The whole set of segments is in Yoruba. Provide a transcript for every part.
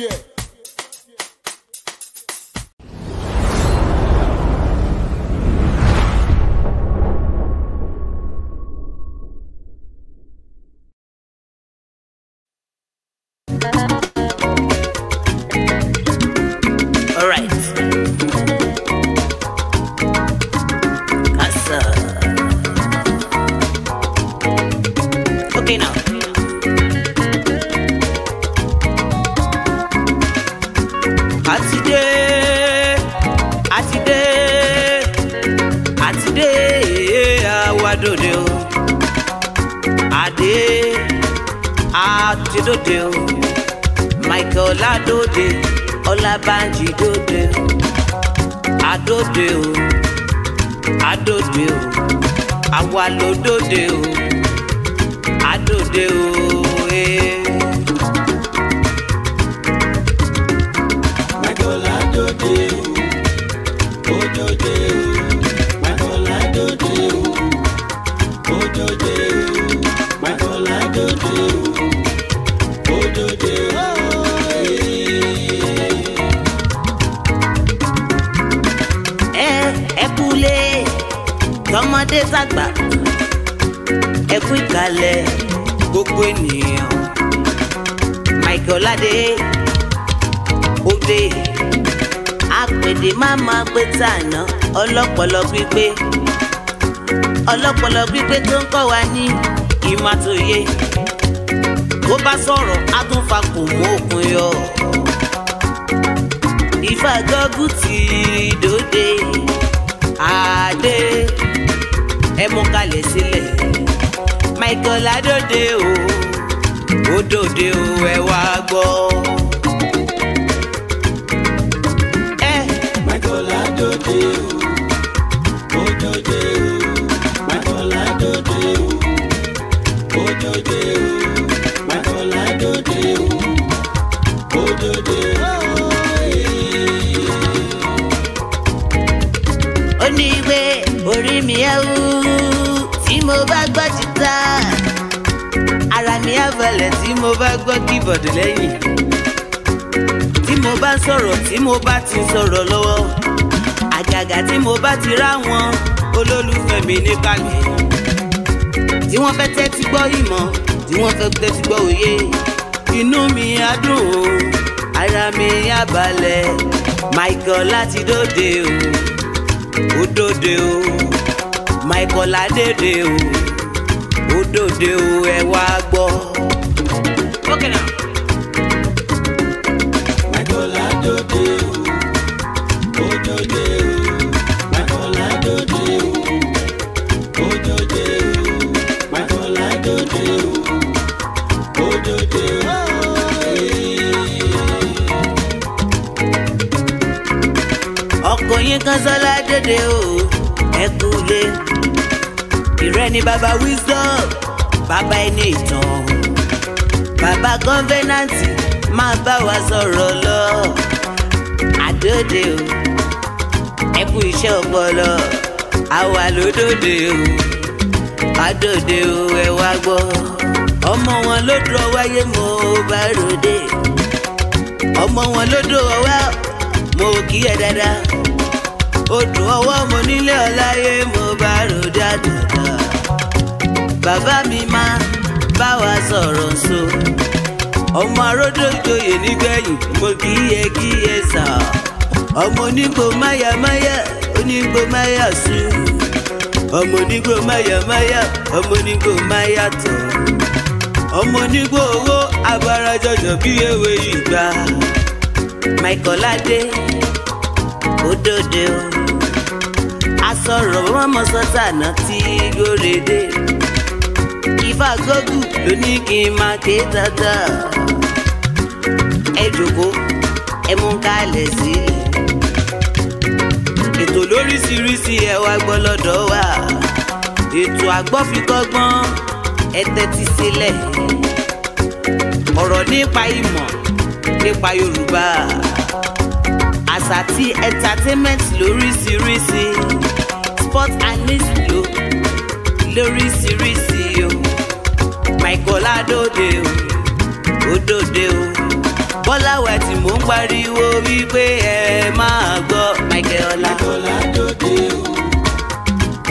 year. òde o òdòdè o Michael Adédè o òdòdè o. bá wa sọ̀rọ̀ lọ àdóde o ẹ kú iṣẹ́ ọpọlọ àwa lódòde o àdóde o ẹ wá gbọ́ ọmọ wọn ló dúró wáyé mo bá ròde ọmọ wọn ló dúró wá mo kí ẹ dáadáa odò ọwọ́ mo nílé ọláyé mo bá ròde àdàdà bàbá mi máa bá wa sọ̀rọ̀ so ọmọ aródò joyè nígbẹ̀yìn mo kì í yẹ kí yẹ sà ọmọ onígbò máyàmáyà onígbò máyà sùn ọmọ onígbò máyàmáyà ọmọ onígbò máyà tọ̀ ọmọ onígbò owó abarajọjọ bí ewé ìgbà Michael Adé òdòdó asọ̀rọ̀ mọ́mọ́ sọ́tànà tí gòrèdè ìfàgọ́gù ló ní kí n máa ké dáadáa ẹ jòkó ẹ mú kálẹ̀ sílẹ̀. ètò lóríṣiríṣi ẹ wá gbọ́ lọ́dọ̀ wa ètò àgbọ́fikọ́gbọ́n ẹ tẹ́tí sílẹ̀. ọ̀rọ̀ nípa ìmọ̀ nípa Yorùbá àṣà àti entertainment lóríṣiríṣi sport and music ló lóríṣiríṣi o Michael Adóde o Odòde o. Bọ́láwẹ̀ tí mò ń pariwo wípé ẹ máa gbọ́ Michael Ọlá. Michael dòde o,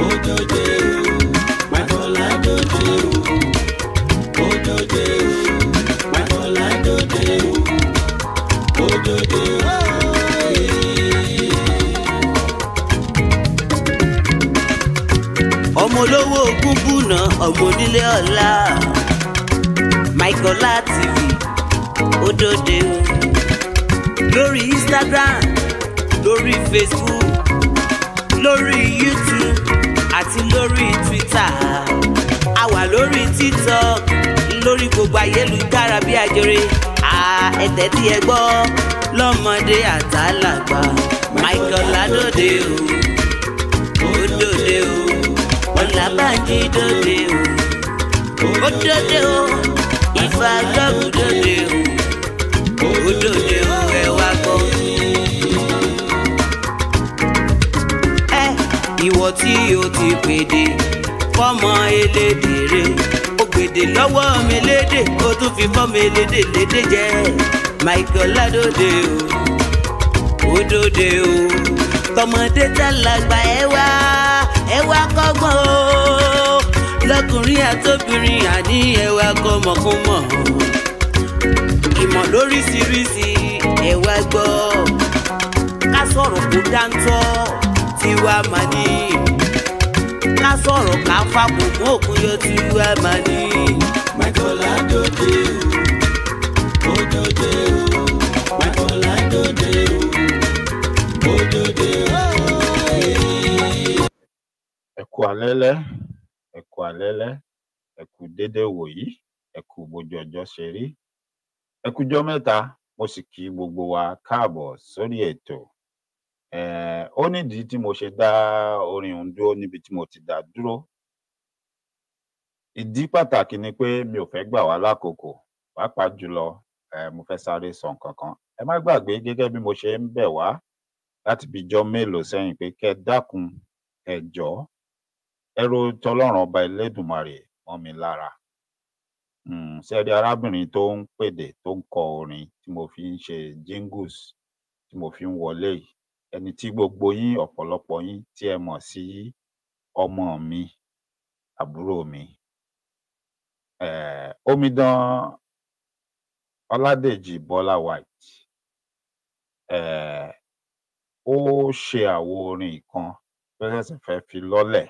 ó dòde o, Michael dòde o, ó dòde o, Michael dòde o, ó dòde o. ọmọ olówó gúngúnà ọmọ onílé ọlá Michael Ọlá TV òdòdè o lórí Instagram lórí Facebook lórí YouTube àti lórí Twitter a wà lórí TikTok lórí gbogbo ayélujára bí ajere ẹ̀tẹ̀ tí ẹ gbọ́ lọ́mọdé àtàlàgbà Michael Ládòdè o òdòdè o Ọlábánjí dòdè o òdòdè o Ifá lọ́gùdòdè o òdòdó ẹ ìwọ tí o ti pèdè fọmọ elédè rẹ o pèdè lọ́wọ́ mi lédè o tún fi fọmọ elédè lédè jẹ Michael Ládòdè o òdòdó o tọmọdé tàlágbà ẹ wá ẹ wá kọ́gbọ́n o lọ́kùnrin àtòbìnrin àní ẹ wá kọ́mọkúmọ o ìmọ̀ lóríṣiríṣi ẹ wá gbọ́ ká sọ̀rọ̀ kó dáńtọ́ tiwa máa ní ká sọ̀rọ̀ ká fapò mọ́ òkun yọ tiwa máa ní. Michael Adode o Odode o Michael Adode o Odode o. ẹ kú alẹ́lẹ́ ẹ kú dédé wòyí ẹ bójú ọjọ́ ṣe rí ẹ kújọ́ mẹ́ta mo sì kí gbogbo wa káàbọ̀ sórí ètò ó nídìí tí mo ṣe dá orin ọ̀hún dúró níbi tí mo ti dá dúró ìdí pàtàkì ni pé mi ò fẹ́ gbà wá lákòókò pàápàá jùlọ mo fẹ́ sáré sọ nǹkan kan ẹ má gbàgbé gẹ́gẹ́ bí mo ṣe ń bẹ̀ wá láti bí ijọ́ mélòó sẹ́yìn pé kẹ́ dákun ẹ jọ̀ọ́ ẹ ro tọlọ́run ọba Elédùmarè mọ́ mi lára Hmm, ṣẹ́rí arábìnrin tó ń pèdè tó ń kọ orin tí mo fi ń ṣe jingles tí mo fi ń wọlé yìí ẹni tí gbogbo yín ọ̀pọ̀lọpọ̀ yín tí ẹ mọ̀ sí ọmọ mi àbúrò mi um omidan Ọládèjì Bọ́lá White um ó ṣe àwo orin kan tó ṣẹ̀ṣẹ̀ fẹ́ fi lọ́lẹ̀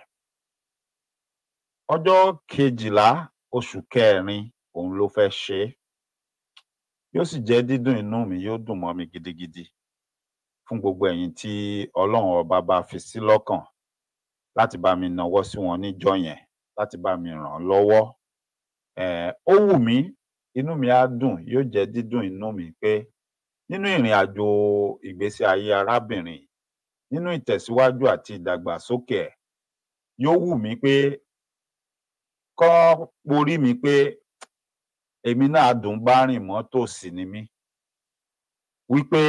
ọjọ́ kejìlá oṣù kẹrin òun ló fẹẹ ṣe é yóò sì jẹ dídùn inú mi yóò dùn mọ́ mi gidigidi fún gbogbo ẹ̀yin tí Ọlọ́run ọba bá fi sí lọ́kàn láti bá mi nawọ́ sí wọn níjọ́ yẹn láti bá mi ràn án lọ́wọ́ ó wù mí inú mi á dùn yóò jẹ dídùn inú mi pé nínú ìrìn àjò ìgbésí ayé arábìnrin nínú ìtẹ̀síwájú àti ìdàgbàsókè ẹ̀ yóò wù mí pé kọ́ porí mi pé èmi náà dùn bá rìn mọ́ tòsí ni mí wípé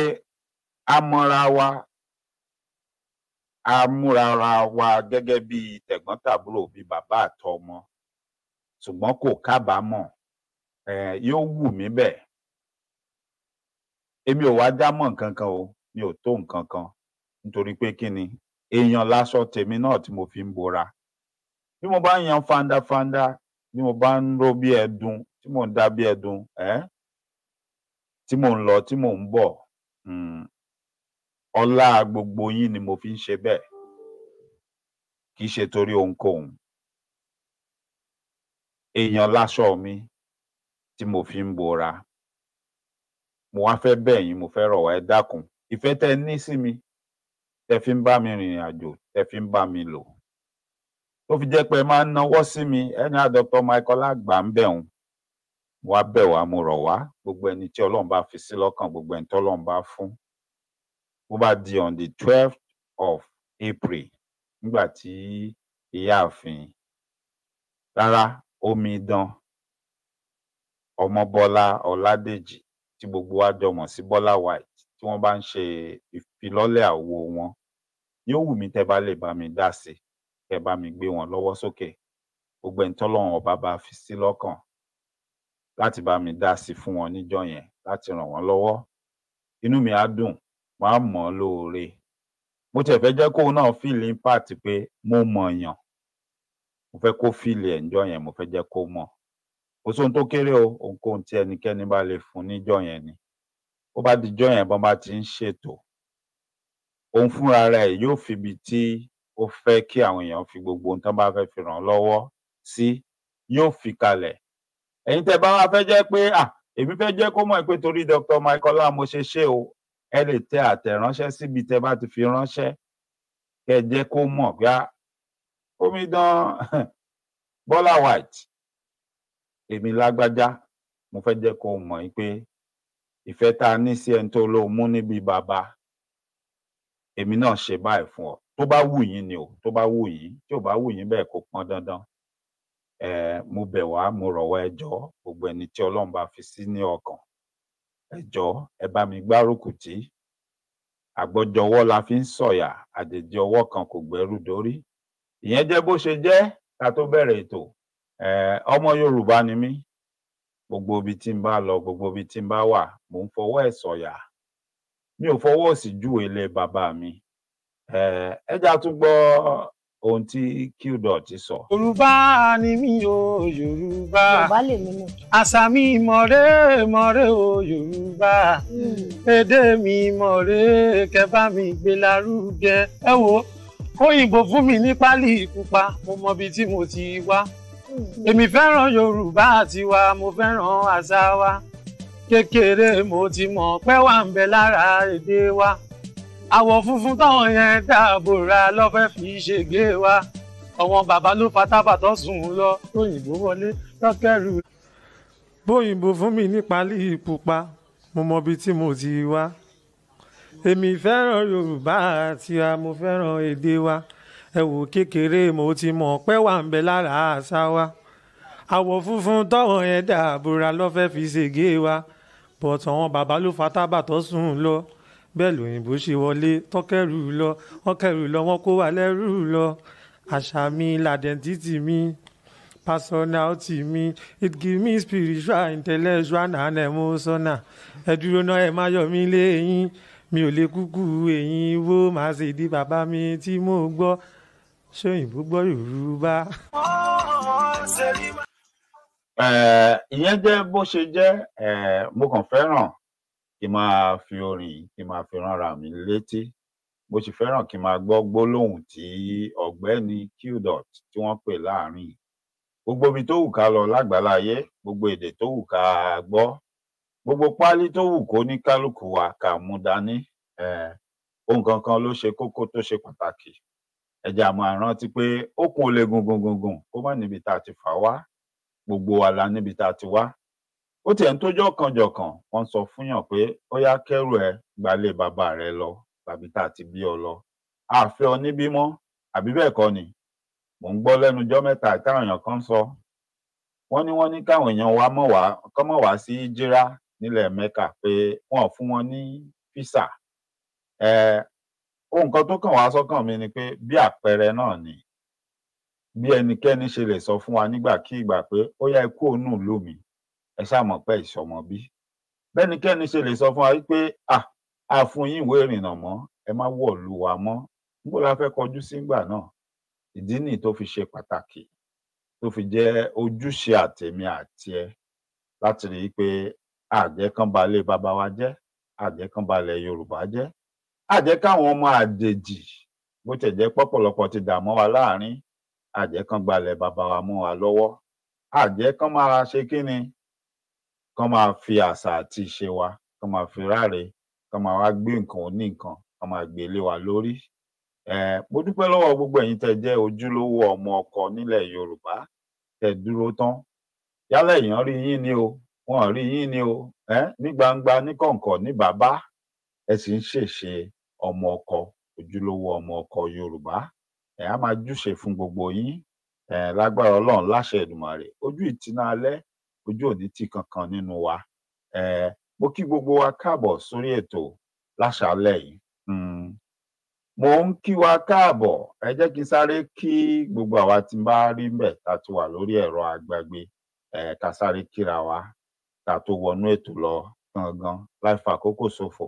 a mọra wa a múra wa gẹ́gẹ́ bí tẹ̀gbọ́n-tàbúrò bí bàbá àtọmọ ṣùgbọ́n kò kábàámọ̀ um yóò wù mí bẹ́ẹ̀ èmi ò wá dámọ̀ nǹkan o mi ò tó nǹkan nítorí pé kí ni èèyàn láṣọ tèmi náà tí mo fi ń bora bí mo bá ń yan fandafanda bí mo bá ń ró bí ẹdun tí mò ń dá bí ẹdun ẹ tí mò ń lọ tí mò ń bọ̀ hmm, ọlá gbogbo yín ni mo fi ń ṣe bẹ́ẹ̀ kì í ṣe torí ohunkóhun èèyàn láṣọ mi tí mo fi ń bora mo wá fẹ́ bẹ̀ yín mo fẹ́ rọ̀ wá ẹ dákun ìfẹ́ tẹ́ ní sí mi tẹ́ fi ń bá mi rìnrìn àjò tẹ́ fi ń bá mi lò ó fi jẹ́ pé ẹ máa ń nawọ́ sí mi ẹni á Dr. Michael àgbà ń bẹ̀ òun wá bẹ̀ wá mo rọ̀ wá gbogbo ẹni tí ọlọ́run bá fi sí lọ́kàn gbogbo ẹni tí ọlọ́run bá fún bó bá di on the twelfth of April nígbà tí ìyáàfin rárá omidan ọmọbọlá ọládèjì tí gbogbo wa jọ mọ̀ sí bọ́lá white tí wọ́n bá ń ṣe ìfilọ́lẹ̀ àwo wọn yóò wù mí tẹ́ bá lè bá mi dá sí i kẹ bá mi gbé wọn lọ́wọ́ sókè gbogbo ẹni tọ́lọ́run ọba bá fi sí lọ́kàn láti bá mi dá sí fún wọn níjọ́ yẹn láti ràn wọ́n lọ́wọ́ inú mi á dùn wọ́n á mọ̀ ọ́ lóore mo tiẹ̀ fẹ́ jẹ́ kóun náà feel impact pé mo mọ̀ yàn mo fẹ́ kó feel ẹ̀ níjọ́ yẹn mo fẹ́ jẹ́ kó mọ̀ kò sóhun tó kéré o ohunkóhun tí ẹnikẹ́ni bá lè fún níjọ́ yẹn ni bó bá dijọ́ yẹn bọ́n bá ti ń ṣètò òun fúnra rẹ̀ yóò fi ibi tí ó fẹ́ kí àwọn èèyàn fi gbogbo ohun tán bá fẹ́ fi ràn án lọ́wọ́ sí yóò fi kalẹ̀ ẹ̀yin tẹ́ bá wá fẹ́ jẹ́ pé à èmi fẹ́ jẹ́ kó mọ̀ pé torí Dr. Michael Ola mo ṣe ṣe o ẹ lè tẹ àtẹ̀ránṣẹ́ síbi tẹ́ bá ti fi ránṣẹ́ kẹ́ jẹ́ kó mọ̀ pé omidan Bọ́lá White èmi lágbájá mo fẹ́ jẹ́ kó mọ̀ pé ìfẹ́ tá a ní sí ẹni tó lóun mú níbi bàbá èmi náà ṣe báyìí fún ọ tó bá wù yín ni o tó bá wù yín tí ò bá wù yín bẹ́ẹ̀ kó pọn dandan ẹ mo bẹ̀ wá mo rọ̀ wá ẹ jọ̀ọ́ gbogbo ẹni tí Ọlọ́run bá fi sí ní ọkàn ẹ ẹ bá mi gbárùkù tì àgbọjọwọ́ la fi ń sọ̀yà àjèjì ọwọ́ kan kò gbẹ́rù dórí ìyẹn jẹ́ bó ṣe jẹ́ ká tó bẹ̀rẹ̀ ètò ọmọ Yorùbá ni mí gbogbo ibi tí n bá lọ gbogbo ibi tí n bá wà mò ń fọwọ́ ẹ̀ sọ̀yà mi ò fọwọ́ òsì júwe ilé bàbá mi ẹ já tún gbọ́ ohun tí qdot sọ. yorùbá ni mí o yorùbá àṣà mi mọ̀rẹ́ mọ̀rẹ́ o yorùbá hmm. èdè mi mọ̀rẹ́ kẹfà mi gbé lárugẹ ẹ wo òyìnbó fún mi ní pálí pupa mo mọ ibi tí mo ti wá hmm. èmi fẹ́ràn yorùbá tiwa mo fẹ́ràn àṣà wa kékeré mo ti mọ̀ pé wà ń bẹ lára èdè wa àwọ̀ funfun táwọn yẹn dáàbò ra lọ́fẹ́ fi ṣègbè wa ọmọ bàbá ló fatábàtọ́ sùn lọ tóyìnbó wọlé lọ́kẹ́rù. bóyìnbó fún mi ní pálí ìpupa mo mọ ibi tí mo ti wá èmi fẹ́ràn yorùbá àti mo fẹ́ràn èdè wa ẹ wò kékeré mo ti mọ̀ pé wà ń bẹ lára àṣà wa àwọ̀ funfun táwọn yẹn dáàbò ra lọ́fẹ́ fi ṣègbè wa bọ̀tọ̀ àwọn bàbá ló fatábàtọ́ sùn lọ bẹ́ẹ̀ lòyìnbó ṣe wọlé tán kẹ́rù lọ wọ́n kẹ́rù lọ wọ́n kó wa lẹ́rù lọ àṣà mi làdẹ̀ntìtì mi personality mi it give me spiritual intellectual and emotional ẹ dúró náà ẹ má yọ mí léyìn mi ò lè kúkú èyí wó màá ṣe di bàbá mi tí mo gbọ́ ṣóyìnbó gbọ́ yorùbá. ìyẹn jẹ́ bó ṣe jẹ́ mo kàn fẹ́ràn kí n máa fi orin yìí kí n máa fi ránra mi létí mo sì fẹ́ràn kí n máa gbọ́ gbólóhùn tí ọ̀gbẹ́ni qdot tí wọ́n pè láàrin gbogbo ibi tó wù ká lọ lágbàláyé gbogbo èdè tó wù ká gbọ́ gbogbo páálí tó wù kó ní kálukú wa ká mú dání ohun kankan ló ṣe kókó tó ṣe pàtàkì ẹ jẹ́ á pé okùn ò lè gùn gùn kó má níbi tá a ti fà wá gbogbo wa la níbi tá a ti wá ó tiẹ̀ ń tójọ́ kan jọ̀kan wọ́n sọ fún yàn pé ó yá kẹ́rù ẹ gbalé bàbá rẹ lọ tàbí tá a ti bí ọ lọ àfẹ́ ọ níbí mọ́ àbí bẹ́ẹ̀ kọ́ ni mò ń gbọ́ lẹ́nu jọ́ mẹ́ta táwọn èèyàn kan sọ wọ́n ní wọ́n ní káwọn èèyàn wa mọ̀ wá kọ́ mọ̀ wá sí jírá nílẹ̀ mẹ́ka pé wọ́n fún wọn ní físà ẹ ohun kan tó kàn wá sọ́kàn mi ni pé bí àpẹẹrẹ náà ni bí ẹnikẹ́ni ṣe lè sọ fún wa nígbàkigbà pé ó yá ikú òun nù lómi ẹ ṣáàmọ̀ pé ìṣọmọ bí bẹ́nikẹ́ni ṣe lè sọ fún wa wípé a fún yín ìwé ìrìnnà mọ́ ẹ má wọ̀lú wa mọ́ níbo la fẹ́ kọjú sígbà náà ìdí nìyí tó fi ṣe pàtàkì tó fi jẹ́ ojúṣe àtèmi àti ẹ láti rí i pé àjẹkánbalẹ̀ bàbá wa jẹ́ àjẹkánbalẹ̀ Yorùbá jẹ́ àjẹkáwọn ọmọ àjèjì bó tiẹ̀ jẹ́ pọ́pọ̀lọpọ̀ ti dà wa láàrin àjẹkánbalẹ̀ bàbá wa mọ́ wa lọ́wọ́ àjẹkán máa ṣe kí ni kán máa fi àṣà àti ìṣe wa kán máa fi ráre kán máa wá gbé nǹkan òní nǹkan kán máa gbé lé wa lórí um mo dúpẹ́ lọ́wọ́ gbogbo ẹ̀yin tẹ́ jẹ́ ojúlówó ọmọ ọkọ nílẹ̀ Yorùbá tẹ́ dúró tán yálà èèyàn rí yín ni o wọn rí yín ni o um ní gbangba ní kọ̀ǹkọ̀ ní bàbá ẹ sì ń ṣèṣe ọmọ ọkọ ojúlówó ọmọ ọkọ Yorùbá ẹ á máa júṣe fún gbogbo yín lágbára Ọlọ́run láṣẹ Èdùmàrè ojú ìtinú alẹ́ ojú òní tì kankan nínú wa mo kí gbogbo wa káàbọ̀ sórí ètò láṣálẹ́ yìí hmm. mo ń kí wa káàbọ̀ ẹ jẹ́ kí n sáré kí gbogbo àwa tí n bá rí mbẹ ta tó wà lórí ẹ̀rọ agbagbe ẹ ká sáré kíra wa ta tó wọnú ètò lọ gangan láì fa àkókò ṣòfò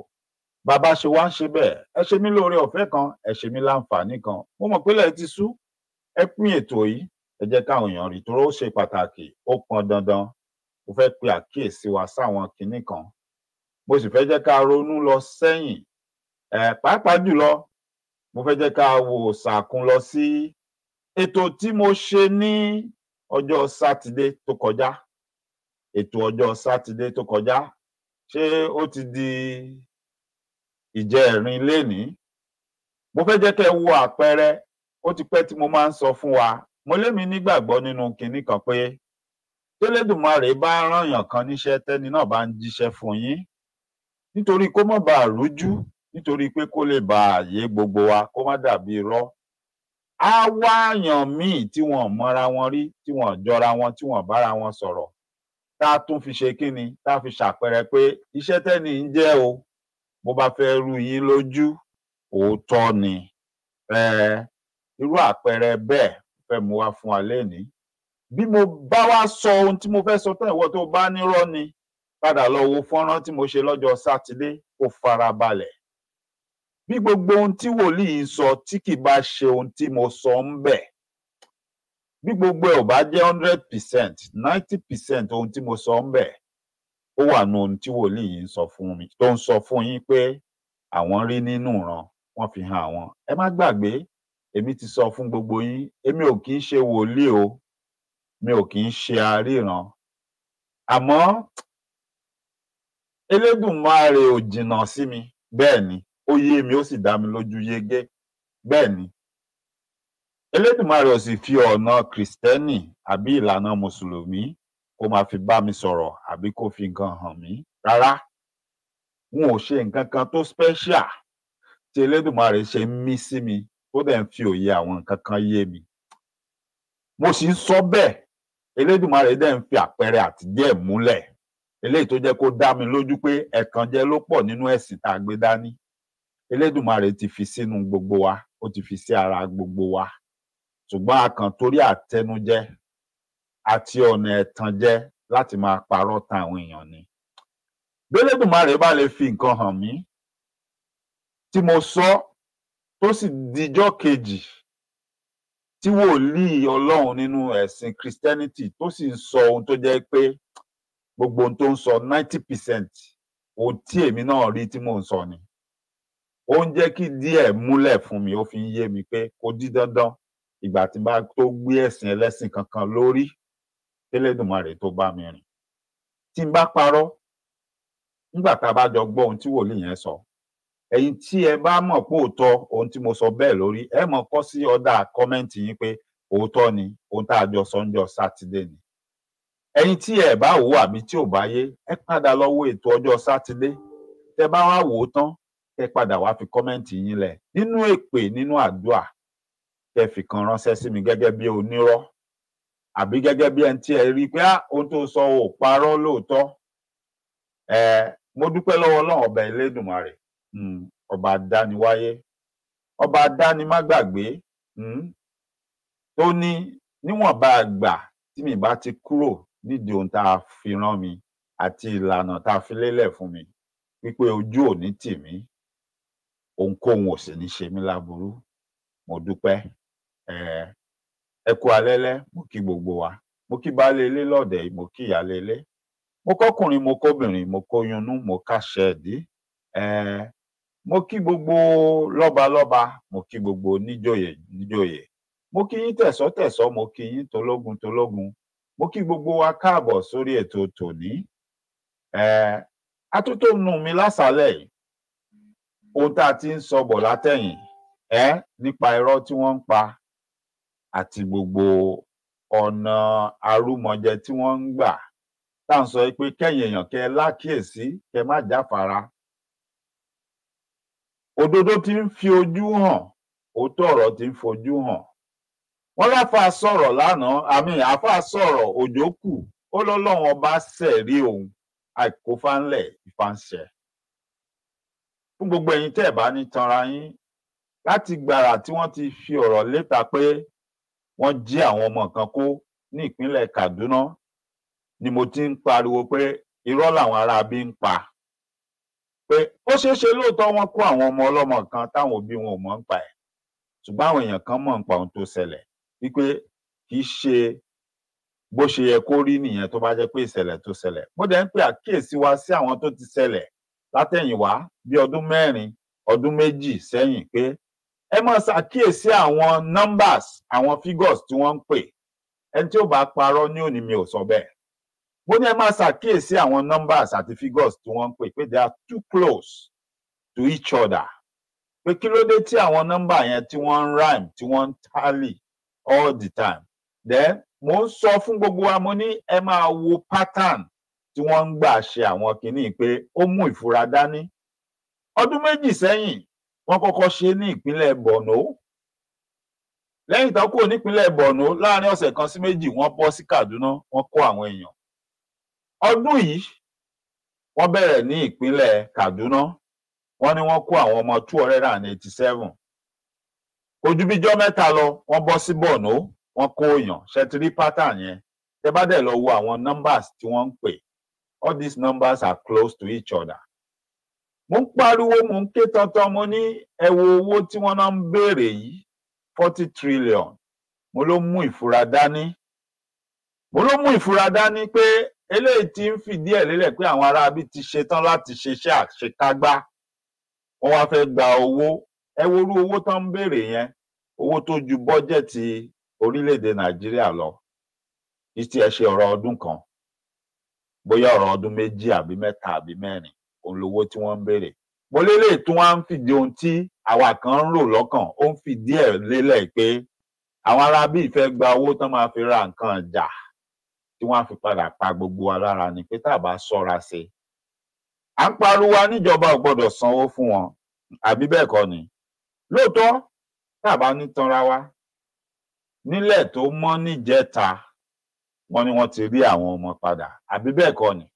bàbá ṣe wá ń ṣe bẹ́ẹ̀ ẹ ṣe mí lóore ọ̀fẹ́ kan ẹ ṣe mí láǹfààní kan mo mọ̀ pé lẹ́ẹ̀ sú ẹ pín ètò yìí ẹ jẹ́ káwọn èèyàn rí toró ṣe pàtàkì ó pọn dandan mo fẹ́ pe àkíyèsí wa sáwọn kinní kan mo sì fẹ́ jẹ́ ká ronú lọ sẹ́yìn pàápàá jùlọ mo fẹ́ jẹ́ ká wò sàkún lọ sí ètò tí mo ṣe ní ọjọ́ sátidé tó kọjá ètò ọjọ́ sátidé tó kọjá ṣé ó ti di ìjẹrin lénìí mo fẹ́ jẹ́ kẹ́ wo àpẹẹrẹ ó ti pẹ́ tí mo máa ń sọ fún wa mo lémi nígbàgbọ́ nínú kinní kan pé tẹlẹdùmarè bá rányàn kan níṣẹ́ tẹ́ni náà bá ń jíṣẹ́ fún yín nítorí kó má bàa rújú nítorí pé kó lè bàa yé gbogbo wa kó má dàbí irọ́ á wáàyàn míì tí wọn mọra wọn rí tí wọn jọra wọn tí wọn bára wọn sọ̀rọ̀ tá a tún fi ṣe kíni tá a fi ṣàpẹẹrẹ pé iṣẹ́ tẹ́ni ń jẹ́ o bó bá fẹ́ rú yín lójú òótọ́ ni irú àpẹẹrẹ bẹ́ẹ̀ fẹ́ mú wá fún wa lénìí bí mo bá wá sọ ohun tí mo fẹ́ sọ tán ìwọ tó bá nírọ́ ni padà lọ wo fọ́nrán tí mo ṣe lọ́jọ́ sátidé kó fara balẹ̀ bí gbogbo ohun tí wòlíì ń sọ tí kì bá ṣe ohun tí mo sọ ń bẹ bí gbogbo ẹ ò bá jẹ́ hundred percent ninety percent ohun tí mo sọ ń bẹ ó wà nù ohun tí wòlíì yìí ń sọ fún mi tó ń sọ fún yín pé àwọn rí nínú ìran wọn fi hàn àwọn ẹ má gbàgbé èmi ti sọ fún gbogbo yín èmi ò kì í ṣe wòlíì o mi ò kì í ṣe aríran àmọ́ Elédùmarè ò jìnnà sí mi bẹ́ẹ̀ ni ó yé mi ó sì dá mi lójú yege bẹ́ẹ̀ ni Elédùmarè ò sì fi ọ̀nà kìrìsìtẹ́nì àbí ìlànà mùsùlùmí kó máa fi bá mi sọ̀rọ̀ àbí kó fi nǹkan hàn mí rárá n ò ṣe nǹkan kan tó special tí Elédùmarè ṣe ń mí sí mi tó dẹ̀ ń fi òye àwọn nǹkan kan yé mi mo sì ń sọ bẹ́ẹ̀ elédùnmarè dẹ̀ ń fi àpẹẹrẹ àtijẹ́ múlẹ̀ eléyìí tó jẹ́ kó dá mi lójú pé ẹ̀kànjẹ ló pọ̀ nínú ẹ̀sìn tá a gbé dání elédùnmarè ti fi sínú gbogbo wa ó ti fi sí ara gbogbo wa ṣùgbọ́n a kàn torí àtẹnujẹ àti ọ̀nà ẹ̀tànjẹ láti máa parọ́ tan àwọn èèyàn ni bélédùnmarè bá lè fi nǹkan hàn mí tí mo sọ tó sì dijọ́ kejì tí wòlíì ọlọ́run nínú ẹ̀sìn christianity tó sì ń sọ ohun tó jẹ́ pé gbogbo ohun tó ń sọ ninety percent ohun tí èmi náà rí tí mò ń sọ ni ó ń jẹ́ kí díẹ̀ múlẹ̀ fún mi ó fi ń yé mi pé kò di dandan ìgbà tí bá tó gbé ẹ̀sìn ẹlẹ́sìn kankan lórí tẹ́lẹ̀dùmarè tó bá mi rìn tí n bá parọ́ nígbà tá a bá jọ gbọ́ ohun tí wòlíì yẹn sọ ẹ̀yin tí ẹ bá mọ̀ pé òótọ́ ohun tí mo sọ bẹ́ẹ̀ lórí ẹ mọ̀ kọ sí ọdà kọmẹǹtì yín pé òótọ́ ni ohun tá a jọ sọ ńjọ́ sátidé ni ẹ̀yin tí ẹ bá wò àbí tí ò bá yé ẹ padà lọ wo ètò ọjọ́ sátidé tẹ bá wá wò ó tán ẹ padà wá fi kọmẹǹtì yín lẹ̀ nínú èpè nínú àdúà kẹ fi kan ránṣẹ́ sí mi gẹ́gẹ́ bí onírọ́ àbí gẹ́gẹ́ bí ẹni tí ẹ rí i pé ah, ohun tó sọ ò parọ́ lóòótọ́ ẹ mo dúpẹ́ lọ́wọ́ Ọlọ́run ọbẹ Elédùmarè um ọba adániwáyé ọba adánimágbàgbé um tó ní níwọnba ìgbà tí mi bá ti kúrò nídìí ohun tá a fi rán mi àti ìlànà tá a fi lélẹ fún mi wípé ojú ò tì mí ohunkóhun ò sì ní ṣe mí láburú mo dúpẹ́ ẹ ẹ kú alẹ́lẹ́ mo kí gbogbo wa mo kí baálé ilé lọdẹ mo kí ìyáálé ilé mo kọkùnrin mo kóbìnrin mo kóyunnú mo káṣẹẹdì ẹ mo kí gbogbo lọ́balọ́ba mo kí gbogbo níjòyè níjòyè mo kí yín tẹ̀sọ́tẹ̀sọ́ mo kí yín tológun tológun mo kí gbogbo wa káàbọ̀ sórí ètò tòní atótónu mi lásàálẹ̀ yìí ohun tá a ti ń sọ bọ̀ látẹ̀yìn ẹ nípa irọ́ tí wọ́n ń pa àti gbogbo ọ̀nà arúmọjẹ tí wọ́n ń gbà tá à ń sọ pé kẹ́yìn èèyàn kẹ́ ẹ lákíyèsí má jáfara òdodo ti ń fi ojú hàn òótọ́ ọ̀rọ̀ ti ń fojú hàn wọn láfa sọ̀rọ̀ lánàá àmì àfa sọ̀rọ̀ òjò kù ó lọ́lọ́run ọba ṣẹ̀rí òun àìkófánlẹ̀ ìfànṣẹ fún gbogbo ẹ̀yin tẹ́ ẹ̀ bá ní tanra yín láti gbàrà tí wọ́n ti fi ọ̀rọ̀ léta pé wọ́n jí àwọn ọmọ kan kó ní ìpínlẹ̀ Kaduna ni mo ti ń pariwo pé irọ́ làwọn aráabí ń pa pé ó ṣeé ṣe lóòótọ́ wọ́n kó àwọn ọmọ ọlọ́mọ kan táwọn òbí wọn ò mọ̀ ń pa ẹ̀ ṣùgbọ́n àwọn èèyàn kan mọ̀ ń pa ohun tó ṣẹlẹ̀ wípé kì í ṣe bó ṣe yẹ kó rí nìyẹn tó bá jẹ́ pé ìṣẹ̀lẹ̀ tó ṣẹlẹ̀ mo dẹ̀ ń pe àkíyèsí wa sí àwọn tó ti ṣẹlẹ̀ látẹ̀yìnwá bí ọdún mẹ́rin ọdún méjì sẹ́yìn pé ẹ máa ṣàkíyèsí àwọn numbers àwọn figures tí wọ́n ń pè ẹni tí ó bá parọ́ ní òní mi ò sọ bẹ́ẹ̀ ó ní ẹ máa ṣàkíyèsí àwọn numbers àti figures tí wọ́n ń pè pé they are too close to each other pé kí ló dé tí àwọn number, yẹn tí wọ́n ń rhyme tí wọ́n ń tally all the time then mo ń sọ fún gbogbo wa mo ní ẹ máa wo pattern tí wọ́n ń gbà ṣe àwọn kinní pé ó mú ìfura dání ọdún méjì sẹ́yìn wọ́n kọ́kọ́ ṣe ní ìpínlẹ̀ Borno lẹ́yìn tó kúrò nípínlẹ̀ Borno láàrin ọ̀sẹ̀ kan sí méjì wọ́n bọ́ sí Kaduna wọ́n kó àwọn èèyàn ọdún yìí wọ́n bẹ̀rẹ̀ ní ìpínlẹ̀ Kaduna wọ́n ní wọ́n kó àwọn ọmọ two hundred and eighty seven kò ju bíjọ́ mẹ́ta lọ wọ́n bọ́ sí Borno wọ́n kó èèyàn ṣẹtiri pattern yẹn tẹ bá dẹ̀ lọ wo àwọn numbers tí wọ́n ń pè all these numbers are close to each other mo ń pariwo mo ń ké tantan mo ní ẹ owó tí wọ́n náà ń béèrè yìí forty trillion mo ló mú ìfura dání mo ló mú ìfura dání pé eléyìí ti ń fìdí ẹ̀ lélẹ̀ pé àwọn aráabí ti ṣetán láti ṣiṣẹ́ àṣekágbá wọ́n wá fẹ́ gba owó ẹ worú owó tó ń béèrè yẹn owó tó ju bọ́jẹ̀tì orílẹ̀-èdè nàìjíríà lọ ìtì ẹ̀ ṣe ọ̀rọ̀ ọdún kan bóyá ọ̀rọ̀ ọdún méjì àbí mẹ́ta àbí mẹ́rin òun lówó tí wọ́n ń béèrè mo lélẹ̀ tí wọ́n á ń fìdí ohun tí àwa kan ń rò lọ́kàn ó ń fìdí ẹ̀ lélẹ̀ pé àwọn aráabí fẹ́ gba owó tán máa fi ra nǹkan jà tí wọ́n á fi padà pa gbogbo wa lára ni pé tá a bá ṣọ́ra ṣe à ń pariwo níjọba ò gbọ́dọ̀ sanwó fún wọn àbí bẹ́ẹ̀ kọ́ ni lóòótọ́ tá a bá ní tanra wa nílẹ̀ tó mọ́ níjẹta wọ́n ní wọ́n ti rí àwọn ọmọ padà àbí bẹ́ẹ̀ kọ́ ni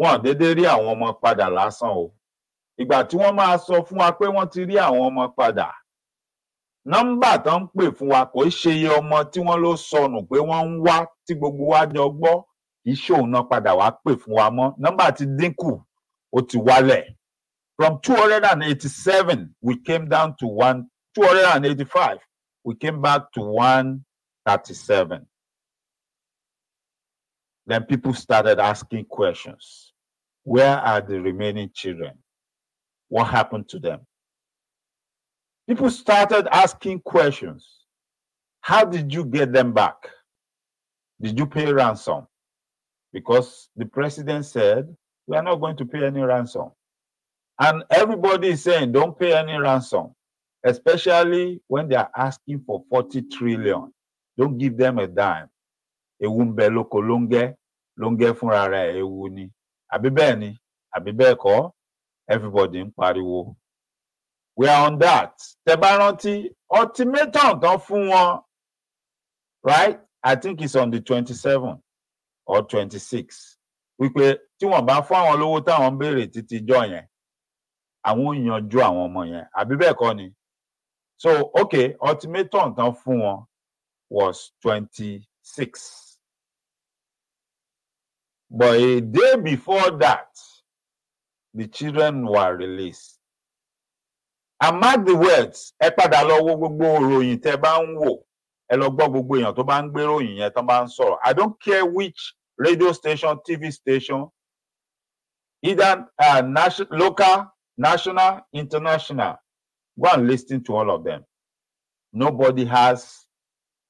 wọ́n déédéé rí àwọn ọmọ padà lásán o ìgbà tí wọ́n máa sọ fún wa pé wọ́n ti rí àwọn ọmọ padà nọ́mbà tó ń pè fún wa kò ṣe iye ọmọ tí wọ́n ló sọnù pé wọ́n ń wá tí gbogbo wa jọ gbọ́ kì í ṣòun wá pè fún wa mọ́ nọ́mbà ti dínkù ó ti wálẹ̀ from two hundred and eighty-seven we came down to one two hundred and eighty-five we came back to one thirty-seven then people started asking questions where are the remaining children what happened to them people started asking questions. How did you get them back? Did you pay ransom? Because the president said, we are not going to pay any ransom. And everybody is saying, don't pay any ransom, especially when they are asking for 40 trillion. Don't give them a dime. Ewu ń bẹ lóko ló ń gẹ́, ló everybody ń pariwo we are on that tẹ bá rántí ultimatum tán fún wọn right i think it's on the twenty-seven or twenty-six wípé tí wọn bá fún àwọn lówó táwọn ń béèrè títí jọ yẹn àwọn ò yanjú àwọn ọmọ yẹn àbí bẹ́ẹ̀ kọ́ ni so okay ultimatum tán fún wọn was twenty-six but a day before that the children were released and mark the words ẹ padà lọ wo gbogbo ìròyìn tẹ bá ń wò ẹ lọ gbọ́ gbogbo èèyàn tó bá ń gbé ròyìn yẹn tó bá ń sọ̀rọ̀ i don't care which radio station tv station either uh, national, local national international go and listen to all of them nobody has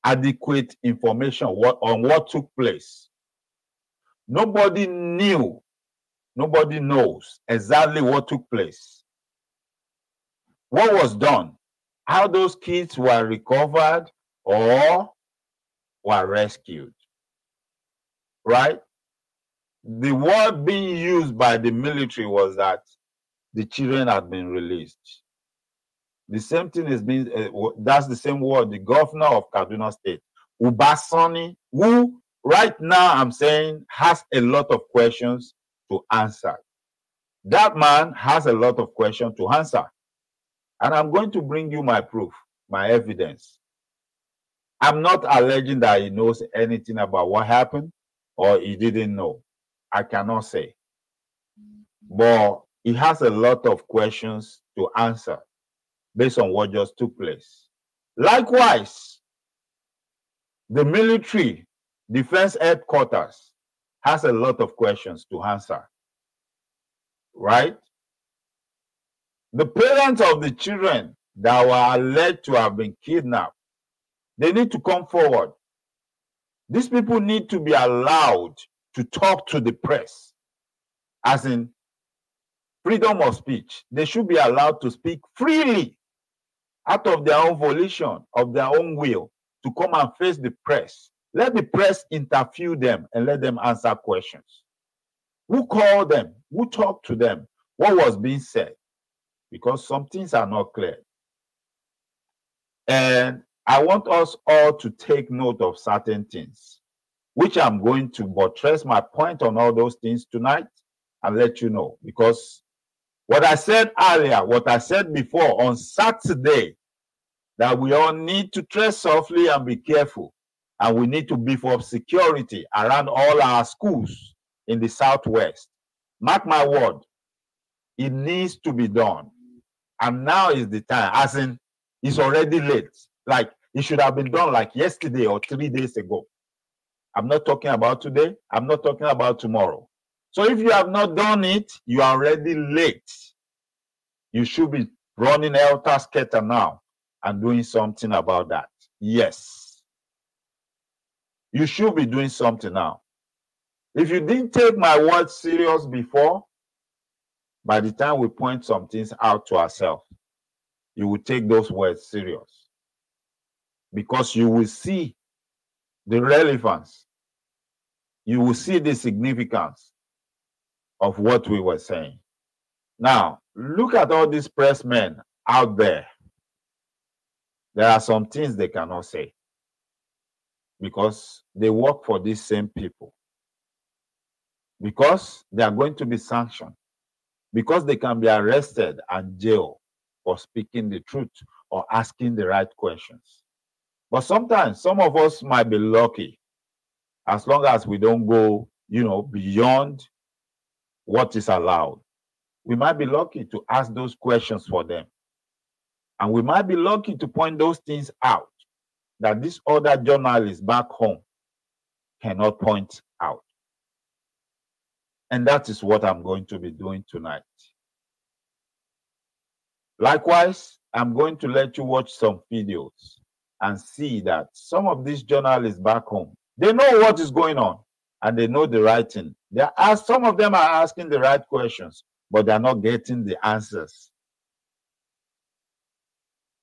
adequate information on what took place. Nobody knew, nobody knows exactly what took place. what was done, how those kids were recovered or were rescued. Right? The word being used by the military was that the children had been released. The same thing is being, uh, that's the same word, the governor of Kaduna State, Ubasani, who right now I'm saying has a lot of questions to answer. That man has a lot of questions to answer and I'm going to bring you my proof, my evidence. I'm not alleging that he knows anything about what happened or he didn't know. I cannot say. But he has a lot of questions to answer based on what just took place. Likewise, the military defense headquarters has a lot of questions to answer, right? The parents of the children that were alleged to have been kidnapped, they need to come forward. These people need to be allowed to talk to the press, as in freedom of speech. They should be allowed to speak freely out of their own volition, of their own will, to come and face the press. Let the press interview them and let them answer questions. Who called them? Who talked to them? What was being said? because some things are not clear. And I want us all to take note of certain things, which I'm going to buttress my point on all those things tonight and let you know. Because what I said earlier, what I said before on Saturday, that we all need to tread softly and be careful. And we need to beef up security around all our schools in the Southwest. Mark my word, it needs to be done and now is the time. As in, it's already late. Like it should have been done like yesterday or three days ago. I'm not talking about today. I'm not talking about tomorrow. So if you have not done it, you are already late. You should be running Elta Skater now and doing something about that. Yes. You should be doing something now. If you didn't take my words serious before, by the time we point some things out to ourselves, you will take those words serious because you will see the relevance, you will see the significance of what we were saying. Now, look at all these press men out there. There are some things they cannot say because they work for these same people, because they are going to be sanctioned because they can be arrested and jailed for speaking the truth or asking the right questions. But sometimes some of us might be lucky as long as we don't go, you know, beyond what is allowed. We might be lucky to ask those questions for them. And we might be lucky to point those things out that this other journalist back home cannot point and that is what I'm going to be doing tonight. Likewise, I'm going to let you watch some videos and see that some of these journalists back home, they know what is going on and they know the writing. They are, some of them are asking the right questions, but they're not getting the answers.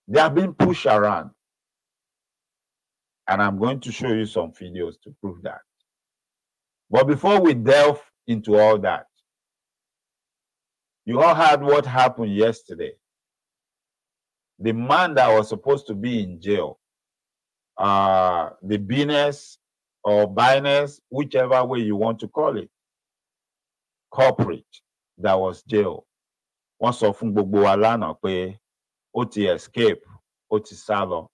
They are being pushed around. And I'm going to show you some videos to prove that. But before we delve into all that. You all heard what happened yesterday. The man that was supposed to be in jail, uh, the business or business, whichever way you want to call it, corporate that was jail. Once sọ fún gbogbo wa pé ó escape, ó ti sá lọ,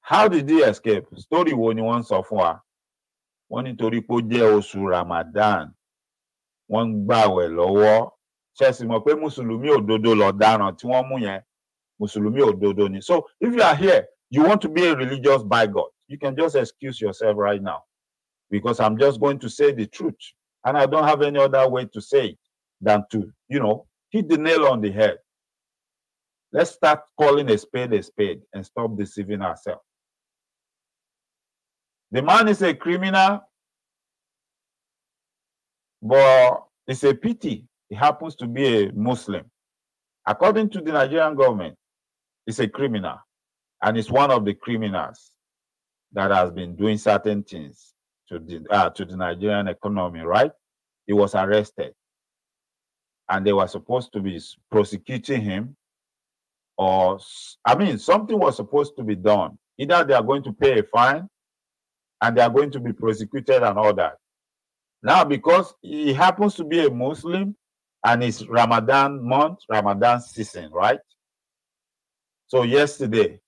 How did he escape? Story one wọ́n sọ fún wọ́n nítorí pé ó jẹ́ oṣù Ramadan wọ́n ń gbàwẹ̀ lọ́wọ́ ṣẹ́sì mọ̀ pé mùsùlùmí òdodo lọ̀daràn tí wọ́n mú yẹn mùsùlùmí òdodo ni so if you are here you want to be a religious by God, you can just excuse yourself right now because I'm just going to say the truth and I don't have any other way to say it than to you know hit the nail on the head. Let's start calling a spade a spade and stop deceiving ourselves. The man is a criminal, but it's a pity he happens to be a Muslim. According to the Nigerian government, he's a criminal and it's one of the criminals that has been doing certain things to the uh, to the Nigerian economy, right? He was arrested, and they were supposed to be prosecuting him, or I mean, something was supposed to be done. Either they are going to pay a fine, and they are going to be prosecuted and all that. Now, because he happens to be a Muslim and it's Ramadan month, Ramadan season, right? So yesterday,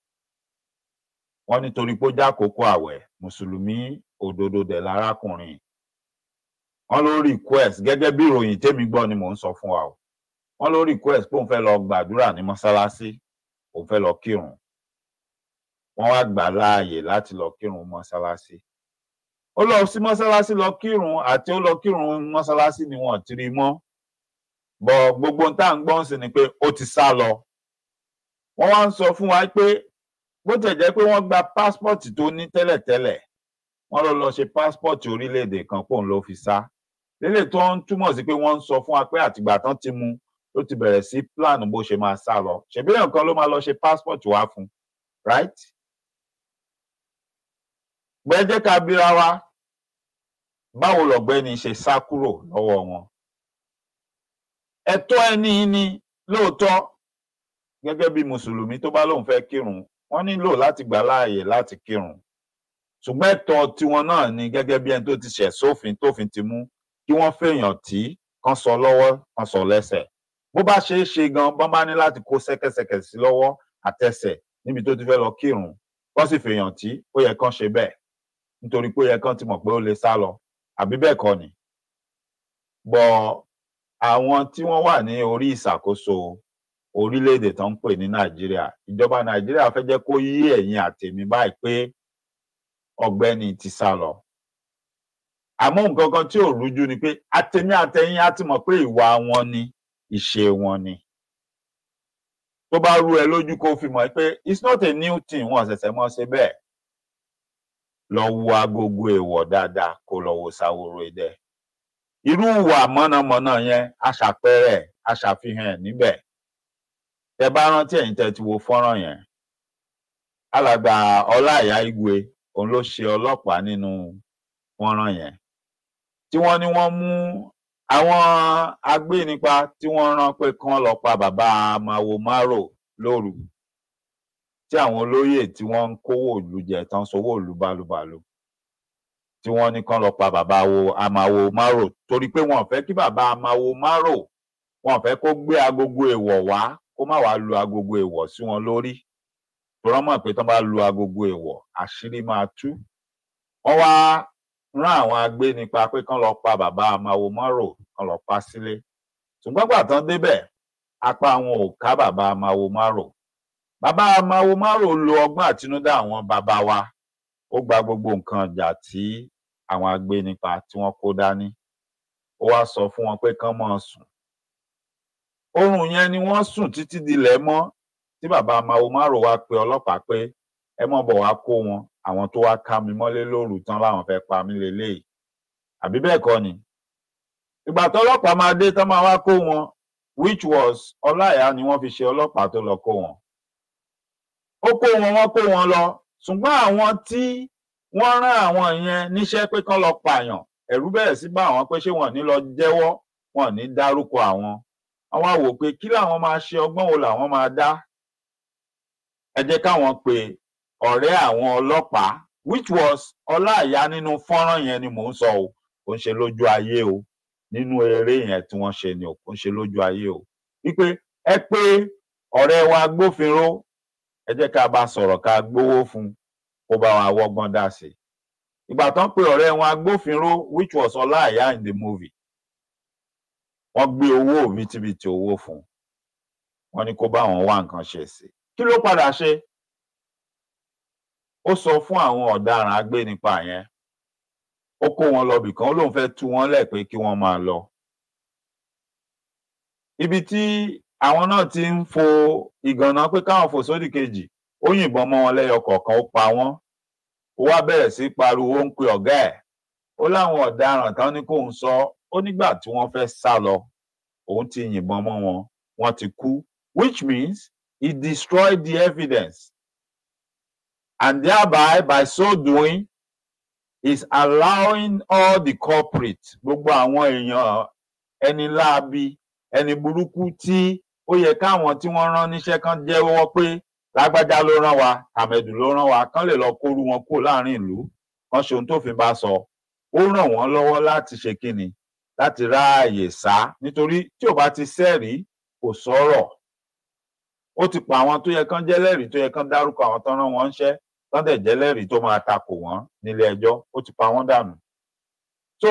wọ́n nítorí pé ó já kókó àwẹ̀ mùsùlùmí òdodo dẹ̀ lárákùnrin wọ́n ló request gẹ́gẹ́ bí ìròyìn tèmi gbọ́ ni mò ń sọ fún wa o wọ́n ló request pé òun fẹ́ lọ gbàdúrà ní mọ́sálásí òun fẹ́ lọ kírun wọ́n wá gbà láàyè láti lọ kírun mọ́ṣáláṣí ó lọ sí mọ́ṣáláṣí lọ kírun àti ó lọ kírun mọ́ṣáláṣí ni wọ́n ti rí mọ́ gbogbo tá à ń gbọ́n sí ni pé ó ti sá lọ wọ́n wá ń sọ fún wa pé bó tẹ̀ jẹ́ pé wọ́n gba pásítọ̀tì tó ní tẹ́lẹ̀tẹ́lẹ̀ wọ́n lọ lọ ṣe pásítọ̀tì orílẹ̀-èdè kan pòun ló fi sá lélẹ̀ tó ń túmọ̀ sí pé wọ́n ń sọ fún wa pé àtìgbà tán ti mú ló ti bẹ̀rẹ̀ sí plan bó ṣe máa sá lọ ṣèbí ẹ̀kan ló máa lọ ṣe pásítọ̀tì wá fún right gbẹ́ jẹ́ ká bíra wa báwo lọ̀gbẹ́ni ṣe sá kúrò lọ́wọ́ wọn ẹ̀tọ́ ẹni ni lóòótọ́ gẹ́gẹ́ bí mùsùlùmí tó bá lóun fẹ́ kírun wọ́n nílò láti gbà láàyè láti kírun ṣùgbọ́n ẹ̀tọ́ tiwọn náà ni gẹ́gẹ́ bí ẹni tó ti ṣẹ̀ sófin tófin ti mú kí wọ́n fèèyàn tí kan sọ lọ́wọ́ kan sọ lẹ́sẹ̀ bó bá ṣe é ṣe gan bọ́n bá ní láti kó ṣẹ́kẹ́ṣẹkẹ̀ sí lọ́wọ́ àtẹsẹ̀ níbi tó ti fẹ́ lọ kírun kó sì fèèyàn tí ó yẹ kán ṣe bẹ́ẹ̀ nítorí pé ó yẹ kán ti mọ̀ pé ó lè sá lọ àbí bẹ́ẹ̀ kọ́ ni bọ̀ àwọn tí wọ́n wà ní orí ìṣàkóso orílẹ̀-èdè tó ń pè ní nàìjíríà ìjọba nàìjíríà fẹ́ jẹ́ kó yí ẹ̀yin àtẹ̀mí báyìí pé ọ̀gbẹ́ni ti sá lọ àmọ́ nǹkan kan tí ò rújú ni pé àtẹ̀mí àtẹ̀yìn á ti mọ̀ pé ìwà wọn ni ìṣe wọn ni tó bá rú ẹ lójú kó fi mọ̀ pé it's not a new thing wọ́n ṣẹ̀ṣẹ̀ mọ̀ ṣe bẹ́ẹ̀ lọ wo agogo èèwọ̀ dáadáa kó lọ wo Saworo idẹ irú ìwà mọ̀nàmọ́ná yẹn aṣàpẹẹrẹ aṣàfihàn ẹ̀ níbẹ̀ tẹ bá rántí ẹ̀yin tẹ ti wo fọ́nrán yẹn alàgbà Ọláìyá Igwe òun ló ṣe ọlọ́pàá nínú fọ́nrán yẹn tí wọ́n ní wọ́n mú àwọn agbénipa tí wọ́n rán pé kán lọ pa bàbá Màwo Márò lóru tí àwọn olóyè tí wọ́n ń kówó ìlú jẹ tán sowó ìlú bálúbalù tí wọ́n ní kán lọ pa bàbá wo amáwo márò torí pé wọ́n fẹ́ kí bàbá amáwo márò wọ́n fẹ́ kó gbé agogo èèwọ̀ wá kó má wàá lu agogo èèwọ̀ sí wọn lórí tọ́lá mọ̀ pé tán bá lu agogo èèwọ̀ àṣírí máa tú wọ́n wá rán àwọn agbénipa pé kán lọ pa bàbá amáwo márò kán lọ pa sílé ṣùgbọ́n gbà débẹ̀ apá wọn ò bàbá amáwo márò bàbá amawo márò lo ọgbọ́n àtinúdá àwọn bàbá wa ó gba gbogbo nǹkan ọjà tí àwọn agbénipa tí wọ́n kó dání ó wá sọ fún wọn pé kán máa sùn oorun yẹn ni wọ́n sùn títí dilẹ̀ mọ́ tí bàbá amawo márò wá pe ọlọ́pàá pé ẹ mọ̀ bọ̀ wá kó wọn àwọn tó wá ká mi mọ́lé lóru tán láwọn fẹ́ pa mí lélẹ́yìí àbí bẹ́ẹ̀ kọ́ ni ìgbà tọ́lọ́pàá máa dé tán máa wá kó wọn which was ọláìyá ni wọ́n fi ṣe ọlọ́pàá tó lọ kó wọn ó kó wọn wọ́n kó wọn lọ ṣùgbọ́n àwọn tí wọ́n rán àwọn yẹn níṣẹ́ pé kán lọ pààyàn ẹ̀rú bẹ̀rẹ̀ sí bá àwọn pé ṣé wọn ní lọ jẹ́wọ́ wọn ní dárúkọ àwọn àwọn á pé kí làwọn máa ṣe ọgbọ́n wo làwọn máa dá ẹ jẹ́ káwọn pe ọ̀rẹ́ àwọn ọlọ́pàá which was ọláìyá nínú fọ́nrán yẹn ni mò ń sọ o kò ń ṣe lójú ayé o nínú eré yẹn tí wọ́n ṣe ni o kò ń ṣe lójú ayé o wípé ẹ pé ọ̀rẹ́ wa agbófinró ẹ jẹ́ ká bá sọ̀rọ̀ ká gbowó fún kó bá wa wọ́gbọ́n dá sí i ìgbà tán pé ọ̀rẹ́ wọn agbófinró which was ọláìyá in the movie wọ́n gbé owó òbítíbitì owó fún wọ́n ní kó bá wọn wá nǹkan ṣe sí i kí ló padà ṣe ó sọ fún àwọn ọ̀daràn agbénipa yẹn ó kó wọn lọ bìkan ó lóun fẹ́ tú wọn lẹ̀ pé kí wọ́n máa lọ ibi tí àwọn náà ti ń fo ìgànná pé káwọn fò sódì kejì ó yìnbọn mọ́ wọn lẹ́yọ kọ̀ọ̀kan ó pa wọ́n ó wá bẹ̀rẹ̀ sí pariwo ó ń pe ọ̀gá ẹ̀ ó láwọn ọ̀daràn tán ní kóun sọ ó nígbà tí wọ́n fẹ́ sá lọ òun ti yìnbọn mọ́ wọn wọ́n ti kú which means he destroyed the evidence and thereby by so doing is allowing all the culprits gbogbo àwọn èèyàn ẹni láabi ẹni burúkú tí ó yẹ káwọn tí wọ́n rán níṣẹ́ kan jẹ́wọ́ pé lágbájá ló rán wa tàmẹ̀dù ló rán wa kán lè lọ kóru wọn kúrò láàrin ìlú kan ṣe ohun tó fi bá sọ ó ràn wọ́n lọ́wọ́ láti ṣe kíni láti ráàyè sá nítorí tí ò bá ti sẹ́rìí kò sọ̀rọ̀ ó ti pa àwọn tó yẹ kán jẹ́lẹ́rìí tó yẹ kán dárúkọ àwọn tán rán wọn ńṣẹ́ tán dẹ̀ jẹ́lẹ́rìí tó máa takò wọ́n nílé ẹjọ́ ó ti pa wọ́n dànù so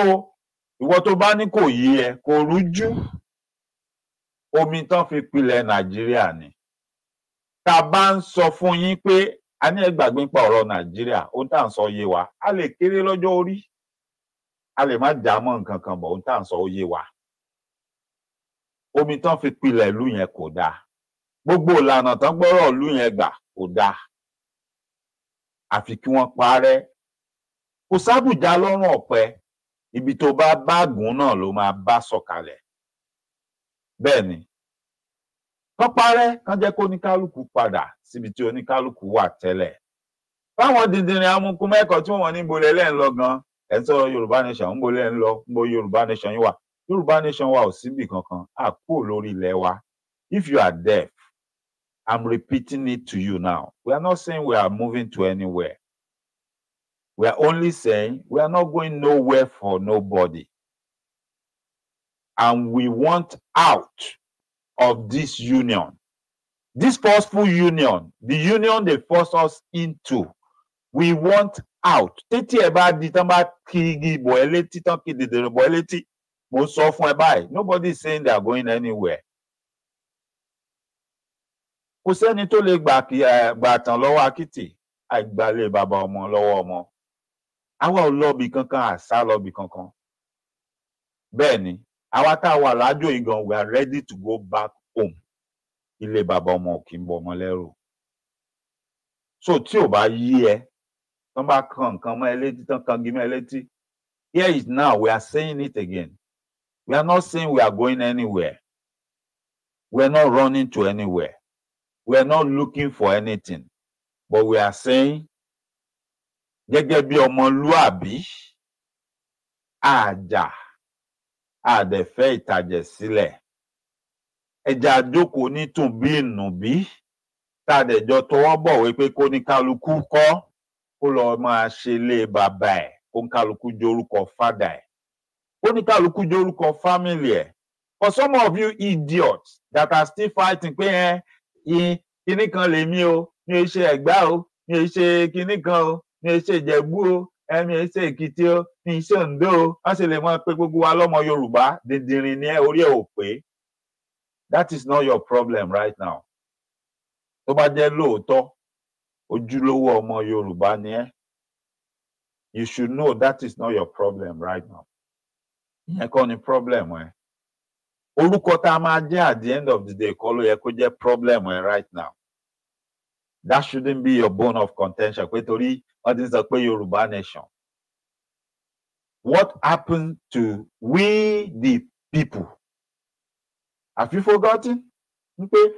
ìwọ tó bá ní kò yí ẹ kò rújú omi tán fi pilẹ̀ nàìjíríà ni tá a bá ń sọ fún yín pé a ní ẹgbàgbé pa ọ̀rọ̀ nàìjíríà ohun tá à ń sọ yé wa a lè kéré lọ́jọ́ orí a lè má dá mọ́ nǹkan kan bọ̀ ohun tá à ń sọ yé wa omi tán fi pilẹ̀ ìlú yẹn kò dáa gbogbo ìlànà tán gbọ́rọ̀ ìlú yẹn gbà kò dáa àfi kí wọ́n parẹ́ kò sábùjá lọ́rùn ọ̀pẹ ibi tó bá báàgùn náà ló máa bá sọ̀kalẹ̀ bẹ́ẹ̀ ni kán parẹ́ kán jẹ́ kó oníkálukú padà síbi tí oníkálukú wà tẹ́lẹ̀ fáwọn dìndìnrín amukú mẹ́kọ̀ọ́ tí wọ́n ní bolẹ̀ lẹ́yìn lọ gan ẹ̀ ń sọ̀rọ̀ yorùbá nation ń bolẹ̀ ń lọ ń bo yorùbá nation yín wà yorùbá nation wa ò síbì kankan à kú lórí ilẹ̀ wa if you are deaf i'm repeating it to you now we are not saying we are moving to anywhere we are only saying we are not going nowhere for nobody and we want out of this union. This forceful union, the union they force us into, we want out. Títí ẹ bá di tán bá kí igi bọ̀ ẹ́ létí tán kí dèdè bọ̀ ẹ́ létí, mo sọ fún ẹ báyìí, nobody is saying they are going anywhere. Kò sẹ́ni tó lè gbà tán lọ́wọ́ akitì, àgbàlè bàbá ọmọ lọ́wọ́ ọmọ. Àwa ò lọ́ọ̀bì kankan, àṣà lọ́ọ̀bì kankan. Bẹ́ẹ̀ àwa tá a wà lájò yìí gan we are ready to go back home ilé bàbá ọmọ kì í bọ ọmọ lẹ́rù so tí ò bá yí ẹ tán bá kan nǹkan mọ́ ẹ létí tán kan gí ẹ létí here is now we are saying it again we are not saying we are going anywhere we are not running to anywhere we are not looking for anything but we are saying gẹ́gẹ́ bí ọmọlúàbí àjà. Ah, ja àdẹ̀fẹ́ ìtàjẹ̀ sílẹ̀ ẹja jókòó nítùnbí ìnùbí tá a dẹ̀jọ tọwọ́ bọ̀wé pé kó ní kálukú kọ́ kó lọ máa ṣe ilé bàbá ẹ̀ kó ní kálukú jórúkọ fàdà ẹ̀ kó ní kálukú jórúkọ fámìlì ẹ̀ for some of you idiots that are still fighting pé ẹ kinní kan lèmi o mi ò ṣe ẹ̀gbá o mi ò ṣe kinní kan o mi ò ṣe ìjẹ̀bú o ẹ mi ò ṣe èkìtì o iṣẹ́ òǹdó wọ́n sì lè mọ̀ pé gbogbo wa lọ́mọ yorùbá dìndìnrín ni orí ẹ̀ ò pé that is not your problem right now tó bá jẹ́ lóòótọ́ ojúlówó ọmọ yorùbá ni ẹ you should know that is not your problem right now ìyẹn kọ́ ni problem ẹ orúkọ tá a máa jẹ́ at the end of the day kọ́ ló yẹ kó jẹ́ problem ẹ right now that shouldn't be your bone of contention pé torí wọ́n ti ń sọ pé yorùbá nation what happened to we the people. Have you forgotten? Okay.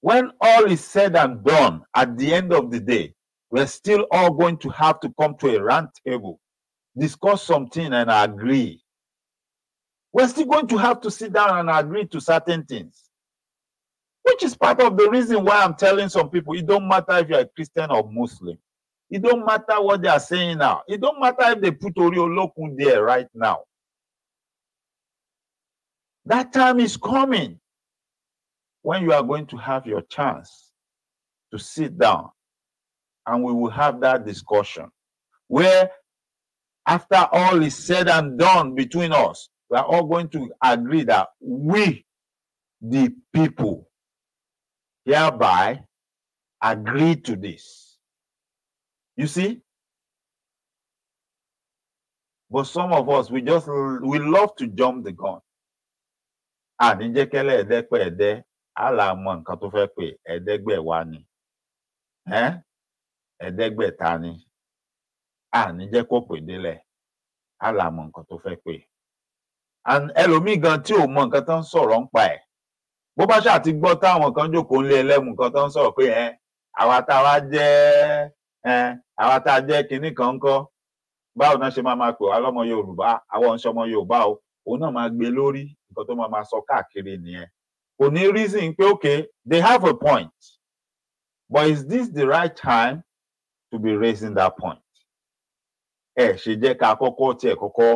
When all is said and done at the end of the day, we're still all going to have to come to a round table, discuss something and agree. We're still going to have to sit down and agree to certain things, which is part of the reason why I'm telling some people it don't matter if you're a Christian or Muslim. It don't matter what they are saying now. It don't matter if they put Oriolokun there right now. That time is coming when you are going to have your chance to sit down and we will have that discussion where after all is said and done between us, we are all going to agree that we, the people, hereby agree to this. You see? But some of us, we just, we love to jump the gun. And ẹ̀dẹ́pẹ́ ẹ̀dẹ́, àlàmọ̀ nǹkan tó fẹ́ pè ẹ̀ẹ́dẹ́gbẹ̀wá ni. Ẹ̀ẹ́dẹ́gbẹ̀ta ni. Àníjẹ́ kó pè délẹ̀, àlàmọ̀ nǹkan tó fẹ́ pè. Ẹlòmíì gan tí ò mọ nǹkan tó ń sọ̀rọ̀ ń pa ẹ̀. Bó bá ṣáà ti gbọ́ táwọn kan jókòó ń àwa tá a jẹ́ kinní kan kọ́ báwo náà ṣe máa máa pè wá lọ́mọ yorùbá àwọn ọ̀ṣọ́mọ yorùbá o òun náà máa gbé lórí nǹkan tó máa máa sọ káàkiri nìyẹn kò ní reason pé okay they have a point but is this the right time to be raising that point ẹ ṣe jẹ́ ká kọ́kọ́ tiẹ̀ kọ́kọ́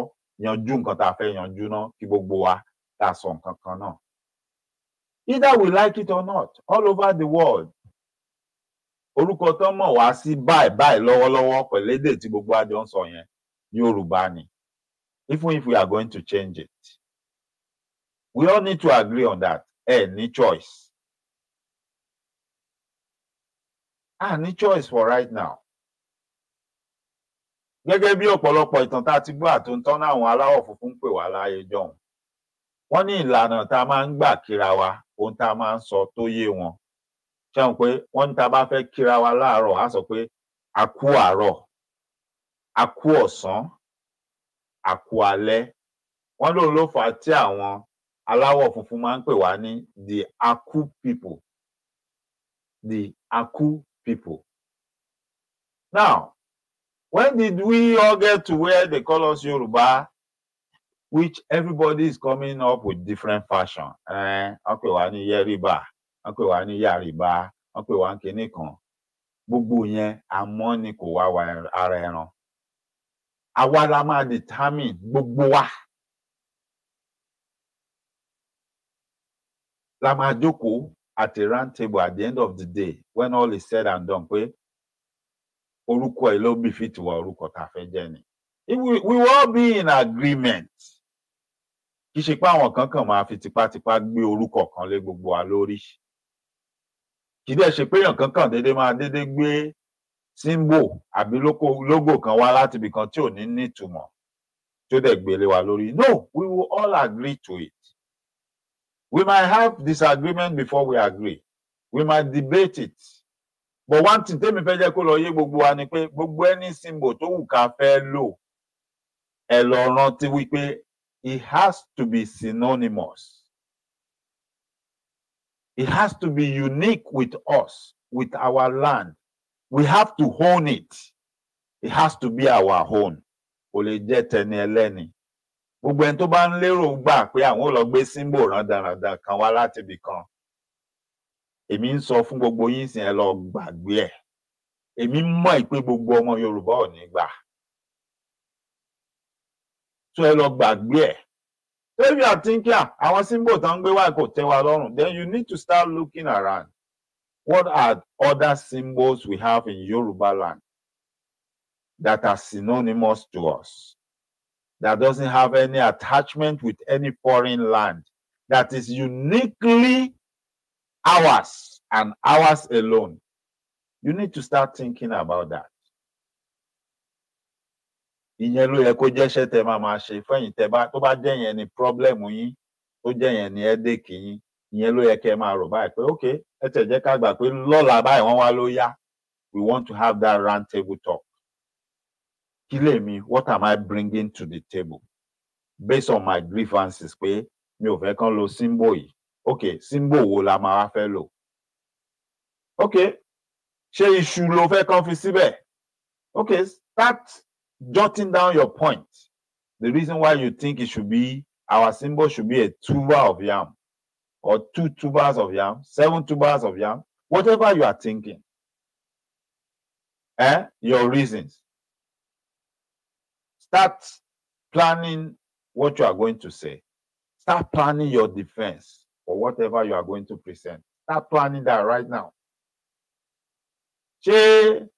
yanjú nǹkan tá a fẹ́ yanjú náà kí gbogbo wa tá a sọ nǹkan kan náà either we like it or not all over the world orúkọ tó mọ̀ wá sí báyìí báyìí lọ́wọ́lọ́wọ́ pẹ̀lú èdè tí gbogbo àjọ ń sọ yẹn ní Yorùbá ni even if we are going to change it we all need to agree on that ẹ eh, ní choice a ah, ní choice for right now gẹ́gẹ́ bí ọ̀pọ̀lọpọ̀ ìtàn tá a ti gbọ́ àtúntọ́ náà àwọn aláwọ̀ funfun ń pè wá láyé jọ̀hún wọ́n ní ìlànà tá a máa ń gbà kíra wa ohun tá a máa ń sọ tó yé wọn ṣáà pé wọ́n níta bá fẹ́ kíra wa láàárọ̀ á sọ pé a kú àárọ̀ a kú ọ̀sán a kú alẹ́ wọ́n lóun ló fà á tí àwọn aláwọ̀ funfun máa ń pè wá ní the aku people the aku people now when did we all get to where they call us Yoruba, which everybody is coming up with different fashion ẹ wọ́n pè wá ní Yẹ́rìbà wọ́n pè wá ní yàrìbá wọ́n pè wá ní kinní kan gbogbo yẹn àmọ́ ni kò wá wa ara ẹran àwa la máa determine gbogbo wa la máa jókòó at a round table at the end of the day when all is said and done pé orúkọ ẹ ló bí fit wá orúkọ tá a fẹ́ jẹ́ ni we, we will all be in agreement kì í ṣe pé àwọn kan kàn máa fi tipátipá gbé orúkọ kan lé gbogbo wa lórí kì í dẹ̀ ṣe pé èèyàn kankan dédé máa dédé gbé símbò àbí lógò kan wá láti ibì kan tí ò ní nítumọ̀ tí ó dẹ̀ gbélé wa lórí no we will all agree to it we might have disagreement before we agree we might debate it but one thing tèmi fẹ́ jẹ́ kó lọ yé gbogbo wa ni pé gbogbo ẹni símbò tó wù ká fẹ́ lò ẹ lọ rántí wípé it has to be synonymous It has to be unique with us, with our land. We have to hone it. It has to be our own. Kò lè jẹ́ tẹni ẹlẹ́ni. Gbogbo ẹni tó bá ń lérò gbà pé àwọn ò lọ gbé símbò rádaràda kan wá láti ibì kan. Èmi ń sọ fún gbogbo yín sìn ẹ lọ gbàgbé ẹ̀. Èmi mọ̀ pé gbogbo ọmọ Yorùbá ò ní gbà. Tún ẹ lọ gbàgbé ẹ̀. So if you are thinking, àwọn ah, symbol then you need to start looking around. What are other symbols we have in Yoruba land that are synonymous to us? That doesn't have any attachment with any foreign land, that is uniquely ours and ours alone. You need to start thinking about that. ìyẹn ló yẹ kó jẹ́ṣẹ́ tẹ máa máa ṣe fẹ́yìn tẹ bá tó bá jẹ́ yẹn ni problem yín tó jẹ́ yẹn ni ẹ́dẹ́kì yín ìyẹn ló yẹ kẹ́ ẹ máa rò báyìí pé ok ẹ tẹ̀ jẹ́ ká gbà pé lọ́la báyìí wọ́n wá ló yá we want to have that round table talk kí lèmi what am I bringing to the table based on my grievances pé mi ò fẹ́ kán lo símbò yìí ok símbò wo la máa wá fẹ́ lò ok ṣé iṣu ló fẹ́ kán fi síbẹ̀ ok start jotting down your point. The reason why you think it should be our symbol should be a tuba of yam or two tubers of yam, seven tubers of yam, whatever you are thinking. Eh? Your reasons. Start planning what you are going to say. Start planning your defense or whatever you are going to present. Start planning that right now. ṣé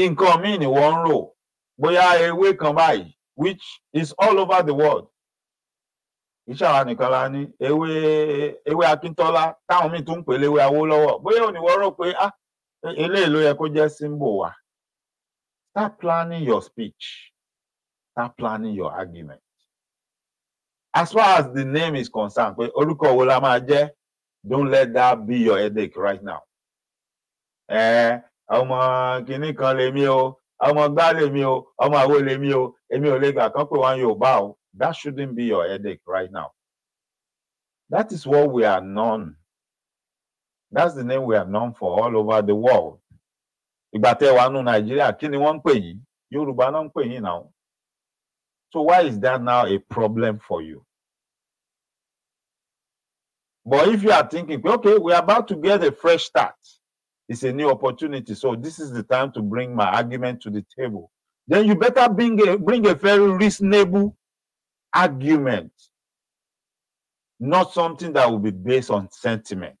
nǹkan míì ni wọ́n ń rò bóyá ewé kan báyìí which is all over the world ìṣàwá nìkan la ní ewé ewé Akíntọ́lá táwọn míì tún ń pè léwé Awólọ́wọ̀ bóyá òní wọ́n rò pé ah eléyìí ló yẹ kó jẹ́ symbol wa start planning your speech start planning your argument as far as the name is concerned pé orúkọ wo la máa jẹ́ don't let that be your headache right now. Eh, ọmọ kinní kan lèmi o ọmọ gbá lèmi o ọmọ àwo lèmi o èmi ò lè gbà kán pé wọn Yorùbá o that shouldn't be your headache right now that is what we are known that's the name we are known for all over the world ìgbà tẹ wà nù Nàìjíríà kí ni wọ́n ń pè yín Yorùbá náà ń pè yín náà so why is that now a problem for you but if you are thinking okay we are about to get a fresh start It's a new opportunity. So this is the time to bring my argument to the table. Then you better bring a, bring a very reasonable argument, not something that will be based on sentiment,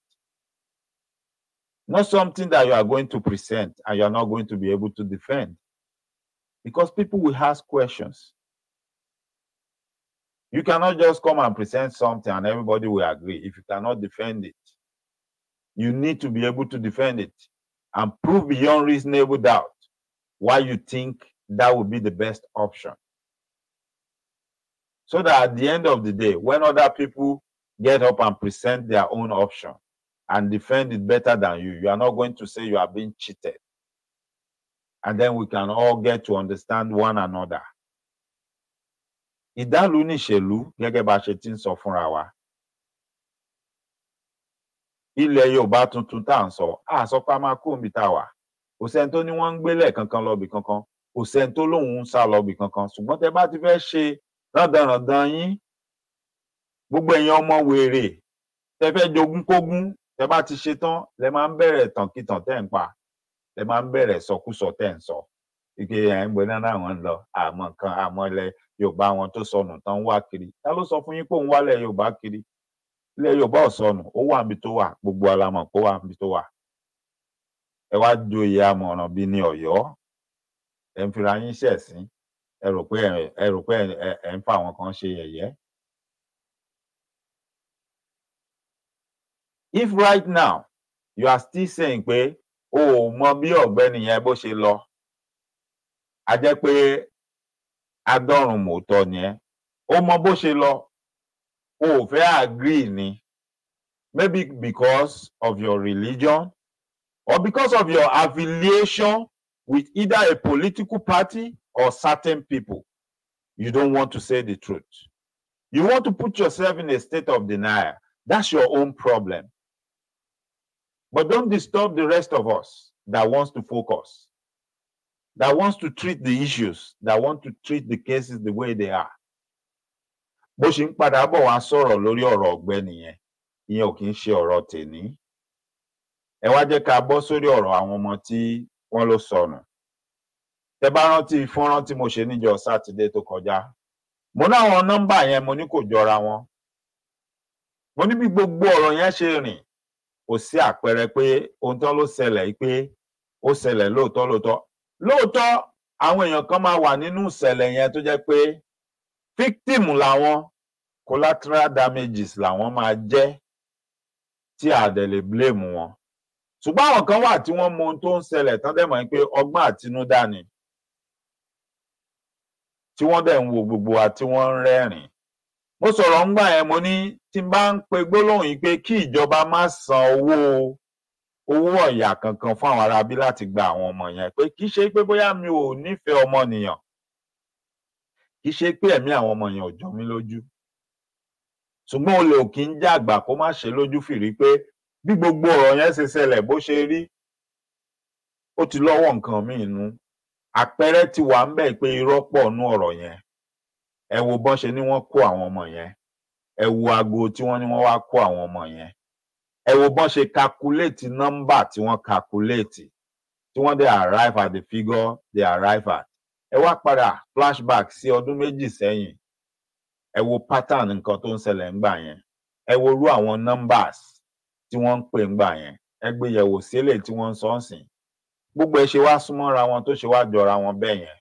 not something that you are going to present and you are not going to be able to defend, because people will ask questions. You cannot just come and present something and everybody will agree if you cannot defend it you need to be able to defend it and prove beyond reasonable doubt why you think that would be the best option. So that at the end of the day, when other people get up and present their own option and defend it better than you, you are not going to say you are being cheated. And then we can all get to understand one another. ìdálù níṣèlú gẹ́gẹ́ bá ṣe ti ń sọ fúnra wa ilẹ̀ yorùbá tuntun tá à ń sọ à sọ pé a máa kú omi tá a wà kò sẹ́ni tó ní wọ́n ń gbélé kankan lọ́bì kankan kò sẹ́ni tó lóun ń sá lọ́bì kankan ṣùgbọ́n tẹ bá ti fẹ́ ṣe rándanràndan yín gbogbo ẹ̀yin ọmọ wèrè tẹ fẹ́ jogún kógún tẹ bá ti ṣe tán lẹ máa ń bẹ̀rẹ̀ tànkìtàn tẹ́ ń pa lẹ máa ń bẹ̀rẹ̀ sọkúsọ tẹ́ ń sọ ike ẹ̀ ń gbé náà àwọn ń lọ àmọ́ nǹkan àmọ́ ilẹ̀ yorùbá wọn tó sọnù tán wá kiri ta ló sọ fún yín pé òun wálẹ̀ yorùbá kiri ilẹ̀ yorùbá ọ̀sọ́nù ó wà níbi tó wà gbogbo alamọ̀ kó wà níbi tó wà ẹ wá joyè amọ̀ràn bíi ní ọ̀yọ́ ẹ ń fira yín ṣẹ̀sín ẹ rò pé ẹ rò pé ẹ ń fa àwọn kan ṣe yẹ̀yẹ́. if right now you are still saying pé o ò mọ bí ọ̀gbẹ́ni yẹn bó ṣe lọ a jẹ́ pé adọ́rùn mòótọ́ ni o mọ bó ṣe lọ Oh, fair fẹ́ agree ni maybe because of your religion or because of your affiliation with either a political party or certain people you don't want to say the truth you want to put yourself in a state of denial that's your own problem but don't disturb the rest of us that wants to focus that wants to treat the issues, that want to treat the cases the way they are. bó ṣe ń padà bọ̀ wá sọ̀rọ̀ lórí ọ̀rọ̀ ọ̀gbẹ́ni yẹn ìyẹn ò kì í ṣe ọ̀rọ̀ tèmi ẹ wá jẹ́ ká bọ́ sórí ọ̀rọ̀ àwọn ọmọ tí wọ́n ló sọnù tẹ bá rántí fọ́nrán tí mo ṣe níjọ́ sátidé tó kọjá mo láwọn nọ́mbà yẹn mo ní kò jọra wọn mo ní bí gbogbo ọ̀rọ̀ yẹn ṣe rìn kò sí àpẹẹrẹ pé ohun tán ló ṣẹlẹ̀ pé ó ṣẹlẹ̀ lóòótọ́ lóòótọ́ lóòótọ́ àwọn èèyàn kan máa wà nínú ìṣẹ̀lẹ̀ yẹn tó jẹ́ pé victim làwọn collateral damages làwọn máa jẹ́ tí a dẹ̀ lè blame wọn ṣùgbọ́n àwọn kan wà tí wọ́n mọ ohun tó ń ṣẹlẹ̀ tán dẹ̀ mọ̀ pé ọgbọ́n àtinúdá ni tí wọ́n dẹ̀ ń wo gbogbo wa tí wọ́n ń rẹ́rìn mo sọ̀rọ̀ ńgbà yẹn mo ní tí n bá ń pe gbólóhùn yìí pé kí ìjọba má san owó owó ọ̀yà kankan fún àwọn aráabí láti gba àwọn ọmọ yẹn pé kì í ṣe pé bóyá mi ò nífẹ̀ẹ́ ọmọnìyàn kì í ṣe pé ẹ̀mí àwọn ọmọ yẹn ò jọ mí lójú ṣùgbọ́n olè ò kì í jẹ́ àgbà kó má ṣe lójú fìrí pé bí gbogbo ọ̀rọ̀ yẹn ṣe ṣẹlẹ̀ bó ṣe rí ó ti lọ́wọ́ nǹkan míì nu àpẹẹrẹ ti wà ń bẹ pé irọ́ pọ̀ nú ọ̀rọ̀ yẹn ẹ wo bọ́n ṣe ni wọ́n kó àwọn ọmọ yẹn ẹ wo aago tí wọ́n ní wọ́n wá kó àwọn ọmọ yẹn ẹ wo bọ́n ṣe kakuléètì nọ́mbà tí wọ́n kakuléètì tí wọ́n dé arrive at the figure they arrive at ẹ wá padà flashback sí ọdún méjì sẹ́yìn ẹ wo pattern nǹkan tó ń ṣẹlẹ̀ ńgbà yẹn ẹ wo irú àwọn numbers tí wọ́n ń pè ńgbà yẹn ẹ gbé yẹ̀wò sílẹ̀ tí wọ́n ń sọ ọ́sìn gbogbo ẹ ṣe wá súnmọ́ra wọn tó ṣe wá jọra wọn bẹ́ẹ̀ yẹn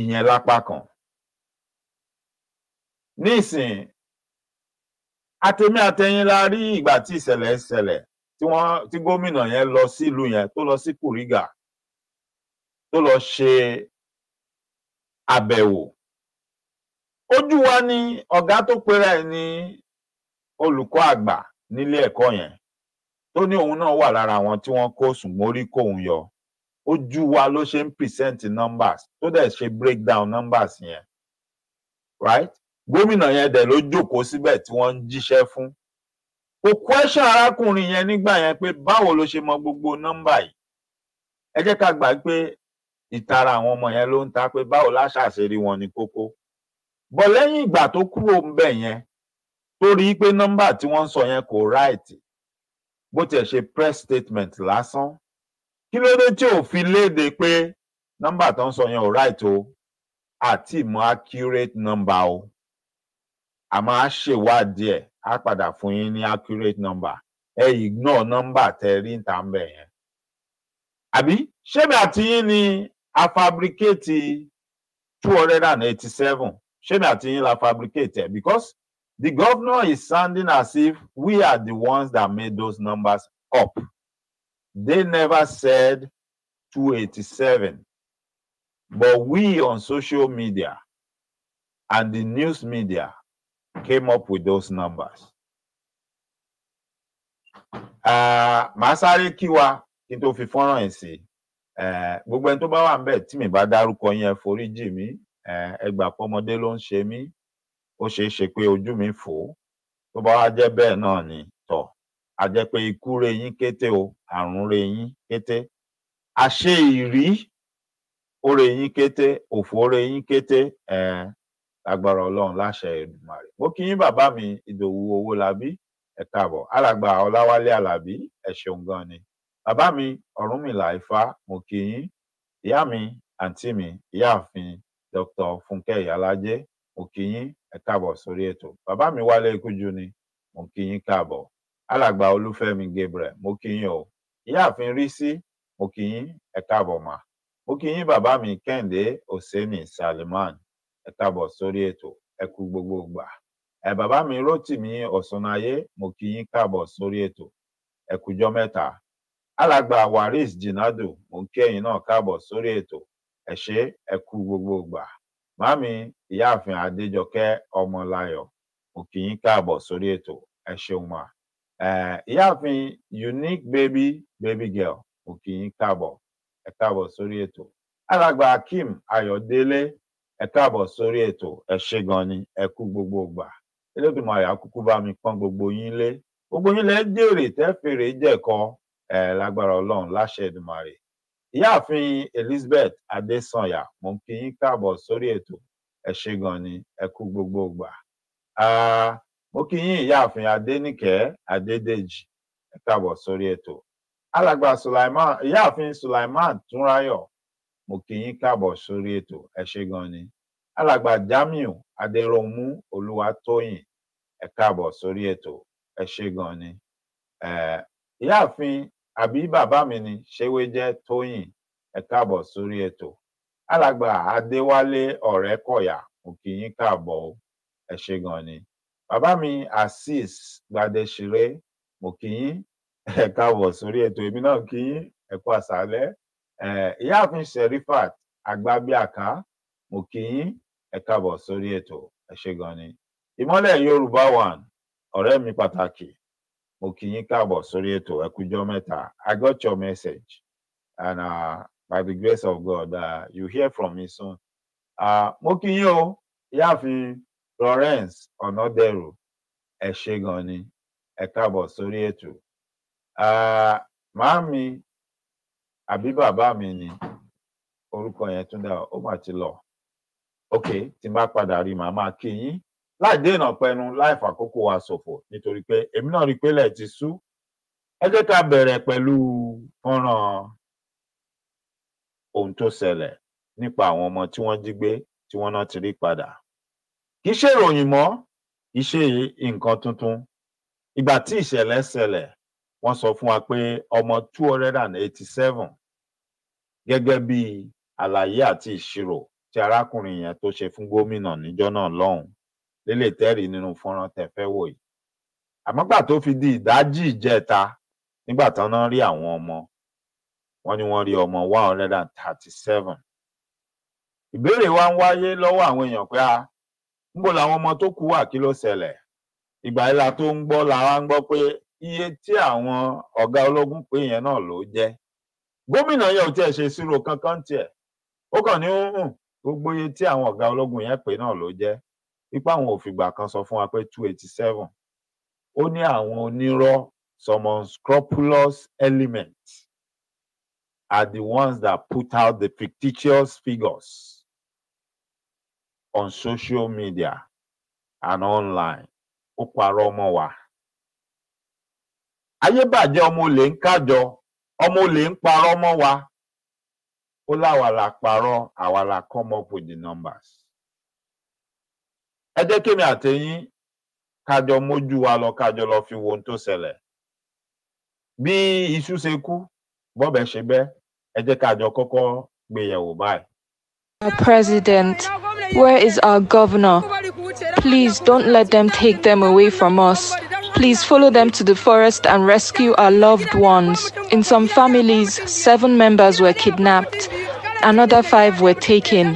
ìyẹn lápá kan nísìn àtẹmí àtẹyìn la rí ìgbà tí ìṣẹ̀lẹ̀ ṣẹlẹ̀ tí wọ́n tí gómìnà yẹn lọ sílùú yẹn tó lọ sí kùrígà tó lọ ṣe àbẹ̀wò ojú wa ni ọ̀gá tó pera ẹ̀ ní olùkọ́ àgbà nílé ẹ̀kọ́ yẹn tó ní òun náà wà lára àwọn tí wọ́n kó sùnmórí kóun yọ ojú wa ló ṣe ń present numbers tó dẹ̀ ṣe breakdown numbers yẹn right gómìnà yẹn dẹ̀ ló jókòó síbẹ̀ tí wọ́n ń jíṣẹ́ fún kò question arákùnrin yẹn nígbà yẹn pé báwo ló ṣe mọ gbogbo nọ́mbà yìí ẹ jẹ́ ká gbà pé ìtara àwọn ọmọ yẹn ló ń ta pé báwo láṣàṣe rí wọn ní kókó bọ lẹ́yìn ìgbà tó kúrò ńbẹ̀ yẹn tó rí i pé nọ́mbà tí wọ́n ń sọ yẹn kò ráìtì bó tiẹ̀ ṣe press statement lásán kí ló dé tí ò fi léde pé nọ́mbà tó ń sọ yẹn ò ráìtì o àti ìmọ̀ accurate number o a máa ṣèwádìí ẹ̀ á padà fún yín ní accurate number ẹ ignore nọ́mbà tẹ rí ń ta ń bẹ̀ yẹn àbí ṣé àti yín ni a fabricate two hundred and eighty-seven ṣé mi àti la fabricate ẹ because the governor is sounding as if we are the ones that made those numbers up they never said two eighty-seven but we on social media and the news media came up with those numbers. Uh, ah, Masari Kiwa wa kí n tó fi fọ́nrán yìí sí i gbogbo ẹni tó bá wà níbẹ̀ tí mi bá dárúkọ yẹn forí jì mí ẹ gbà pọ́mọdé ló ń ṣe mí ó ṣeé ṣe pé ojú mi fò ó tó bá wá jẹ́ bẹ́ẹ̀ náà ni tọ̀ a jẹ́ pé ikú rẹ̀ yín kété o àrùn rẹ̀ yín kété àṣe ìrí oore yín kété òfò oore yín kété agbára Ọlọ́run láṣẹ Èdùmàrè mo kí yín bàbá mi Ìdòwú Owólabí ẹ káàbọ̀ alàgbà Ọláwálé Alábí ẹ ṣeun gan ni bàbá mi ọ̀rúnmìlà ifá mo kí yín ìyá mi àǹtí mi ìyáàfin dr funke ìyálájẹ mo kí yín ẹ káàbọ̀ sórí ètò bàbá mi wálé ikújú ni mo kí yín káàbọ̀ alàgbà olúfẹ́mi gabriel mo kí yín o ìyáàfin rísí mo ẹ káàbọ̀ mà mo bàbá mi kẹ́hìndé hosseini salman ẹ káàbọ̀ sórí ètò ẹ kú gbogbo gbà ẹ bàbá mi rotimi ọsùnayé mo kí yín sórí ètò ẹ kújọ́ mẹ́ta alàgbà waris jinadu mo ń kí ẹ̀yin náà káàbọ̀ sórí ètò ẹ ṣé ẹ kú gbogbo ìgbà màámi ìyáàfin adéjọkẹ́ ọmọláyọ̀ mo kí yín káàbọ̀ sórí ètò ẹ ṣeun mà ìyáàfin unique baby baby girl mo kí yín káàbọ̀ ẹ káàbọ̀ sórí ètò alàgbà akeem ayọ̀délé ẹ káàbọ̀ sórí ètò ẹ ṣé gan ni ẹ kú gbogbo ìgbà elédùnmọ̀ àyà kúkú bá mi pọ́n gbogbo yín lé gbogbo yín lẹ jèrè tẹ́ fèrè jẹ̀kọ́ lágbára ọlọ́run láṣẹ Èdùmàrè ìyáàfin Elizabeth Adésànyà mo ń kí yín káàbọ̀ sórí ètò ẹ ṣé gan ni ẹ kú gbogbo ìgbà mo kí yín ìyáàfin Adéníkẹ́ Adédèjì ẹ káàbọ̀ sórí ètò alàgbà Sulaiman ìyáàfin Sulaiman Túnráyọ̀ mo kí yín káàbọ̀ sórí ètò ẹ ṣé gan ni alàgbà Jamiu Adéròmú Olúwatóyìn ẹ káàbọ̀ sórí ètò ẹ ṣé gan ni ìyáàfin àbí bàbá mi ni ṣéwéjẹ tóyìn ẹ káàbọ̀ sórí ètò alàgbà adéwálé ọ̀rẹ́kọ̀yà mo kí yín káàbọ̀ o ẹ ṣé gan ni bàbá mi asis gbadẹsire mo kí yín ẹ káàbọ̀ sórí ètò èmi náà kí yín ẹ kú àṣálẹ́ ẹ ìyáàfin serifat agbábíàká mo kí yín ẹ káàbọ̀ sórí ètò ẹ ṣé gan ni ìmọ́lẹ̀ yorùbá one ọ̀rẹ́ mi pàtàkì mo kí yín káàbọ̀ sórí ètò ẹ mẹ́ta i got your message and uh, by the grace of god uh, you hear from me soon uh, mo kí yín o ìyáàfin florence ọ̀nàdẹ̀rù ẹ ṣé gan ni ẹ káàbọ̀ sórí ètò uh, màámi àbí bàbá mi ni orúkọ yẹn tún dá ọ mà ti lọ ok tí n bá padà rí màá máa kí yín láì dé ìnàpẹnu láì fàkókò wa ṣòfò nítorí pé èmi náà rí i pé lẹ́ẹ̀ ti sú ẹ jẹ́ ká bẹ̀rẹ̀ pẹ̀lú fọ́nrán ohun tó ṣẹlẹ̀ nípa àwọn ọmọ tí wọ́n jí gbé tí wọ́n náà ti rí padà kì í ṣe ìròyìn mọ́ kì í ṣe nǹkan tuntun ìgbà tí ìṣẹ̀lẹ̀ ṣẹlẹ̀ wọ́n sọ fún wa pé ọmọ two hundred and eighty seven gẹ́gẹ́ bí àlàyé àti ìṣirò tí arákùnrin yẹn tó ṣe fún gómìnà níjọ́ náà lọ́hùnún lele tẹ́rì nínú fọ́nrán tẹ́ fẹ́ wò yìí àmọ́ tó fi di ìdájí ìjẹta nígbà náà rí àwọn ọmọ wọn ni wọn rí ọmọ one hundred wa ń wáyé lọ́wọ́ àwọn èèyàn pé a ah, ọmọ tó kú wà kí ló ṣẹlẹ̀ ìgbà tó ń ń pé iye tí àwọn ológun yẹn náà ló gómìnà ò ṣe ìṣirò kankan gbogbo iye tí àwọn ológun yẹn pè náà ló wípé àwọn òfìgbà kan sọ fún wa pé two eighty seven ó ní àwọn onírọ́ some unscrupulous elements are the ones that put out the fictitious figures on social media and online ó parọ́ ọmọ wa ayé bàjẹ́ ọmọ olè ń kájọ ọmọ olè ń parọ́ mọ́ wa ó láwa la parọ́ àwa la come up with the numbers ẹ jẹ́ àtẹ̀yin kájọ mójú wa lọ kájọ lọ fi wo ohun tó ṣẹlẹ̀ bí iṣu ṣe kú bọ́bẹ̀ ṣe bẹ́ ẹ jẹ́ kájọ kọ́kọ́ President, where is our governor? Please don't let them take them away from us. Please follow them to the forest and rescue our loved ones. In some families, seven members were kidnapped. Another five were taken.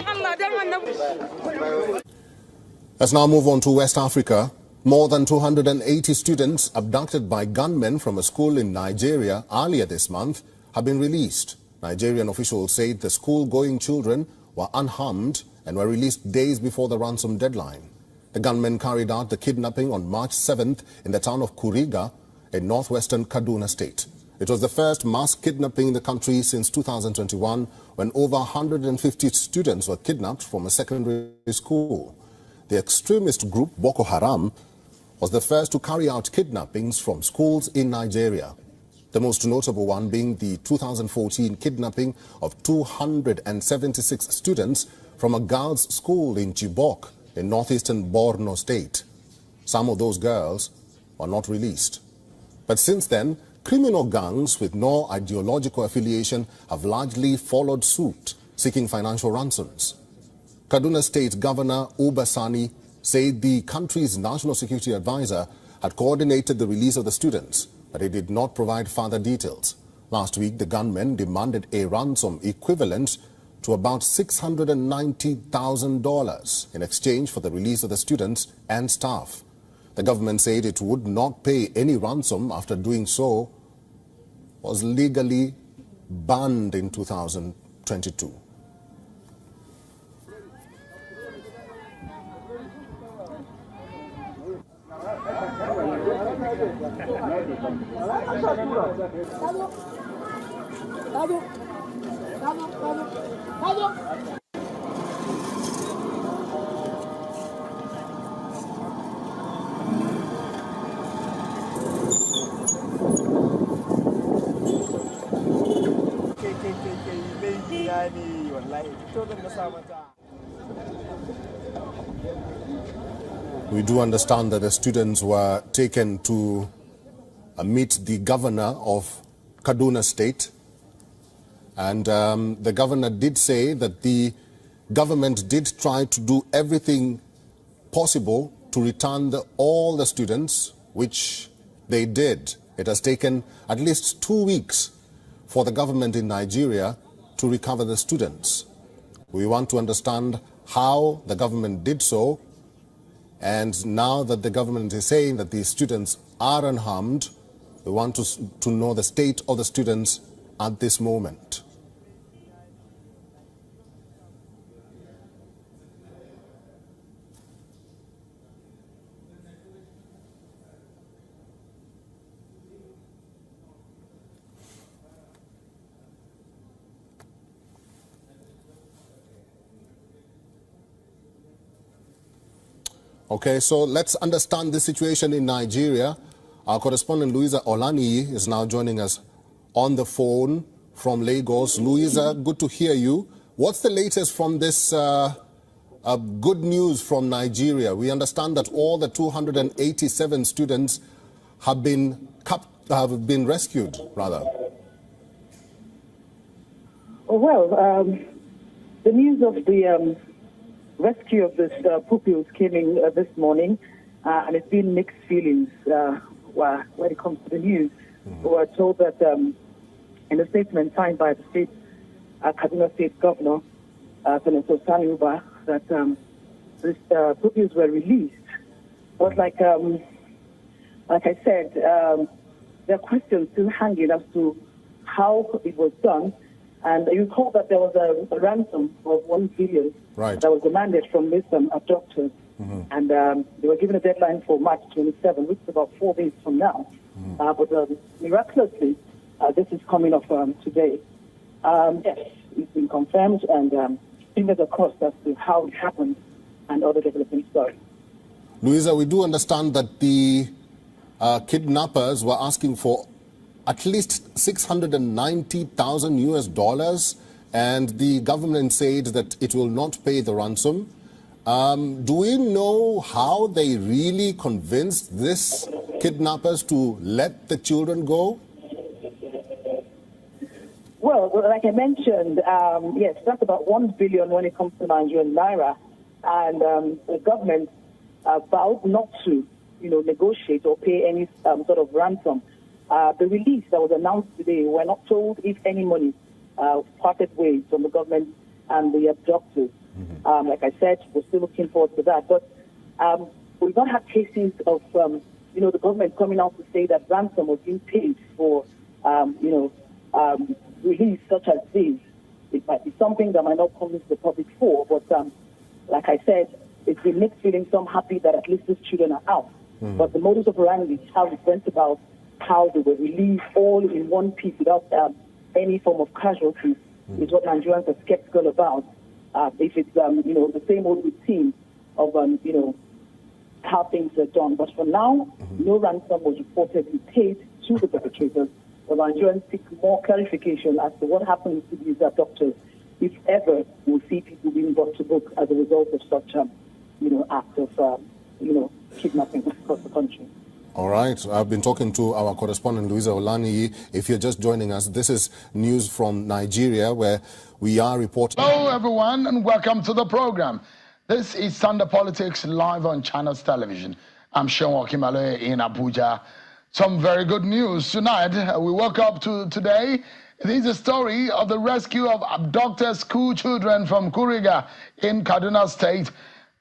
Let's now move on to West Africa. More than 280 students abducted by gunmen from a school in Nigeria earlier this month have been released. Nigerian officials said the school-going children were unharmed and were released days before the ransom deadline. The gunmen carried out the kidnapping on March 7th in the town of Kuriga in northwestern Kaduna state. It was the first mass kidnapping in the country since 2021 when over 150 students were kidnapped from a secondary school. The extremist group Boko Haram was the first to carry out kidnappings from schools in Nigeria. The most notable one being the 2014 kidnapping of 276 students from a girls' school in Chibok in northeastern Borno state. Some of those girls are not released. But since then, criminal gangs with no ideological affiliation have largely followed suit, seeking financial ransoms. Kaduna State Governor Obasani said the country's national security advisor had coordinated the release of the students, but he did not provide further details. Last week, the gunmen demanded a ransom equivalent to about $690,000 in exchange for the release of the students and staff. The government said it would not pay any ransom after doing so was legally banned in 2022. We do understand that the students were taken to uh, meet the governor of Kaduna State and um, the governor did say that the government did try to do everything possible to return the, all the students, which they did. It has taken at least two weeks for the government in Nigeria to recover the students. We want to understand how the government did so. And now that the government is saying that these students are unharmed, we want to, to know the state of the students at this moment. Okay, so let's understand the situation in Nigeria. Our correspondent Louisa Olani is now joining us on the phone from Lagos. Louisa, good to hear you. What's the latest from this uh, uh, good news from Nigeria? We understand that all the 287 students have been cap have been rescued, rather. Well, um, the news of the um rescue of this uh, pupils came in uh, this morning, uh, and it's been mixed feelings uh, when it comes to the news. Mm-hmm. We were told that um, in a statement signed by the state, uh, Kaduna State Governor, uh, Senator Sani Uba, that um, these uh, pupils were released. But like um, like I said, um, there are questions still hanging as to how it was done and you recall that there was a, a ransom of one billion right. that was demanded from Muslim adopters. Mm-hmm. And um, they were given a deadline for March 27, which is about four days from now. Mm-hmm. Uh, but um, miraculously, uh, this is coming off um, today. Um, yes, it's been confirmed, and um, fingers are crossed as to how it happened and other developing Sorry. Louisa, we do understand that the uh, kidnappers were asking for at least 690,000 US dollars, and the government said that it will not pay the ransom. Um, do we know how they really convinced these kidnappers to let the children go? Well, like I mentioned, um, yes, that's about one billion when it comes to Nigerian naira, and um, the government uh, vowed not to, you know, negotiate or pay any um, sort of ransom. Uh, the release that was announced today, we're not told if any money uh, parted ways from the government and the abductors. Mm-hmm. Um, like I said, we're still looking forward to that. But um, we've not had cases of, um, you know, the government coming out to say that ransom was being paid for, um, you know, um, release such as this. It might be something that might not come into the public for, but um, like I said, it's been mixed feelings. Some happy that at least these children are out. Mm-hmm. But the modus operandi, how it went about, how they were released all in one piece without um, any form of casualties mm. is what Nigerians are skeptical about. Uh, if it's um, you know the same old routine of um, you know how things are done, but for now, mm-hmm. no ransom was reportedly paid to the perpetrators. The Nigerians seek more clarification as to what happens to these abductors, uh, if ever we see people being brought to book as a result of such um, you know act of um, you know kidnapping across the country. All right. I've been talking to our correspondent, Louisa Olaniyi. If you're just joining us, this is news from Nigeria where we are reporting. Hello, everyone, and welcome to the program. This is Sunday Politics live on Channels Television. I'm Sean Okimale in Abuja. Some very good news tonight. We woke up to today. It is a story of the rescue of abducted school children from Kuriga in Kaduna State.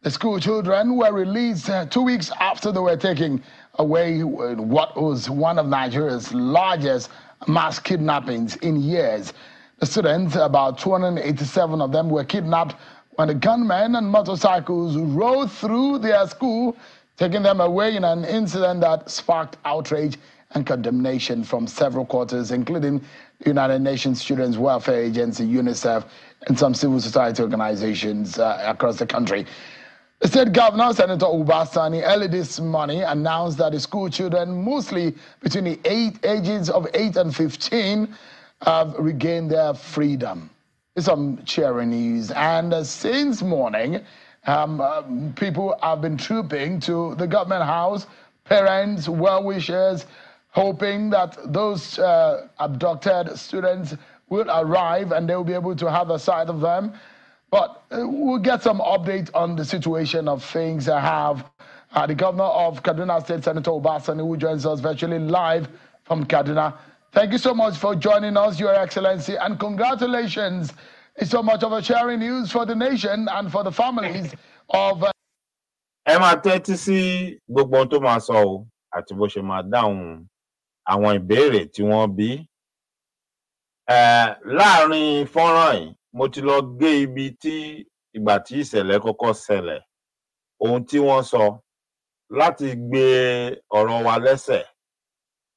The school children were released two weeks after they were taken away what was one of Nigeria's largest mass kidnappings in years. The students, about 287 of them, were kidnapped when the gunmen and motorcycles rode through their school, taking them away in an incident that sparked outrage and condemnation from several quarters, including the United Nations Children's Welfare Agency, UNICEF, and some civil society organizations uh, across the country. The state governor, Senator Ubasani, early this morning announced that the school children, mostly between the eight ages of 8 and 15, have regained their freedom. It's some cheering news. And uh, since morning, um, uh, people have been trooping to the government house, parents, well wishers, hoping that those uh, abducted students will arrive and they will be able to have a sight of them. But uh, we'll get some update on the situation of things. I have uh, the governor of Kaduna State, Senator Obasanjo, who joins us virtually live from Kaduna. Thank you so much for joining us, Your Excellency, and congratulations. It's so much of a sharing news for the nation and for the families of. Uh, ẹ máa tẹ́tí sí gbogbo ohun tó máa sọ o àti bó ṣe máa dáhùn àwọn ìbéèrè tí wọ́n bí. láàárín fọ́nrán yìí mo ti lọ gé ibi tí ìgbà tí ìṣẹ̀lẹ̀ kọ́kọ́ ṣẹlẹ̀ ohun tí wọ́n sọ láti gbé ọ̀rọ̀ wa lẹ́sẹ̀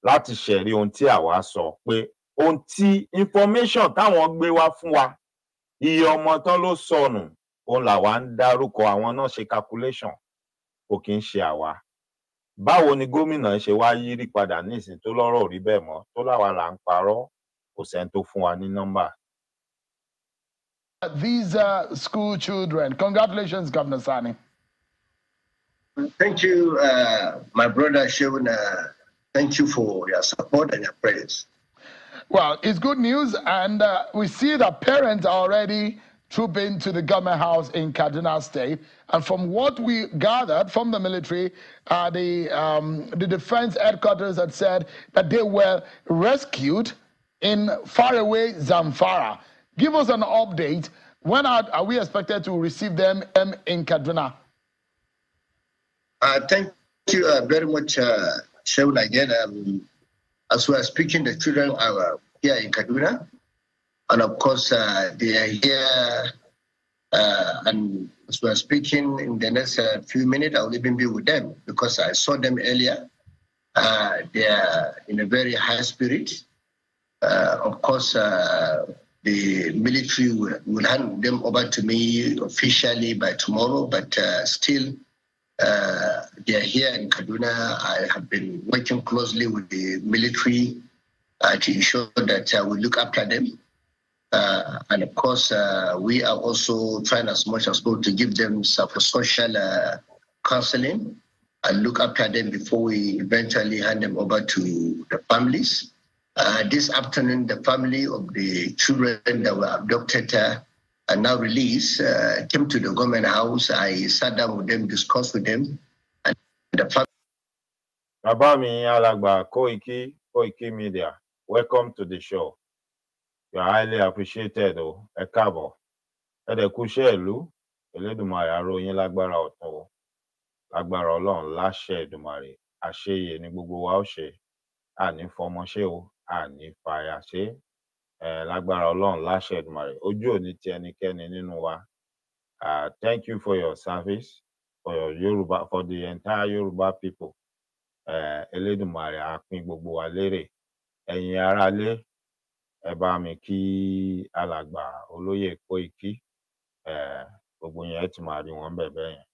láti ṣẹ̀rí ohun tí àwa sọ pé ohun tí information táwọn gbé wá fún wa iye ọmọ tán ló sọnù òun làwa ń dárúkọ àwọn náà ṣe calculation kò kí ń ṣe àwa báwo ni gómìnà ṣe wá yírí padà nísìnyí tó lọ́rọ̀ rí bẹ́ẹ̀ mọ́ tó láwa là ń parọ́ kò sẹ́ni tó fún wa ní nọ́mbà These are school children. Congratulations, Governor Sani. Thank you, uh, my brother Shevin. Uh, thank you for your support and your prayers. Well, it's good news, and uh, we see that parents are already trooping to the government house in Kaduna State. And from what we gathered from the military, uh, the um, the defense headquarters had said that they were rescued in faraway Zamfara. Give us an update. When are, are we expected to receive them um, in Kaduna? Uh, thank you uh, very much, uh, Again, um, as we are speaking, the children are here in Kaduna. And of course, uh, they are here. Uh, and as we are speaking, in the next uh, few minutes, I'll even be with them because I saw them earlier. Uh, they are in a very high spirit. of course, the military will, will, hand them over to me officially by tomorrow, but uh, still uh, they are here in Kaduna. I have been working closely with the military uh, to ensure that uh, we look after them. Uh, and of course, uh, we are also trying as much as possible to give them social counseling and look after them before we eventually hand them over to the families. Uh, this afternoon, the family of the children that were abducted uh, and now released uh, came to the government house. I sat down with them, discussed with them, and the family. Abami Alagba Koiki, Koiki Media, welcome to the show. You are highly appreciated, o. Oh. Ẹ káàbọ̀. Ẹ dẹ̀ kú iṣẹ́ ìlú. Elédùmarè aró yín lágbára ọ̀tún o. Oh. Lágbára Ọlọ́run láṣẹ Èdùmarè. Àṣeyẹ ni gbogbo wa ó ṣe. Àní fọmọ ṣe o oh. se ani fomo se àní fàyà ṣe é lágbára ọlọ́run láṣẹ Èdùmàrè ojú ò ní ti ẹnikẹ́ni nínú wa thank you for your service for your Yoruba for the entire Yoruba people Elédùmarè á pín gbogbo wa lérè ẹ̀yin aráalé ẹ bá mi kí alàgbà olóyè Koiki gbogbo yẹn ti máa rí wọn bẹ́ẹ̀ yẹn.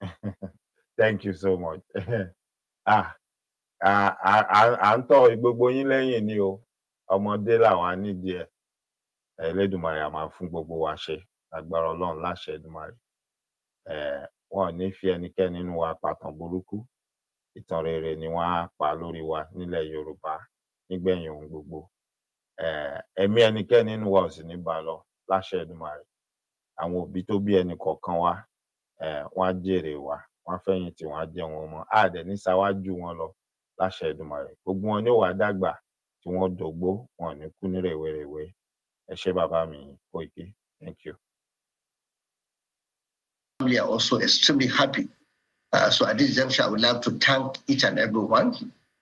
Thank you so much. ah, à ń tọ́ gbogbo yín lẹ́yìn ni o ọmọdé làwọn á nídìí ẹ̀ Ẹlẹ́dùmarè á máa fún gbogbo wa ṣe agbára Ọlọ́run láṣẹ Ẹlẹ́dùmarè wọn ò ní fi ẹnikẹ́ni nínú wa pàtàn burúkú ìtàn rere ni wọ́n á pa lórí wa nílẹ̀ Yorùbá nígbẹ̀yìn ohun gbogbo ẹ̀mí ẹnikẹ́ni nínú wa ò sì ní bá lọ láṣẹ Ẹlẹ́dùmarè àwọn òbí tó bí ẹnì kọ̀ọ̀kan wa wọ́n á jèrè wa wọ́n á fẹ̀yìntì wọ́n á jẹun ọmọ á dẹ̀ ní ṣáwájú wọn lọ láṣẹ Èdùmàrè gbogbo wọn ni ó dàgbà tí wọn dògbó wọn ò ní kú ní rèwerèwe ẹ ṣé bàbá mi Koiki thank you. Family are also extremely happy. Uh, so at this juncture, I would like to thank each and every one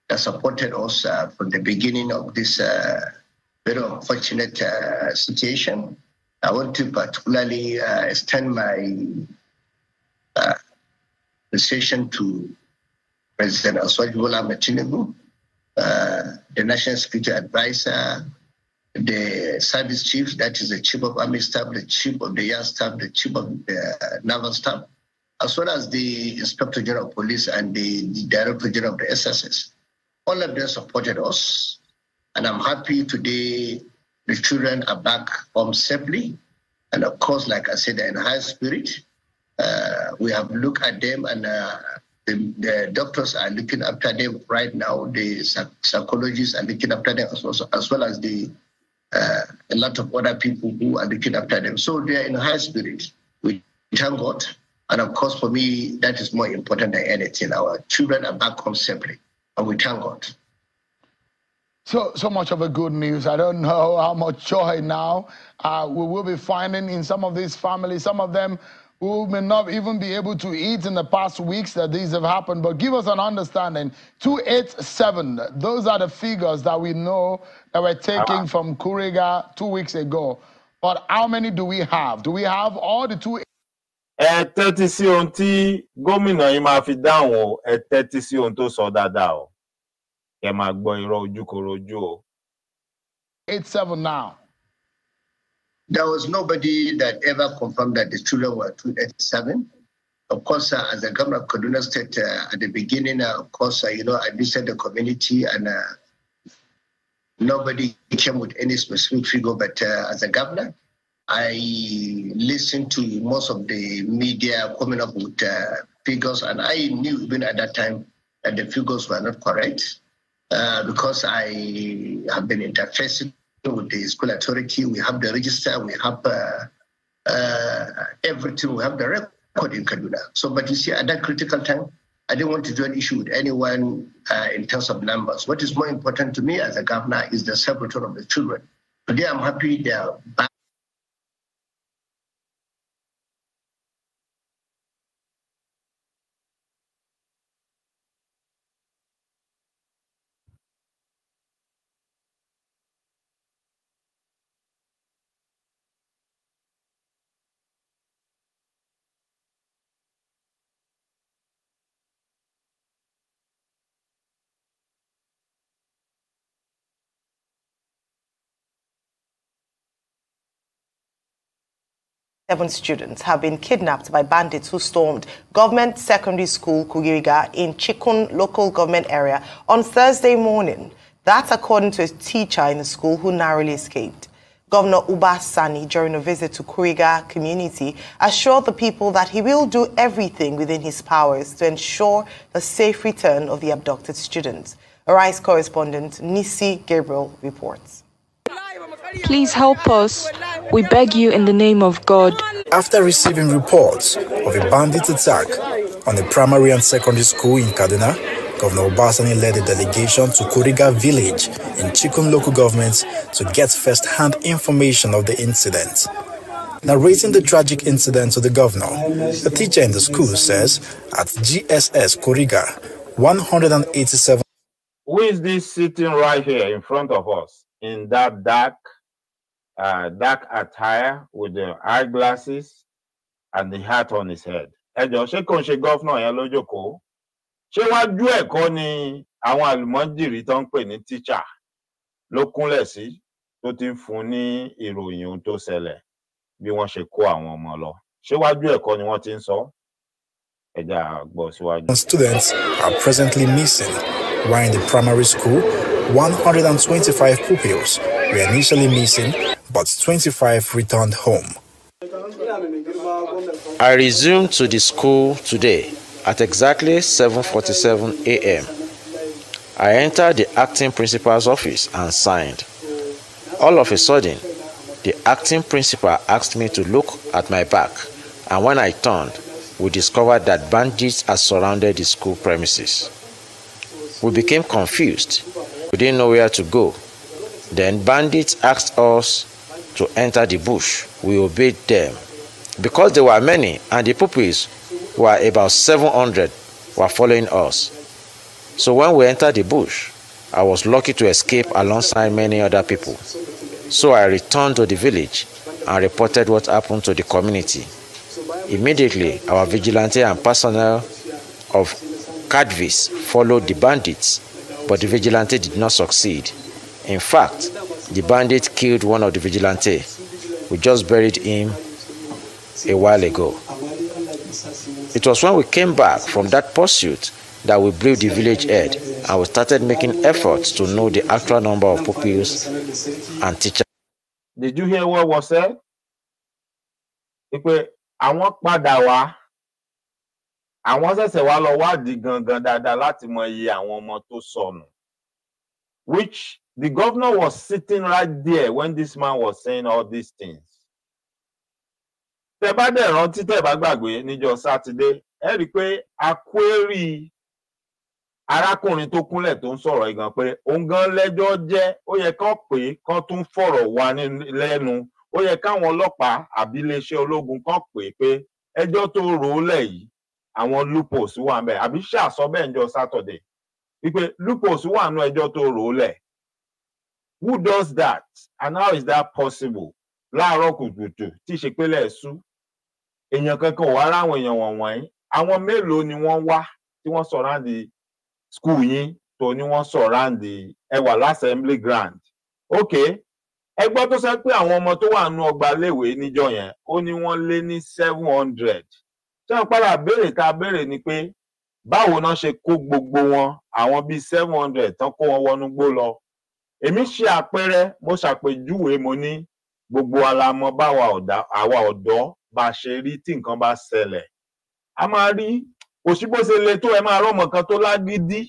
that supported us uh, from the beginning of this uh, very unfortunate uh, situation. I want to particularly uh, extend my uh, appreciation to President Oswajbola Matinubu, uh, the National Security Advisor, the Service Chief, that is the Chief of Army Staff, the Chief of the Air Staff, the Chief of the Naval Staff, as well as the Inspector General of Police and the, the Director General of the SSS. All of them supported us, and I'm happy today the children are back home safely. And of course, like I said, in high spirit. Uh, we have looked at them and uh, the, the, doctors are looking after them right now. The psychologists are looking after them as well, as, well as the uh, a lot of other people who are looking after them. So they are in high spirits. We thank God, and of course, for me, that is more important than anything. Our children are back home safely, and we thank God. So, so much of a good news. I don't know how much joy now uh, we will be finding in some of these families. Some of them who may not even be able to eat in the past weeks that these have happened, but give us an understanding. 287, those are the figures that we know that we're taking from Kuriga two weeks ago. But how many do we have? Do we have all the two? ẹ tẹ́tí sí ohun tí gómìnà yìí máa fi dáhùn o ẹ tẹ́tí sí ohun tó sọ dáadáa o máa gbọ́ irọ́ o. eight seven now. There was nobody that ever confirmed that the children were 287. Of course, uh, as a governor of Kaduna State, uh, at the beginning, uh, of course, uh, you know, I visited the community and uh, nobody came with any specific figure, but uh, as a governor, I listened to most of the media coming up with figures, and I knew even at that time that the figures were not correct because I have been interfacing with the School authority, we have the register, we have uh, uh, everything, we have the record in Kaduna. So, but you see, at that critical time, I didn't want to do an issue with anyone uh, in terms of numbers. What is more important to me as a governor is the safety of the children. Today, I'm happy they are back Seven students have been kidnapped by bandits who stormed Government Secondary School Kugiriga in Chikun local government area on Thursday morning. That according to a teacher in the school who narrowly escaped. Governor Uba Sani, during a visit to Kuriga community, assured the people that he will do everything within his powers to ensure the safe return of the abducted students. Arise correspondent Nisi Gabriel reports. Please help us. We beg you in the name of God. After receiving reports of a bandit attack on a primary and secondary school in Kaduna, Governor Obasani led a delegation to Kuriga village in Chikun local government to get first-hand information of the incident. Narrating the tragic incident to the governor, a teacher in the school says at GSS Kuriga, 187 who is this sitting right here in front of us in that dark uh, dark attire with the eyeglasses and the hat on his head. ẹjọ ṣé kò ń ṣe gọfúnà yẹn lójókòó ṣé wájú ẹ̀kọ́ ni àwọn àlùmọjìrì tó ń pè ní tíṣà ló kúnlẹ̀ sí tó ti ń fún ní ìròyìn ohun tó ṣẹlẹ̀ bí wọ́n ṣe kó àwọn ọmọ lọ ṣé wájú ẹ̀kọ́ ni wọ́n ti ń sọ Students are presently missing while in the primary school 125 pupils were initially missing but 25 returned home. I resumed to the school today at exactly 7:47 a.m. I entered the acting principal's office and signed. All of a sudden, the acting principal asked me to look at my back, and when I turned, we discovered that bandits had surrounded the school premises. We became confused. We didn't know where to go. Then bandits asked us to enter the bush. We obeyed them. Because there were many, and the pupils were about 700 were following us. So when we entered the bush, I was lucky to escape alongside many other people. So I returned to the village and reported what happened to the community. Immediately, our vigilante and personnel of Cadvis followed the bandits, but the vigilante did not succeed. In fact, The bandit killed one of the vigilantes. We just buried him a while ago. It was when we came back from that pursuit that we blew the village head and we started making efforts to know the actual number of pupils and teachers. Did you hear what was said? Pé àwọn padà wá àwọn ṣẹ̀ṣẹ̀ wá lọ wádìí gangan dáadáa láti mọ iye àwọn ọmọ tó sọnù which The governor was sitting right there when this man was saying all these things. Tẹ́ bá dẹ̀ rántí tẹ́ bá gbàgbé níjọ́ Sátidé, ẹ rí i pé a query arákùnrin tó kúnlẹ̀ tó ń sọ̀rọ̀ igan pé òun gan lẹ́jọ́ jẹ́ ó yẹ kán pè é kán tún fọ̀rọ̀ wá lẹ́nu ó yẹ káwọn ọlọ́pàá àbí iléeṣẹ́ ológun kán pè é pé ẹjọ́ tó rò ó lẹ̀ yìí àwọn loopholes wà ń bẹ̀ àbí ṣàsọ bẹ́ẹ̀ ń jọ Sátọ̀dẹ̀ wípé loopholes wà nú ẹjọ́ tó rò who does that and how is that possible láàárọ̀ kùtùkùtù tí ìṣèpélẹ ṣú èèyàn kankan wà láwọn èèyàn wọ̀nyí àwọn mélòó ni wọ́n wá tí wọ́n surround the school yín tó ní wọ́n surround the ẹwà l'assembly ground ok ẹgbọ́n tó sọ pé àwọn ọmọ tó wà nú ọgbà léèwé níjọ yẹn ó ní wọ́n lé ní seven hundred tí wọ́n padà béèrè tá a béèrè ni pé báwo náà ṣe kó gbogbo wọn àwọn bíi seven hundred tán kó wọn wọnú gbó lọ èmi ṣe àpẹẹrẹ mo ṣàpèjúwe mo ní gbogbo alamọ báwa àwa ọ̀dọ́ bá ṣe rí tí nǹkan bá ṣẹlẹ̀ a máa rí kò sí bó ṣe le tó ẹ máa rọmọ kan tó lágídí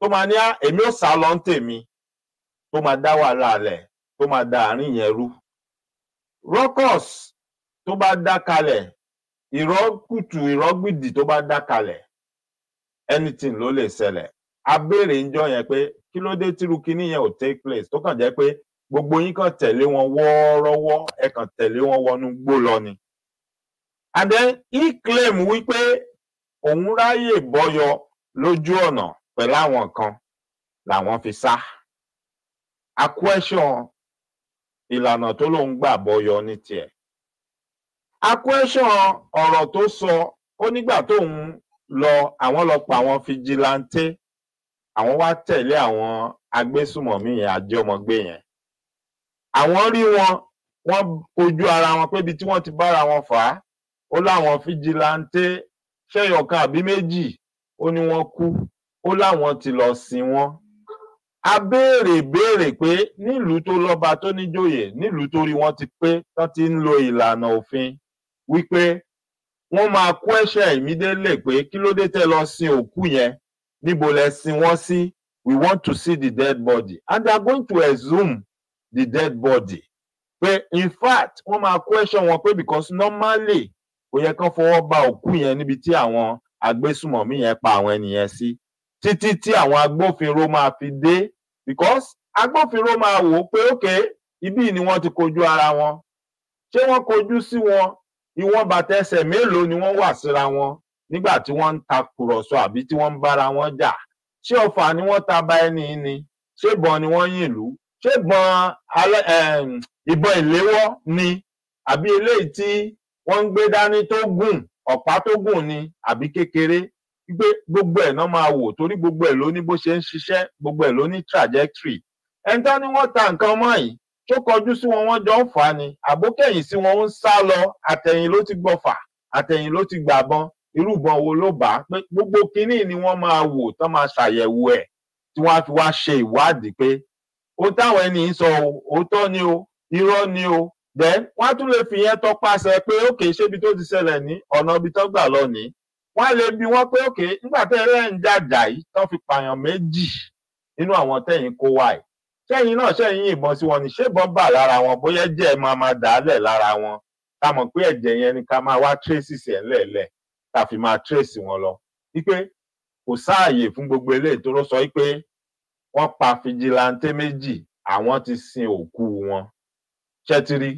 tó máa ní èmi ò sá lọ ń tèmi tó máa dá wàhálà lẹ̀ tó máa da àárín yẹn rú rọkọs tó bá dá kalẹ̀ ìrọ́kùtù ìrọ́gbìdì tó bá dá kalẹ̀ anything ló lè ṣẹlẹ̀ a béèrè ńjọ́ yẹn pé kí ló dé tírú kinní yẹn ò take place tó kàn jẹ́ pé gbogbo yín kàn tẹ̀lé wọn wọ́ọ́rọ́wọ́ ẹ kàn tẹ̀lé wọn wọnú gbó lọ ni and then he claim wípé òun ráyè bọ́yọ lójú ọ̀nà pẹ̀lú àwọn kan làwọn fi sá a question ìlànà tó lóun gbà bọ́yọ ní tiẹ̀ a question ọ̀rọ̀ tó sọ ó nígbà tóun lọ àwọn lọ pa àwọn fijilanté àwọn wá tẹ̀lé àwọn agbésùmọ̀mí yẹn àjọmọ̀gbé yẹn àwọn rí wọn wọ́n kojú ara wọn pé ibi tí wọ́n ti bára wọn fà á ó láwọn fíjìláńtẹ ṣẹyọkan àbí méjì ó ní wọ́n kú ó láwọn ti lọ sin wọn a béèrè béèrè pé nílùú tó lọ́ba tó níjòyè nílùú tó rí wọn ti pé tán ti ń lo ìlànà òfin wípé wọ́n máa kó ẹ̀ṣẹ̀ ìmídélè pé kí ló dé tẹ́ lọ sin òkú yẹn níbo lẹ sin wọn sí we want to see the dead body and they are going to exhume the dead body pé in fact wọ́n máa question wọn pé because normally kò yẹ kán fọwọ́ ba òkú yẹn níbi tí àwọn agbésùmọ̀mí yẹn pa àwọn ènìyàn sí títí tí àwọn agbófinró máa fi dé because agbófinró máa wò ó pé ok ibí ni wọ́n ti kojú ara wọn ṣé wọ́n kojú sí wọn ìwọ̀n bàtà mélòó ni wọ́n wà síra wọn nígbà tí wọ́n ń takùrọ̀sọ àbí tí wọ́n ń bára wọn jà ṣé ọfà ni wọ́n ta bá ẹni ni ṣé ìbọn ni wọ́n yìn lù ṣé ìbọn ìbọn ìléwọ́ ni àbí eléyìí tí wọ́n ń gbé dání tó gùn ọ̀pá tó gùn ni àbí kékeré gbé gbogbo ẹ̀ náà máa wò torí gbogbo ẹ̀ ló ní bó ṣe ń ṣiṣẹ́ gbogbo ẹ̀ ló ní trajectory ẹni tán ni wọ́n ta nǹkan mọ́ yìí tó kọjú sí wọn wọ́n jọ ń fà á ni àbókẹ́yìn sí wọn ń sá lọ àtẹ̀yìn ló ti gbọ̀fà àtẹ̀yìn ló ti gbàbọn irúbọn wo ló bá pé gbogbo kinní ni wọ́n máa wò tán máa ṣàyẹ̀wò ẹ̀ tí wọ́n á fi wá ṣe ìwádìí pé ó táwọn ẹni sọ òótọ́ ni o irọ́ ni o then wọ́n á tún lè fi yẹn tọpasẹ̀ pé òkè ṣébi tó ti ṣẹlẹ̀ ní ọ̀nà ibi tó gbà lọ ní wọ́n á lè bi wọ́n pé òkè nígbà tẹ́lẹ̀ ń jàjà yìí tán fi pààyàn méjì nínú àwọn tẹ́yìn kó wá yìí sẹ́yìn náà sẹ́yìn ìbọn sí wọn ni ṣébọn bà lára wọn bóyá ẹ̀jẹ̀ máa máa dàálẹ̀ lára wọn ká mọ̀ pé ẹ̀jẹ̀ yẹn ni ká máa wá traces ẹ̀ lẹ́ẹ̀lẹ́ẹ̀ tá a fi máa trace wọn lọ wípé kò sáàyè fún gbogbo eléyìí tó sọ wípé wọ́n pa fìjìláńtẹ méjì àwọn ti sin òkú wọn ṣẹtiri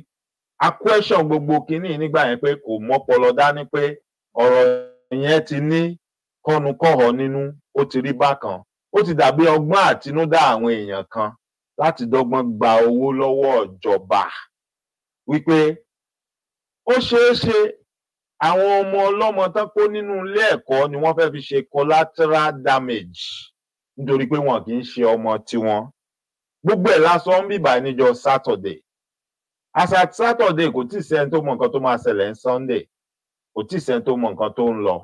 a question gbogbo kínní nígbà yẹn pé kò mọ́pọlọ dání pé ọ̀rọ̀ yẹn ti ní kọnukọhọ nínú ó ti rí bákan ó ti dàbí ọgbọ́n àtinúdá àwọn èèyàn kan láti dọ́gbọ́n gba owó lọ́wọ́ ìjọba wípé ó ṣeé ṣe àwọn ọmọ ọlọ́mọ tán kó nínú ilé ẹ̀kọ́ ni wọ́n fẹ́ẹ́ fi ṣe collateral damage nítorí pé wọn kì í ṣe ọmọ tiwọn gbogbo ẹ̀ lásán ń bìbà níjọ́ Saturday àṣà Saturday kò tí ì sẹ́ni tó mọ nǹkan tó máa ṣẹlẹ̀ ní Sunday kò tí ì sẹ́ni tó mọ nǹkan tó ń lọ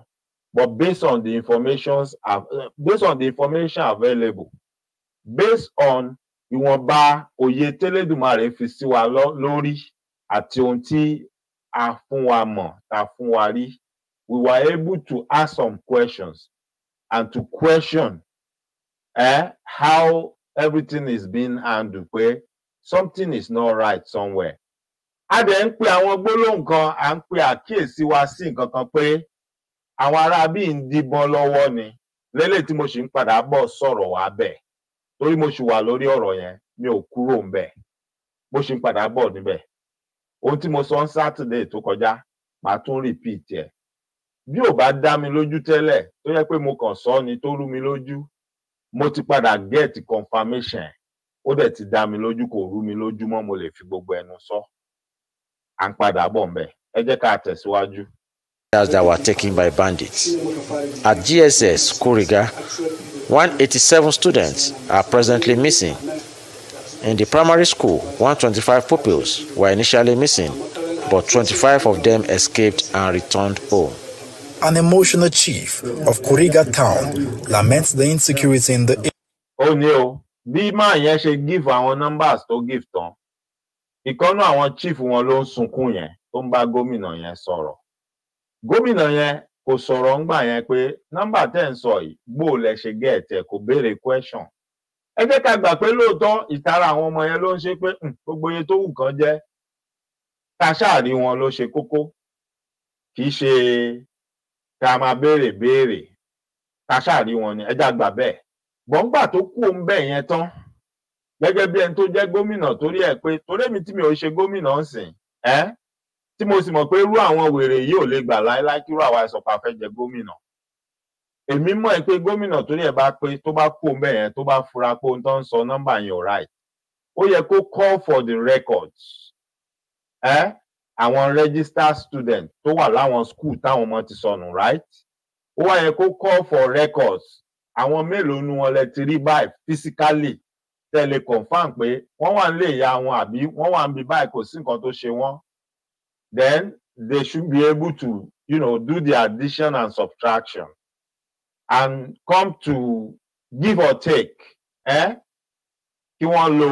but based on the information based on the information available based on ìwọ̀nba òye tẹ́lẹ̀dùmarè fi sí wa lórí àti ohun tí a fún wa mọ̀ tá fún wa rí we were able to ask some questions and to question eh, how everything is being handled pé something is not right somewhere a dẹ̀ ń pe àwọn gbólóhùn kan à ń pe àkíyèsí wa sí nǹkan kan pé àwọn ará bíi ń díbọn lọ́wọ́ ni lélẹ̀ tí mo sì ń padà bọ̀ sọ̀rọ̀ wá bẹ̀ torí mo sì wà lórí ọ̀rọ̀ yẹn mi ò kúrò ń bẹ̀ mo sì ń padà bọ̀ níbẹ̀ ohun tí mo sọ ń sátidé tó kọjá màá tún repeat ẹ bí ò bá dá mi lójú tẹ́lẹ̀ tó yẹ pé mo kàn sọ ni tó rú mi lójú mo ti padà get confirmation ó dẹ̀ ti dá mi lójú kò rú mi lójú mọ́ mo lè fi gbogbo ẹnu sọ à ń padà bọ̀ ńbẹ̀ ẹ jẹ́ ká tẹ̀síwájú. that were taken by bandits. At GSS Kuriga, 187 students are presently missing In the primary school, 125 pupils were initially missing, but 25 of them escaped and returned home. An emotional chief of Kuriga town laments the insecurity in the. ó ní o bí máa yẹn give our numbers to give tán ìkọ́nú àwọn chief wọn ló ń sunkún yẹn tó ń bá gómìnà yẹn sọ̀rọ̀ gómìnà yẹn kò sọ̀rọ̀ ńgbà yẹn pé nọ́mbà tẹ́ ń sọ yìí gbóò lẹ ṣe gẹ́ẹ̀tì ẹ̀ question ẹ jẹ́ ká gbà pé lóòótọ́ ìtara àwọn ọmọ yẹn ló ń ṣe pé hmm, gbogbo iye tó wù kán jẹ́ ká ṣáàrí wọn ló ṣe kókó kì í ṣe ká máa béèrè béèrè ká ṣáàrí wọn ni ẹ já gbà bẹ́ẹ̀ bọ́ńgbà tó kú òun bẹ́ẹ̀ yẹn tán gẹ́gẹ́ bí ẹni tó jẹ́ gómìnà torí ẹ̀ pé torí èmi tí mi ò ṣe gómìnà ń sìn ẹ́ tí mo sì mọ̀ pé irú àwọn wèrè yìí ò lè gbà láéláé kírú àwa ẹ̀sọ̀ pa jẹ gómìnà èmi mọ̀ pé gómìnà torí ẹ̀ bá pé tó bá kú bẹ́ẹ̀ tó bá fura pé ohun tó ń sọ nọ́mbà yẹn ò right ó yẹ kó call for the records eh? àwọn registered student tó wà láwọn school táwọn ọmọ ti sọnù right ó wá yẹ kó call for records àwọn mélòó nu wọn lẹ ti rí báyìí physically tẹlẹ confam pé wọ́n wà nílé ìyá wọn àbí wọ́n wà níbi báyìí kò sí nǹkan tó ṣe wọ́n then they should be able to you know, do the addition and subtraction and come to give or take eh? kí wọ́n lo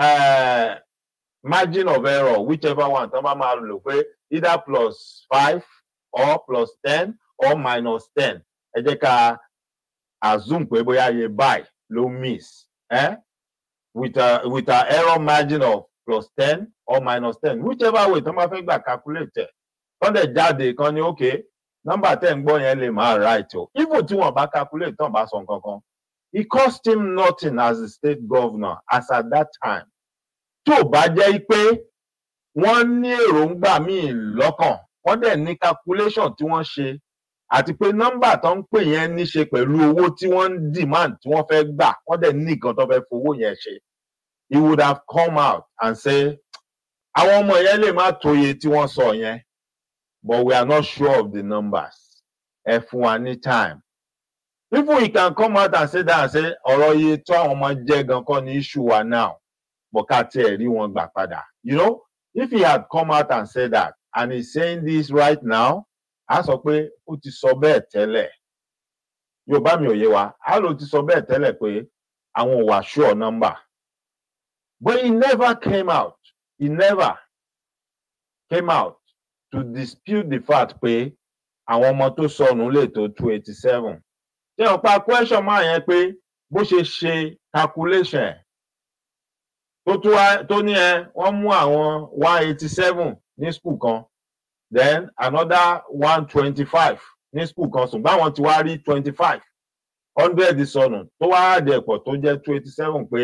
uh, margin of error whichever one tó bá máa lò pé either plus five or plus ten or minus ten ẹ jẹ́ ká assume pé bóyá iye buy ló miss eh? with a with a error margin of plus ten or minus ten whichever way tó bá fẹ́ gbà calculate ẹ̀ kọ́ dẹ̀ jáde kan ní okay nọ́mbà tẹ́ ń gbọ́ yẹn lè máa right o even tí wọ́n bá calculate tán bá sọ nǹkan kan it cost him nothing as a state governor as at that time tí ò bá jẹ́ pé wọ́n ní èròǹgbà míì lọ́kàn wọ́n dẹ̀ ní calculation tí wọ́n ṣe àti pé nọ́mbà tó ń pè yẹn ní ṣe pẹ̀lú owó tí wọ́n ń demand tí wọ́n fẹ́ gbà wọ́n dẹ̀ ní nǹkan tó fẹ́ fowó yẹn ṣe he would have come out and say àwọn ọmọ yẹn lè má tóye tí wọ́n sọ yẹn but we are not sure of the numbers. Ẹ fún wa ní time. People he can come out and say that and say ọ̀rọ̀ iye tó àwọn ọmọ jẹ́ gan kọ́ issue wa now but ká tiẹ̀ rí wọn gbà padà. You know if he had come out and said that and he's saying this right now a sọ pé ó ti sọ bẹ́ẹ̀ tẹ́lẹ̀ Yorùbá mi ò yé wa a ló ti sọ bẹ́ẹ̀ tẹ́lẹ̀ pé àwọn ò wá sure number but he never came out he never came out to dispute the fact pé àwọn ọmọ tó sọnù lè tó two eighty seven ṣé ọ̀pá question máa yẹn pé bó ṣe ṣe calculation ẹ̀ tó ní ẹ wọ́n mú àwọn one eighty seven ní school kan then another one twenty five ní school kan ṣùgbọ́n àwọn ti wá rí twenty five hundred sọnù tó wá àdẹ̀pọ̀ tó jẹ́ two eighty seven pé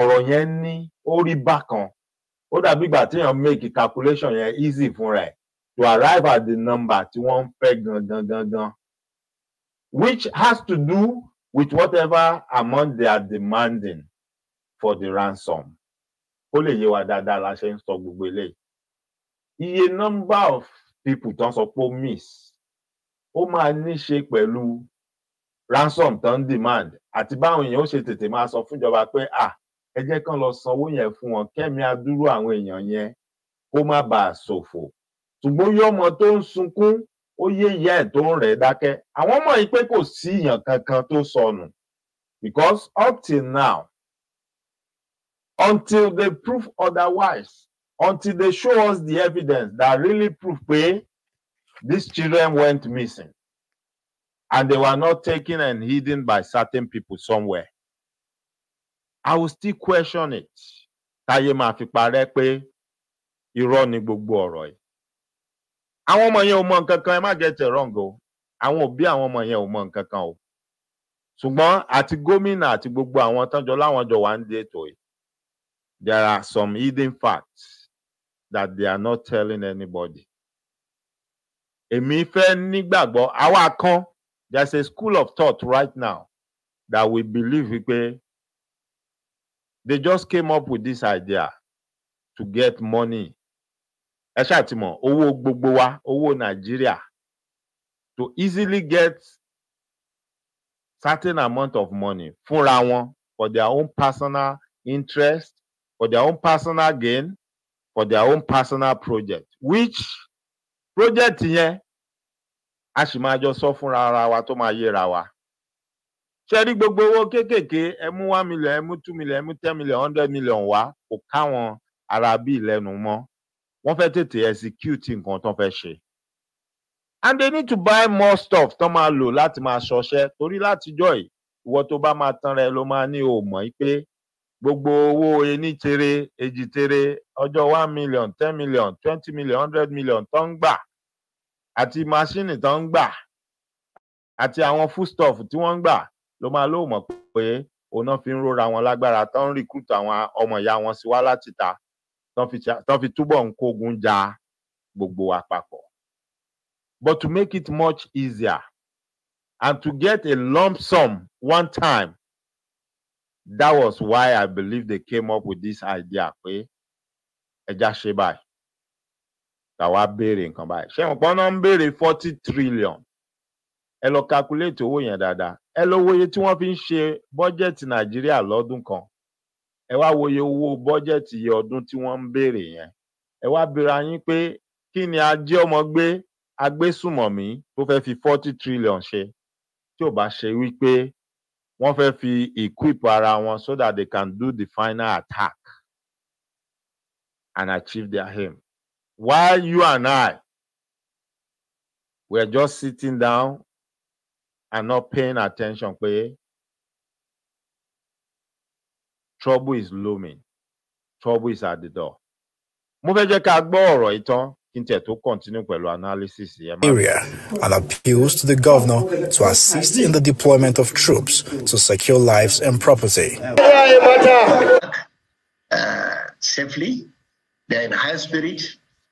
ọ̀rọ̀ yẹn ní ó rí bákan ó dàbí ìgbà téèyàn make calculation yẹn easy fúnra ẹ̀ to arrive at the number tí wọ́n ń fẹ́ gangan gangan which has to do with whatever amount they are demanding for the ransom ó lè yé wa dáadáa la ń sọ gbogbo eléyìí iye number of people tó ń sọ pé ó miss ó máa ní ṣe pẹ̀lú ransom tó ń demand àti báwọn èèyàn ó ṣe tètè máa sọ fúnjọba pé ah ẹ jẹ́ kán lọ sanwó yẹn fún wọn kẹ́mi adúrú àwọn èèyàn yẹn kó má bàa ṣòfò ṣùgbọ́n yóò mọ tó ń sunkún ó yé ìyá ẹ̀ tó ń rẹ̀ dákẹ́ àwọn mọ̀ pé kò sí èèyàn kankan tó sọnù because up till now until they prove otherwise until they show us the evidence that really prove pé these children went missing and they were not taken and hidden by certain people somewhere I will still question it táyé máa fi parẹ́ pé irọ́ ni gbogbo ọ̀rọ̀ yìí àwọn ọmọ yẹn ò mọ nǹkan kan ẹ má get it wrong o àwọn òbí àwọn ọmọ yẹn ò mọ nǹkan kan o ṣùgbọ́n àti gómìnà àti gbogbo àwọn tánjọ láwọn jọ wà ń dé ètò yìí there are some hidden facts that they are not telling anybody èmi fẹ́ nígbàgbọ́ àwa kan there is a school of thought right now that we believe wípé they just came up with this idea to get money ẹ ṣáà ti mọ̀ owó gbogbo wa owó nàìjíríà to easily get certain amount of money fúnra wọn for their own personal interest for their own personal gain for their own personal project which project yẹn a sì máa jọ sọ fúnra ara wa tó máa yéra wa ṣe rí gbogbo owó kéékèèké ẹ mú one million ẹ mú two million ẹ mú ten million hundred million wá kò káwọn ará bí ìlẹnu mọ́ wọ́n fẹ́ tètè execute nǹkan tó fẹ́ ṣe and they need to buy more stuff tó máa lò láti máa ṣọṣẹ́ torí látijọ́ yìí ìwọ tó bá máa tán rẹ ló máa ní o mọ̀ pé gbogbo owó ení tere èjì tere ọjọ́ one million ten million twenty million hundred million tó ń gbà àti máṣíìnì tó ń gbà àti àwọn foodstuff tí wọ́n ń gbà ló máa lóò mọ̀ pé òun náà fi ń rora wọn lágbára tó ń recruit àwọn ọmọ ìyá wọn sí wá láti ta tán fi túbọ̀ ń kógun ja gbogbo wa papọ̀. But to make it much easier and to get a lump sum one time, that was why I believe they came up with this idea pé ẹja ṣe báyìí tàwa béèrè nǹkan báyìí ṣé nǹkan náà ń béèrè forty trillion ẹ lọ calculate owó yẹn dáadáa ẹ lọ wòye tí wọ́n fi ń ṣe bọ́jẹ̀tì Nàìjíríà lọ́dún kan ẹ wá wòye owó bọ́jẹ̀tì ọdún tí wọ́n ń béèrè yẹn ẹ wá bira yín pé kí ni ajé ọmọ gbé agbésùmọ̀mí tó fẹ́ fi forty trillion ṣe tí ò bá ṣe wípé wọ́n fẹ́ fi equip ara wọn so that they can do the final attack and achieve their aim while you and I were just sitting down and not paying attention pé trouble is looming trouble is at the door. mo fẹ́ jẹ́ ká gbọ́ ọ̀rọ̀ ìtàn kí n tẹ̀ tó continue pẹ̀lú analysis yẹn. and appeals to the governor to assist in the deployment of troops to secure lives and property. Uh, safely, they're in high spirit,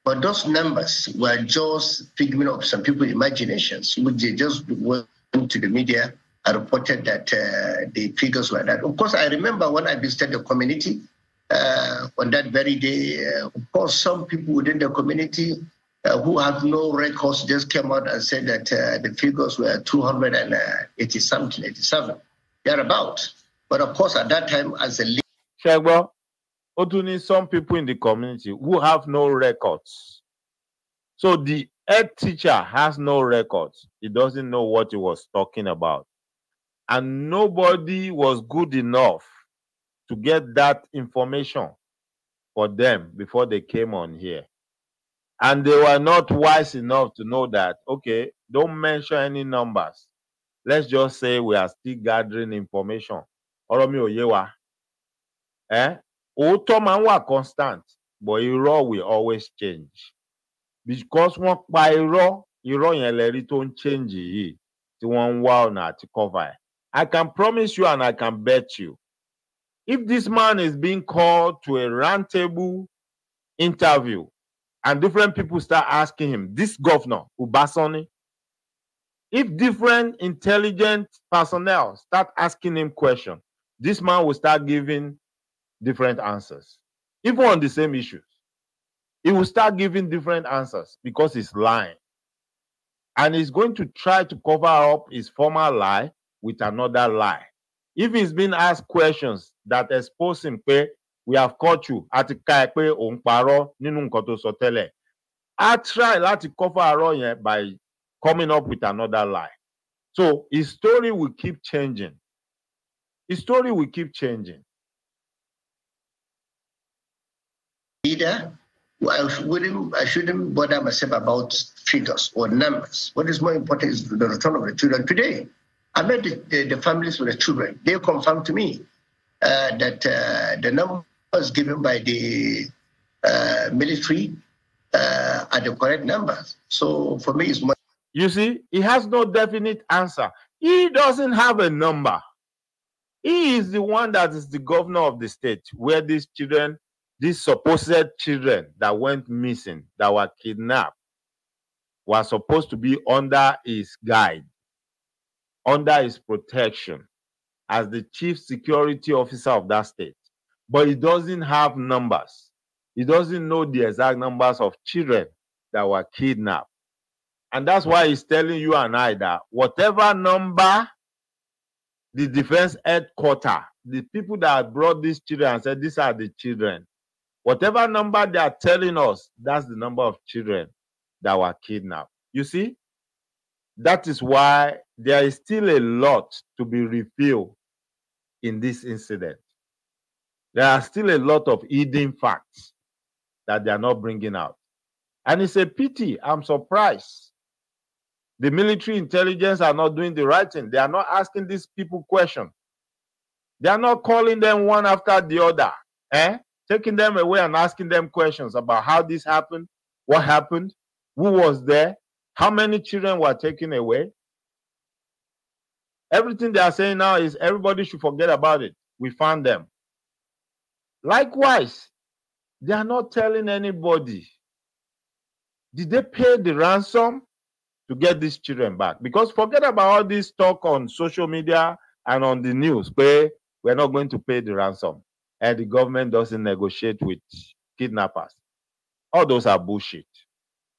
but those numbers were just figment of some people's imaginations, which they just went to the media reported that uh, the figures were that. Of course, I remember when I visited the community uh, on that very day, uh, of course, some people within the community who have no records just came out and said that the figures were 280 something, 87, thereabout. But of course, at that time, as a leader. Yeah, well, Otuni, some people in the community who have no records. So the head teacher has no records. He doesn't know what he was talking about and nobody was good enough to get that information for them before they came on here. And they were not wise enough to know that, okay, don't mention any numbers. Let's just say we are still gathering information. Oromi Oyewa. Eh? Otoman were constant, but irọ́ will always change. Because one by irọ́, irọ́ yẹn lẹ́rí tó change yi tí one ń wá cover I can promise you and I can bet you. If this man is being called to a roundtable interview and different people start asking him, this governor, Ubasoni, if different intelligent personnel start asking him questions, this man will start giving different answers, even on the same issues. He will start giving different answers because he's lying. And he's going to try to cover up his former lie with another lie. If he's been asked questions that expose him pé we have caught you at the ẹ on parọ́ nínú kato sotele. I try to cover around by coming up with another lie. So his story will keep changing. His story will keep changing. Leader, I not I shouldn't bother myself about figures or numbers. What is more important is the return of the children today. I met the, the, the families with the children. They confirmed to me uh, that uh, the numbers given by the uh, military uh, are the correct numbers. So for me, it's more. You see, he has no definite answer. He doesn't have a number. He is the one that is the governor of the state where these children, these supposed children that went missing, that were kidnapped, were supposed to be under his guide under his protection as the chief security officer of that state, but he doesn't have numbers. He doesn't know the exact numbers of children that were kidnapped. And that's why he's telling you and I that whatever number the defense headquarters, the people that brought these children and said, These are the children, whatever number they are telling us, that's the number of children that were kidnapped. You see, that is why there is still a lot to be revealed in this incident. There are still a lot of hidden facts that they are not bringing out. And it's a pity. I'm surprised. The military intelligence are not doing the right thing. They are not asking these people questions. They are not calling them one after the other, eh? taking them away and asking them questions about how this happened, what happened, who was there, how many children were taken away, Everything they are saying now is everybody should forget about it. We found them. Likewise, they are not telling anybody. Did they pay the ransom to get these children back? Because forget about all this talk on social media and on the news. we're not going to pay the ransom. And the government doesn't negotiate with kidnappers. All those are bullshit.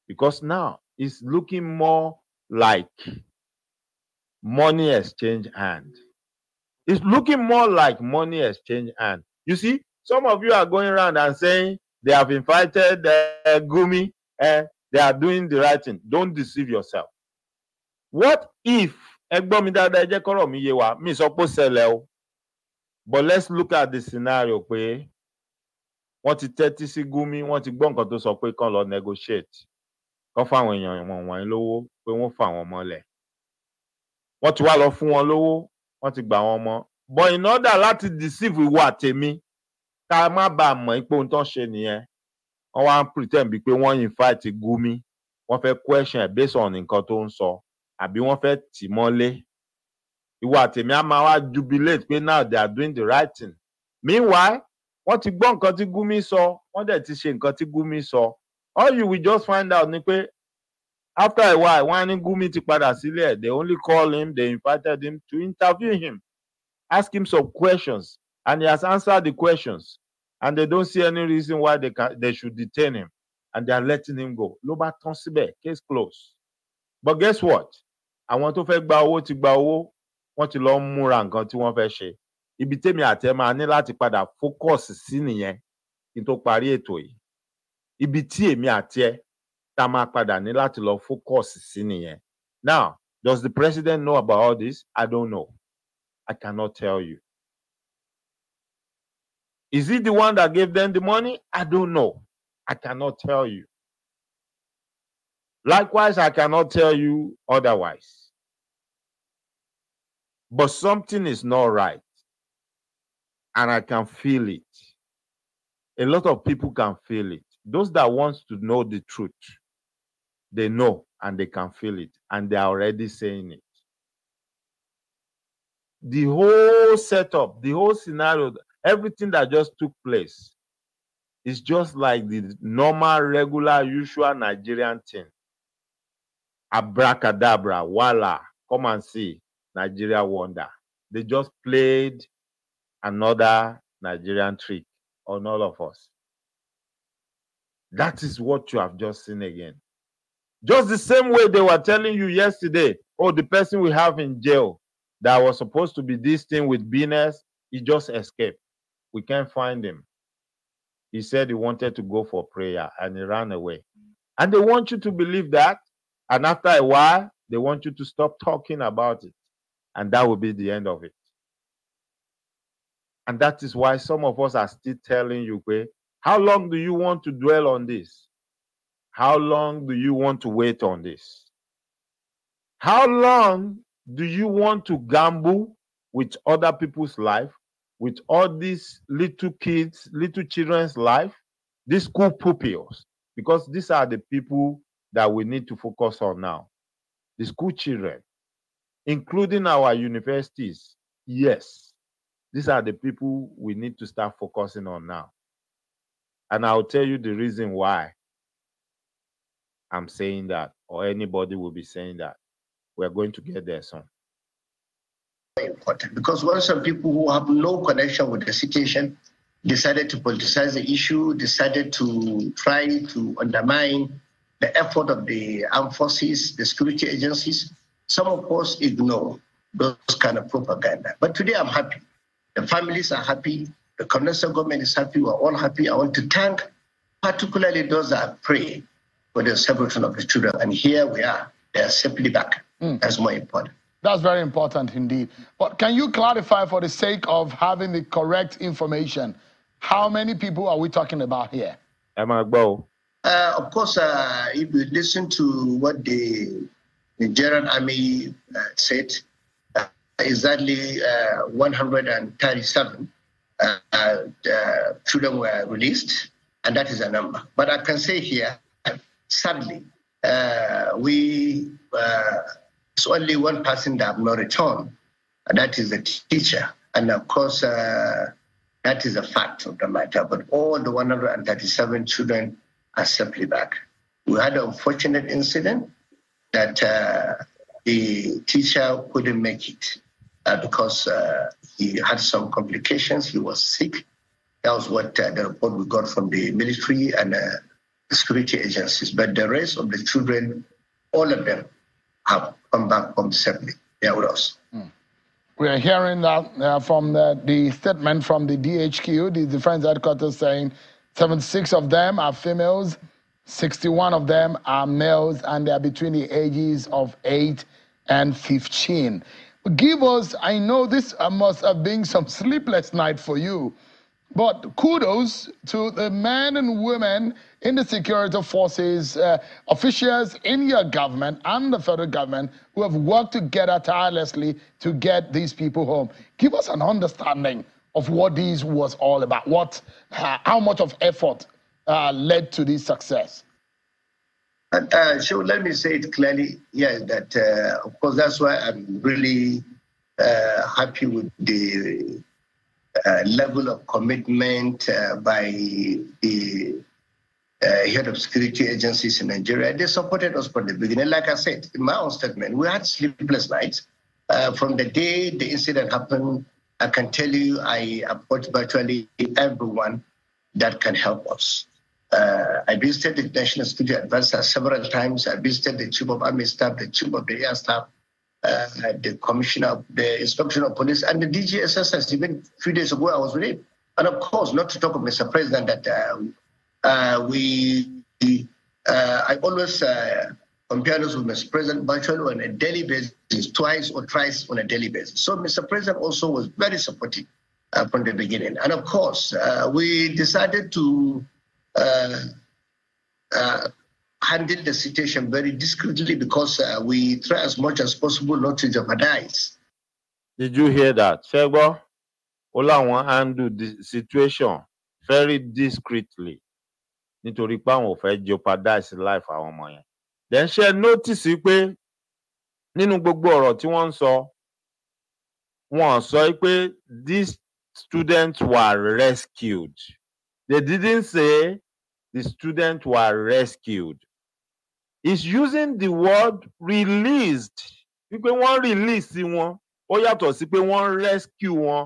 Because now it's looking more like money exchange hand. It's looking more like money exchange hand. You see, some of you are going around and saying they have invited uh, Gumi and uh, eh, they are doing the right thing. Don't deceive yourself. What if ẹgbọ́n mi dáadáa ẹ jẹ́ kọ́rọ̀ mi but let's look at the scenario pé wọ́n ti tẹ́tí sí Gumi wọ́n ti gbọ́ nǹkan tó sọ pé kán lọ negotiate kán fáwọn èèyàn wọ̀nyí lówó pé wọ́n fà wọ́n mọ́lẹ̀ wọ́n ti wá lọ fún wọn lówó wọ́n ti gbà wọn mọ but in order láti deceive ìwọ àtèmi ká má bàa mọ̀ pé ohun tó ń ṣe nìyẹn wọ́n wá ń pretend bíi pé wọ́n invite Gumi wọ́n fẹ́ question ẹ̀ based on nǹkan tó ń sọ àbí wọ́n fẹ́ tì mọ́lé ìwọ àtèmi á máa wá jubilate pé now they are doing the right thing meanwhile wọ́n ti gbọ́ nǹkan tí Gumi sọ wọ́n dẹ̀ ti ṣe nǹkan tí Gumi sọ all you will just find out ni pé After a while, wọ́n ní Gumi ti padà sílẹ̀. They only call him, they invited him to interview him, ask him some questions, and he has answered the questions. And they don't see any reason why they can, they should detain him, and they are letting him go. Ló bá tán síbẹ̀, case closed. But guess what? Àwọn tó fẹ́ gba owó ti gba owó, wọ́n ti lọ múra nǹkan tí wọ́n fẹ́ ṣe. Ibi tèmi àtẹ máa ní láti padà fókọ̀sì sí nìyẹn kí n tó parí ètò yìí. Ibi tí èmi àti ẹ tá ní láti lọ focus sí now does the president know about all this i don't know i cannot tell you is he the one that gave them the money i don't know i cannot tell you likewise i cannot tell you otherwise but something is not right and i can feel it a lot of people can feel it those that wants to know the truth they know and they can feel it, and they are already saying it. The whole setup, the whole scenario, everything that just took place is just like the normal, regular, usual Nigerian thing. Abracadabra, voila, come and see Nigeria wonder. They just played another Nigerian trick on all of us. That is what you have just seen again. Just the same way they were telling you yesterday, oh, the person we have in jail that was supposed to be this thing with business, he just escaped. We can't find him. He said he wanted to go for prayer and he ran away. And they want you to believe that. And after a while, they want you to stop talking about it. And that will be the end of it. And that is why some of us are still telling you, how long do you want to dwell on this? How long do you want to wait on this? How long do you want to gamble with other people's life, with all these little kids, little children's life, these school pupils? Because these are the people that we need to focus on now the school children, including our universities. Yes, these are the people we need to start focusing on now. And I'll tell you the reason why. I'm saying that, or anybody will be saying that. We're going to get there soon. Important because when some people who have no connection with the situation decided to politicize the issue, decided to try to undermine the effort of the armed forces, the security agencies, some of us ignore those kind of propaganda. But today I'm happy. The families are happy. The Congressional government is happy. We're all happy. I want to thank particularly those that pray for the separation of the children. And here we are, they're safely back. Mm. That's more important. That's very important indeed. But can you clarify, for the sake of having the correct information, how many people are we talking about here? Am I Uh, of course, uh, if you listen to what the Nigerian army uh, said, uh, exactly uh, 137 uh, children were released, and that is a number. But I can say here sadly, uh, we uh, it's only one person that have not returned, and that is the teacher. And of course, uh, that is a fact of the matter. But all the 137 children are simply back. We had an unfortunate incident that uh, the teacher couldn't make it uh, because uh, he had some complications. He was sick. That was what the report we got from the military and security agencies, but the rest of the children, all of them have come back home safely. They are with us. Mm. We are hearing that uh, from the, the, statement from the DHQ, the Defense Headquarters, saying 76 of them are females, 61 of them are males, and they are between the ages of 8 and 15. Give us, I know this uh, must have been some sleepless night for you, but kudos to the men and women in the security forces, uh, officials in your government and the federal government who have worked together tirelessly to get these people home. Give us an understanding of what this was all about. What, uh, how much of effort uh, led to this success? And, uh, so let me say it clearly yeah, that, uh, of course, that's why I'm really uh, happy with the uh, level of commitment by the uh, head of security agencies in Nigeria. They supported us from the beginning. Like I said in my own statement, we had sleepless nights. Uh, from the day the incident happened, I can tell you I approached virtually everyone that can help us. Uh, I visited the National Security Advisor several times. I visited the Chief of Army Staff, the Chief of the Air Staff, uh, the Commissioner of the Inspection of Police, and the DGSS. Even a few days ago, I was with him. And of course, not to talk of Mr. President that uh, uh, we, uh, i always uh, compare this with Mr. President virtually on a daily basis, twice or thrice on a daily basis. So Mr. President also was very supportive uh, from the beginning. And of course, uh, we decided to uh, handle the situation very discreetly because we try as much as possible not to jeopardize. Did you hear that? Sego, Olawan handled the situation very discreetly nítorí pé àwọn ò fẹ́ jeopardize life àwọn ọmọ yẹn then ṣe notice pé nínú gbogbo ọ̀rọ̀ tí wọ́n ń sọ wọ́n sọ pé these students were rescued they didn't say the students were rescued is using the word released wípé wọ́n release wọn ó yàtọ̀ sí pé wọ́n rescue wọn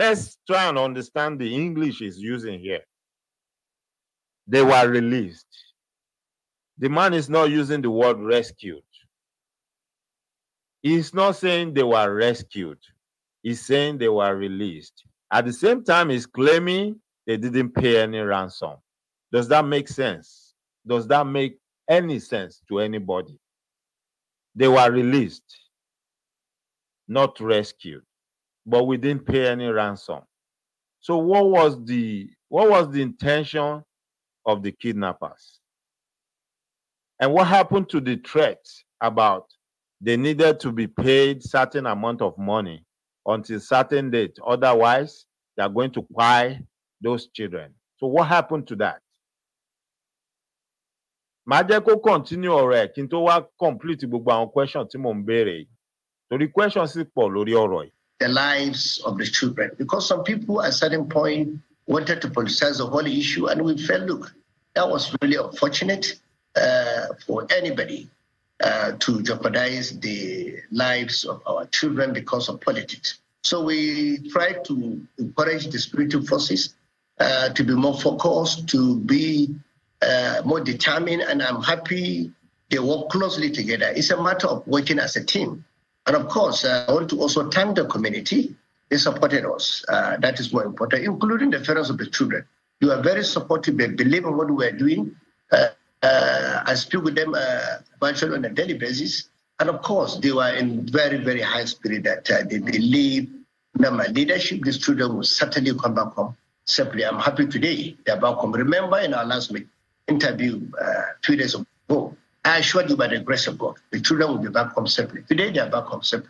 let's try and understand the English is using here they were released. The man is not using the word rescued. He's not saying they were rescued. He's saying they were released. At the same time, he's claiming they didn't pay any ransom. Does that make sense? Does that make any sense to anybody? They were released, not rescued, but we didn't pay any ransom. So what was the what was the intention of the kidnappers. And what happened to the threat about they needed to be paid certain amount of money until certain date, otherwise they are going to buy those children. So what happened to that? màá continue ọ̀rọ̀ ẹ̀ wá complete gbogbo àwọn question tí mò ń the question sì pọ̀ lórí The lives of the children because some people at certain point wanted to politicize the whole issue, and we felt, look, that was really unfortunate uh, for anybody uh, to jeopardize the lives of our children because of politics. So we tried to encourage the spiritual forces uh, to be more focused, to be uh, more determined, and I'm happy they work closely together. It's a matter of working as a team. And of course, uh, I want to also thank the community they supported us. Uh, that is more important, including the parents of the children. You are very supportive. They believe in what we are doing. Uh, uh, I speak with them uh, virtually on a daily basis. And of course, they were in very, very high spirit that uh, they believe that my leadership, these children will certainly come back home safely. I'm happy today they're back home. Remember in our last interview uh, two days ago, I assured you by the grace of God, the children will be back home safely. Today they are back home safely.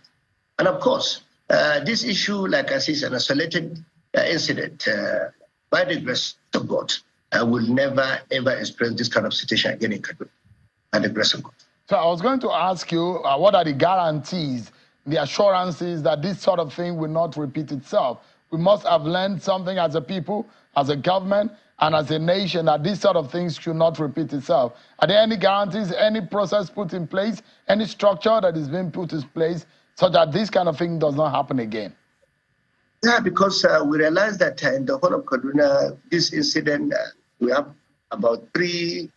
And of course, uh, this issue, like I said, is an isolated uh, incident. Uh, by the grace of God, I will never, ever experience this kind of situation again in Kaduna, by the grace of God. So I was going to ask you, uh, what are the guarantees, the assurances that this sort of thing will not repeat itself? We must have learned something as a people, as a government, and as a nation that this sort of things should not repeat itself. Are there any guarantees, any process put in place, any structure that is being put in place so that this kind of thing does not happen again? Yeah, because uh, we realized that uh, in the whole of Kaduna, this incident, uh, we have about three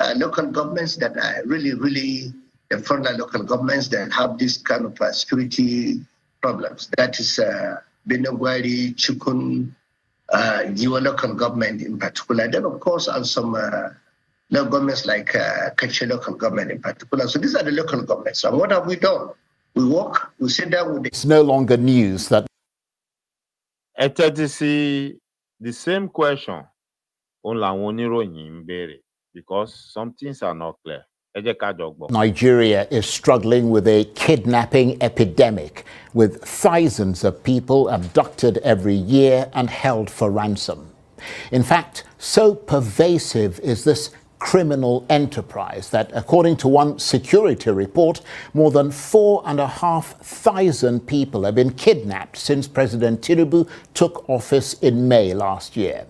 uh, local governments that are really, really the frontline local governments that have this kind of uh, security problems. That is uh, Benogwari, Chukun, uh, local government in particular. Then, of course, and some uh, local governments like uh, local government in particular. So these are the local governments. And what have we done? We walk, we sit down with the- It's no longer news that. Ẹ tẹ́tí the same question because some things are not clear. Nigeria is struggling with a kidnapping epidemic with thousands of people abducted every year and held for ransom. In fact, so pervasive is this criminal enterprise that, according to one security report, more than 4,500 people have been kidnapped since President Tinubu took office in May last year.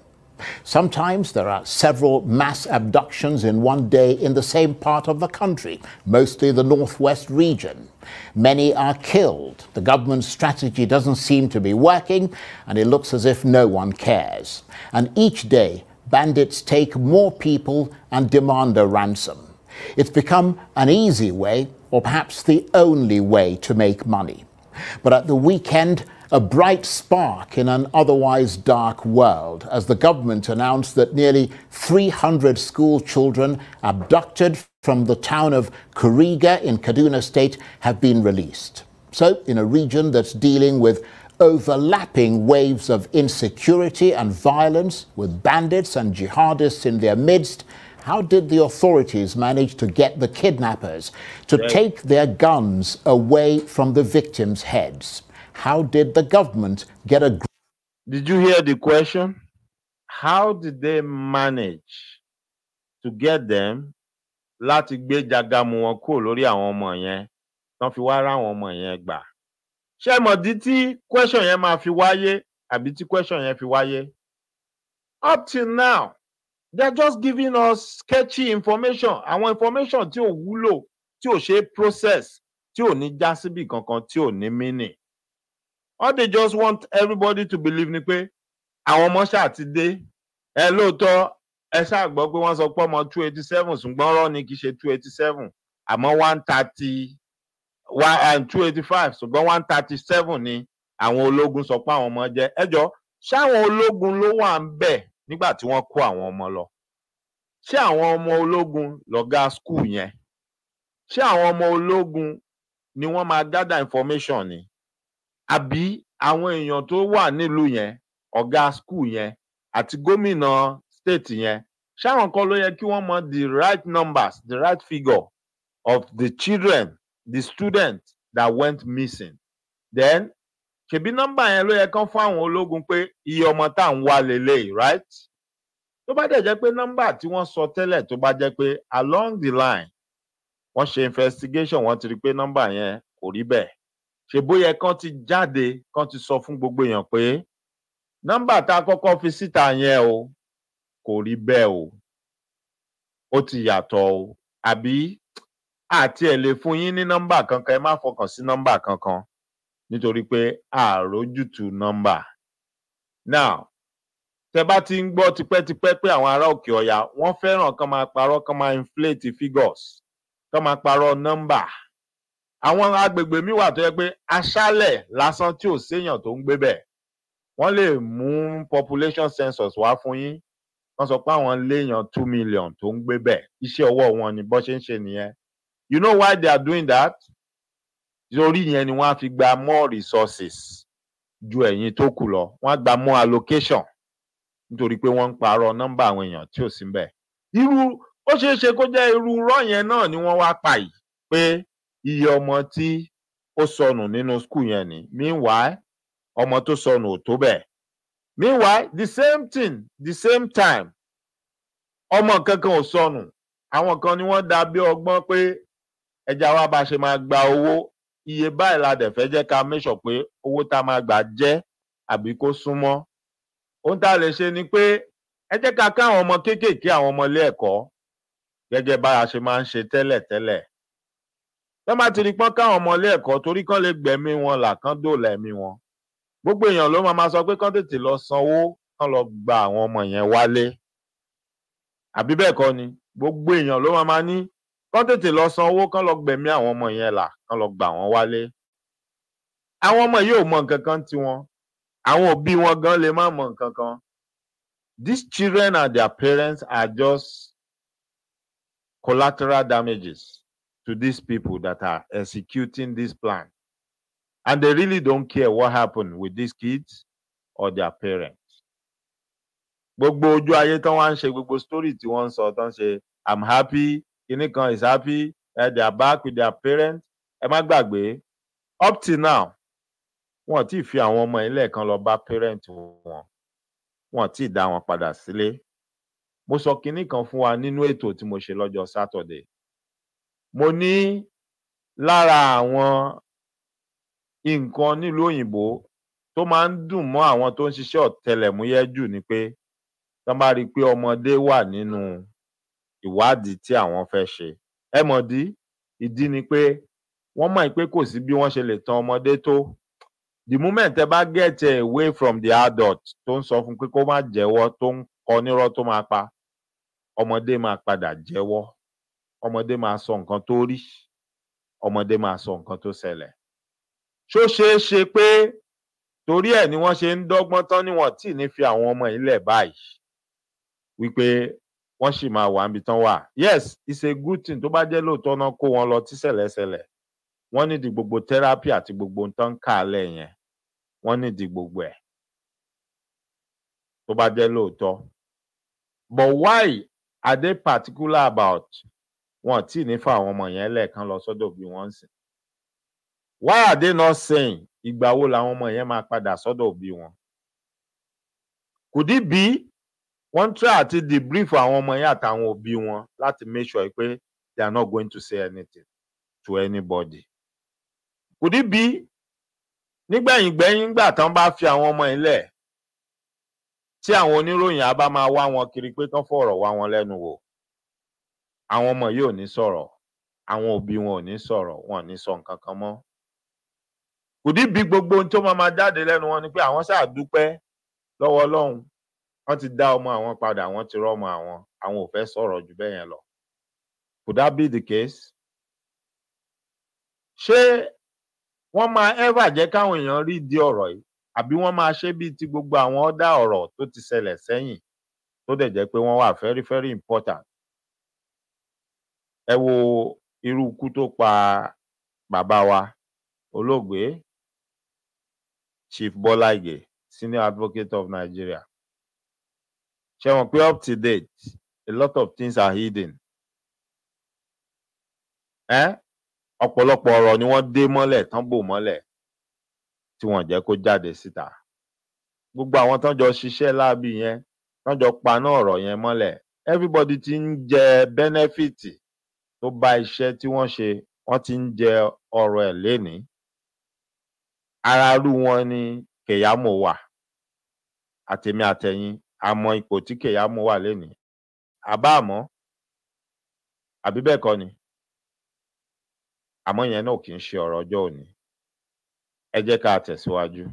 Sometimes there are several mass abductions in one day in the same part of the country, mostly the northwest region. Many are killed. The government's strategy doesn't seem to be working, and it looks as if no one cares. And each day, bandits take more people and demand a ransom. It's become an easy way, or perhaps the only way, to make money. But at the weekend, a bright spark in an otherwise dark world as the government announced that nearly 300 school children abducted from the town of Kuriga in Kaduna State have been released. So, in a region that's dealing with overlapping waves of insecurity and violence with bandits and jihadists in their midst, how did the authorities manage to get the kidnappers to right. take their guns away from the victims' heads? How did the government get a. Did you hear the question? How did they manage to get them láti gbé jagamu wọn kúrò lórí àwọn ọmọ yẹn tán fi wá ọmọ yẹn gbà? ṣé mọ̀dí tí question yẹn máa fi wáyé àbí tí question yẹn fi wáyé up till now they are just giving us sketchy information àwọn information tí ò wúlò tí ò ṣe process tí ò ní já síbi kankan tí ò ní meaning all they just want everybody to believe ni pé àwọn ọmọ ṣáà ti dé ẹ lóòótọ́ ẹ ṣáà gbọ́ pé wọ́n sọ pé ọmọ two eighty seven ṣùgbọ́n rọ ni kì í ṣe two eighty seven àmọ́ one thirty Um, two eighty five ṣùgbọ́n one thirty seven ni àwọn ológun sọ pé àwọn ọmọ jẹ́ ẹjọ́ ṣáwọn ológun ló wà ń bẹ̀ nígbà tí wọ́n kó àwọn ọmọ lọ ṣé àwọn ọmọ ológun lọ́gá skul yẹn ṣé àwọn ọmọ ológun ni wọ́n máa gather information ni àbí àwọn èèyàn tó wà nílùú yẹn ọ̀gá skul yẹn àti gómìnà state yẹn ṣáwọn kan ló yẹ kí wọ́n mọ the right numbers the right figure of the children the student that went missing then ṣebí nọ́mbà yẹn ló yẹ kán fún àwọn ológun pé iye ọmọ tá à ń wá lélẹ̀ right tó bá dẹ̀ jẹ́ pé nọ́mbà tí wọ́n sọ tẹ́lẹ̀ tó bá jẹ́ pé along the line wọ́n ṣe investigation wọ́n ti rí i pé nọ́mbà yẹn kò rí bẹ́ẹ̀ ṣèbó yẹ kán ti jáde kán ti sọ fún gbogbo èèyàn pé nọ́mbà tá a kọ́kọ́ fi síta yẹn o kò rí bẹ́ẹ̀ o ó ti yàtọ̀ o àbí àti ẹ̀ lè fún yín ní nọ́mbà kankan ẹ má fọkàn sí nọ́mbà kankan nítorí pé àròjútu nọ́mbà. now tẹ bá ti ń gbọ́ tipẹ́tipẹ́ pé àwọn ará òkè ọ̀yà wọ́n fẹ́ràn kán máa parọ́ kán máa inflate figures kán máa parọ́ nọ́mbà. àwọn agbègbè míì wà tó yẹ pé aṣálẹ̀ lásán tí ò séèyàn tó ń gbé bẹ̀ wọ́n lè mú population census wá fún yín wọ́n sọ pé àwọn léèyàn two million tó ń gbé bẹ̀ iṣẹ́ ọwọ́ wọn ni bó ṣe ń ṣe nìyẹn you know why they are doing that orí yẹn ni wọ́n á fi gba more resources ju ẹ̀yin tó kù lọ wọ́n á gba more allocation nítorí pé wọ́n ń parọ́ nọ́mbà àwọn èèyàn tí ò sí mbẹ̀ irú ó ṣeé ṣe kó jẹ́ irú irọ́ yẹn náà ni wọ́n wá pa yìí pé iye ọmọ tí ó sọnù nínú school yẹn ni meanwhile ọmọ tó sọnù ò tó bẹ́ẹ̀ meanwhile the same thing the same time ọmọ kankan ò sọnù àwọn kan ni wọ́n dà ọgbọ́n pé ẹja wa bá ṣe máa gba owó iye báyìí la dẹ̀ fẹ́ jẹ́ ká make sure pé owó tá a máa gbà jẹ́ àbí kó súnmọ́ ohun tá a lè ṣe ni pé ẹ jẹ́ ká ká àwọn ọmọ kéékèèké àwọn ọmọ ilé ẹ̀kọ́ gẹ́gẹ́ bá a ṣe máa ń ṣe tẹ́lẹ̀ tẹ́lẹ̀ tọ́ bá ti rí pọ́n káwọn ọmọ ilé ẹ̀kọ́ torí kán lè gbẹ̀mí wọn là kán ẹ̀mí wọn gbogbo èèyàn ló máa sọ pé kán tètè lọ sanwó kán lọ gba àwọn ọmọ yẹn wálé àbí bẹ́ẹ̀ kọ́ ni gbogbo èèyàn ló máa ní kán tètè lọ san owó kán lọ gbẹ̀mí àwọn ọmọ yẹn là kán lọ gbà wọ́n wálé àwọn ọmọ yìí ò mọ nǹkan kan tiwọn àwọn won wale awon omo yii mo wọn gan lè má mọ nǹkan kan these children and their parents are just collateral damages to these people that are executing this plan. And they really don't care what happened with these kids or their parents. Gbogbo ojú ayé tán wá ń ṣe gbogbo story tí wọ́n ń sọ tán ṣe I'm happy kinní kan is happy uh, they are back with their parents ẹ má gbàgbé up till now wọn ti fi àwọn ọmọ ilé kan lọ bá parent wọn wọn ti dá wọn padà sílé mo sọ kinní kan fún wa nínú ètò tí mo ṣe lọ́jọ́ Saturday mo ní lára àwọn nǹkan nílùú òyìnbó tó máa ń dùn mọ́ àwọn tó ń ṣiṣẹ́ ọ̀tẹlẹ̀múyẹ́ jù ni pé tán bá rí i pé ọmọdé wà nínú ìwádìí tí àwọn fẹ́ ṣe ẹ mọ̀dí ìdí ni pé wọ́n mọ̀ pé kò sí bí wọ́n ṣe lè tan ọmọdé tó the moment ẹ bá get away from the adult tó ń sọ fún pé kó má jẹ́wọ́ tó ń kọ nírọ́ tó máa pa ọmọdé máa padà jẹ́wọ́ ọmọdé máa sọ nǹkan tó rí ọmọdé máa sọ nǹkan tó ṣẹlẹ̀ ṣó ṣeé ṣe pé torí ẹ̀ ni wọ́n ṣe ń dọ́gbọ́n tán níwọ̀n tí ní fi àwọn ọmọ yìí lẹ̀ báyìí wípé wọ́n sì máa wà níbi tán wà yes it's a good thing tó bá jẹ́ lóòótọ́ náà kó wọn lọ tí ṣẹlẹ̀ṣẹlẹ̀ wọ́n nídìí gbogbo therapy àti gbogbo ohun tán ń kà á lẹ̀ yẹn wọ́n nídìí gbogbo ẹ̀ tó bá jẹ́ lóòótọ́ but why are they particular about wọn tí ní fa àwọn ọmọ yẹn lẹ́ẹ̀kan lọ sọ́dọ̀ òbí wọn sìn why are they not saying ìgbà wo làwọn ọmọ yẹn máa padà sọ́dọ̀ òbí wọn could it be wọ́n ń try àti debrief àwọn ọmọ yẹn àtàwọn òbí wọn láti make sure pé they are not going to say anything to anybody. Could it be nígbẹ̀yìngbẹ̀yìn gbà tán bá fi àwọn ọmọ yìí lẹ̀ tí àwọn oníròyìn á bá máa wá wọn kiri pé tán fọ̀rọ̀ wá wọn lẹ́nu wò àwọn ọmọ yìí ò ní sọ̀rọ̀ àwọn òbí wọn ò ní sọ̀rọ̀ wọn ò ní sọ nǹkan kan mọ́ kùdí bí gbogbo ohun tó máa máa jáde lẹ́nu wọn ni pé àwọn ṣáà dúpẹ́ lọ́wọ́ Ọlọ́run wọ́n ti dá ọmọ àwọn padà wọ́n ti rọ́mọ àwọn àwọn ò fẹ́ sọ̀rọ̀ jù bẹ́ẹ̀ yẹn lọ could that be the case ṣé wọ́n máa ever jẹ́ káwọn èèyàn rí di ọ̀rọ̀ yìí àbí wọ́n máa ṣe bíi ti gbogbo àwọn ọ̀dà ọ̀rọ̀ tó ti ṣẹlẹ̀ sẹ́yìn tó dẹ̀ jẹ́ pé wọ́n wà very very important ẹ wo irú ikú tó pa bàbá wa olóògbé Chief Bọ́lá senior advocate of Nigeria ṣe mọ̀ pé up to date a lot of things are hidden ọ̀pọ̀lọpọ̀ ọ̀rọ̀ ni wọ́n dé mọ́lẹ̀ tán bò mọ́lẹ̀ tí wọ́n jẹ́ kó jáde síta gbogbo àwọn tán jọ ṣiṣẹ́ láabi yẹn tán jọ paná ọ̀rọ̀ yẹn mọ́lẹ̀ everybody ti ń jẹ benefit tó bá iṣẹ́ tí wọ́n ṣe wọ́n ti ń jẹ ọ̀rọ̀ ẹ̀ lénìí ara rú wọn ni kẹ̀yàmó wà àtèmi àtẹ̀yìn àmọ́ ipò tí Kẹ̀yámù wà lénìí àbá àmọ́ àbí bẹ́ẹ̀ kọ́ ni àmọ́ yẹn náà kì í ṣe ọ̀rọ̀ ọjọ́ òní ẹ jẹ́ ká tẹ̀síwájú.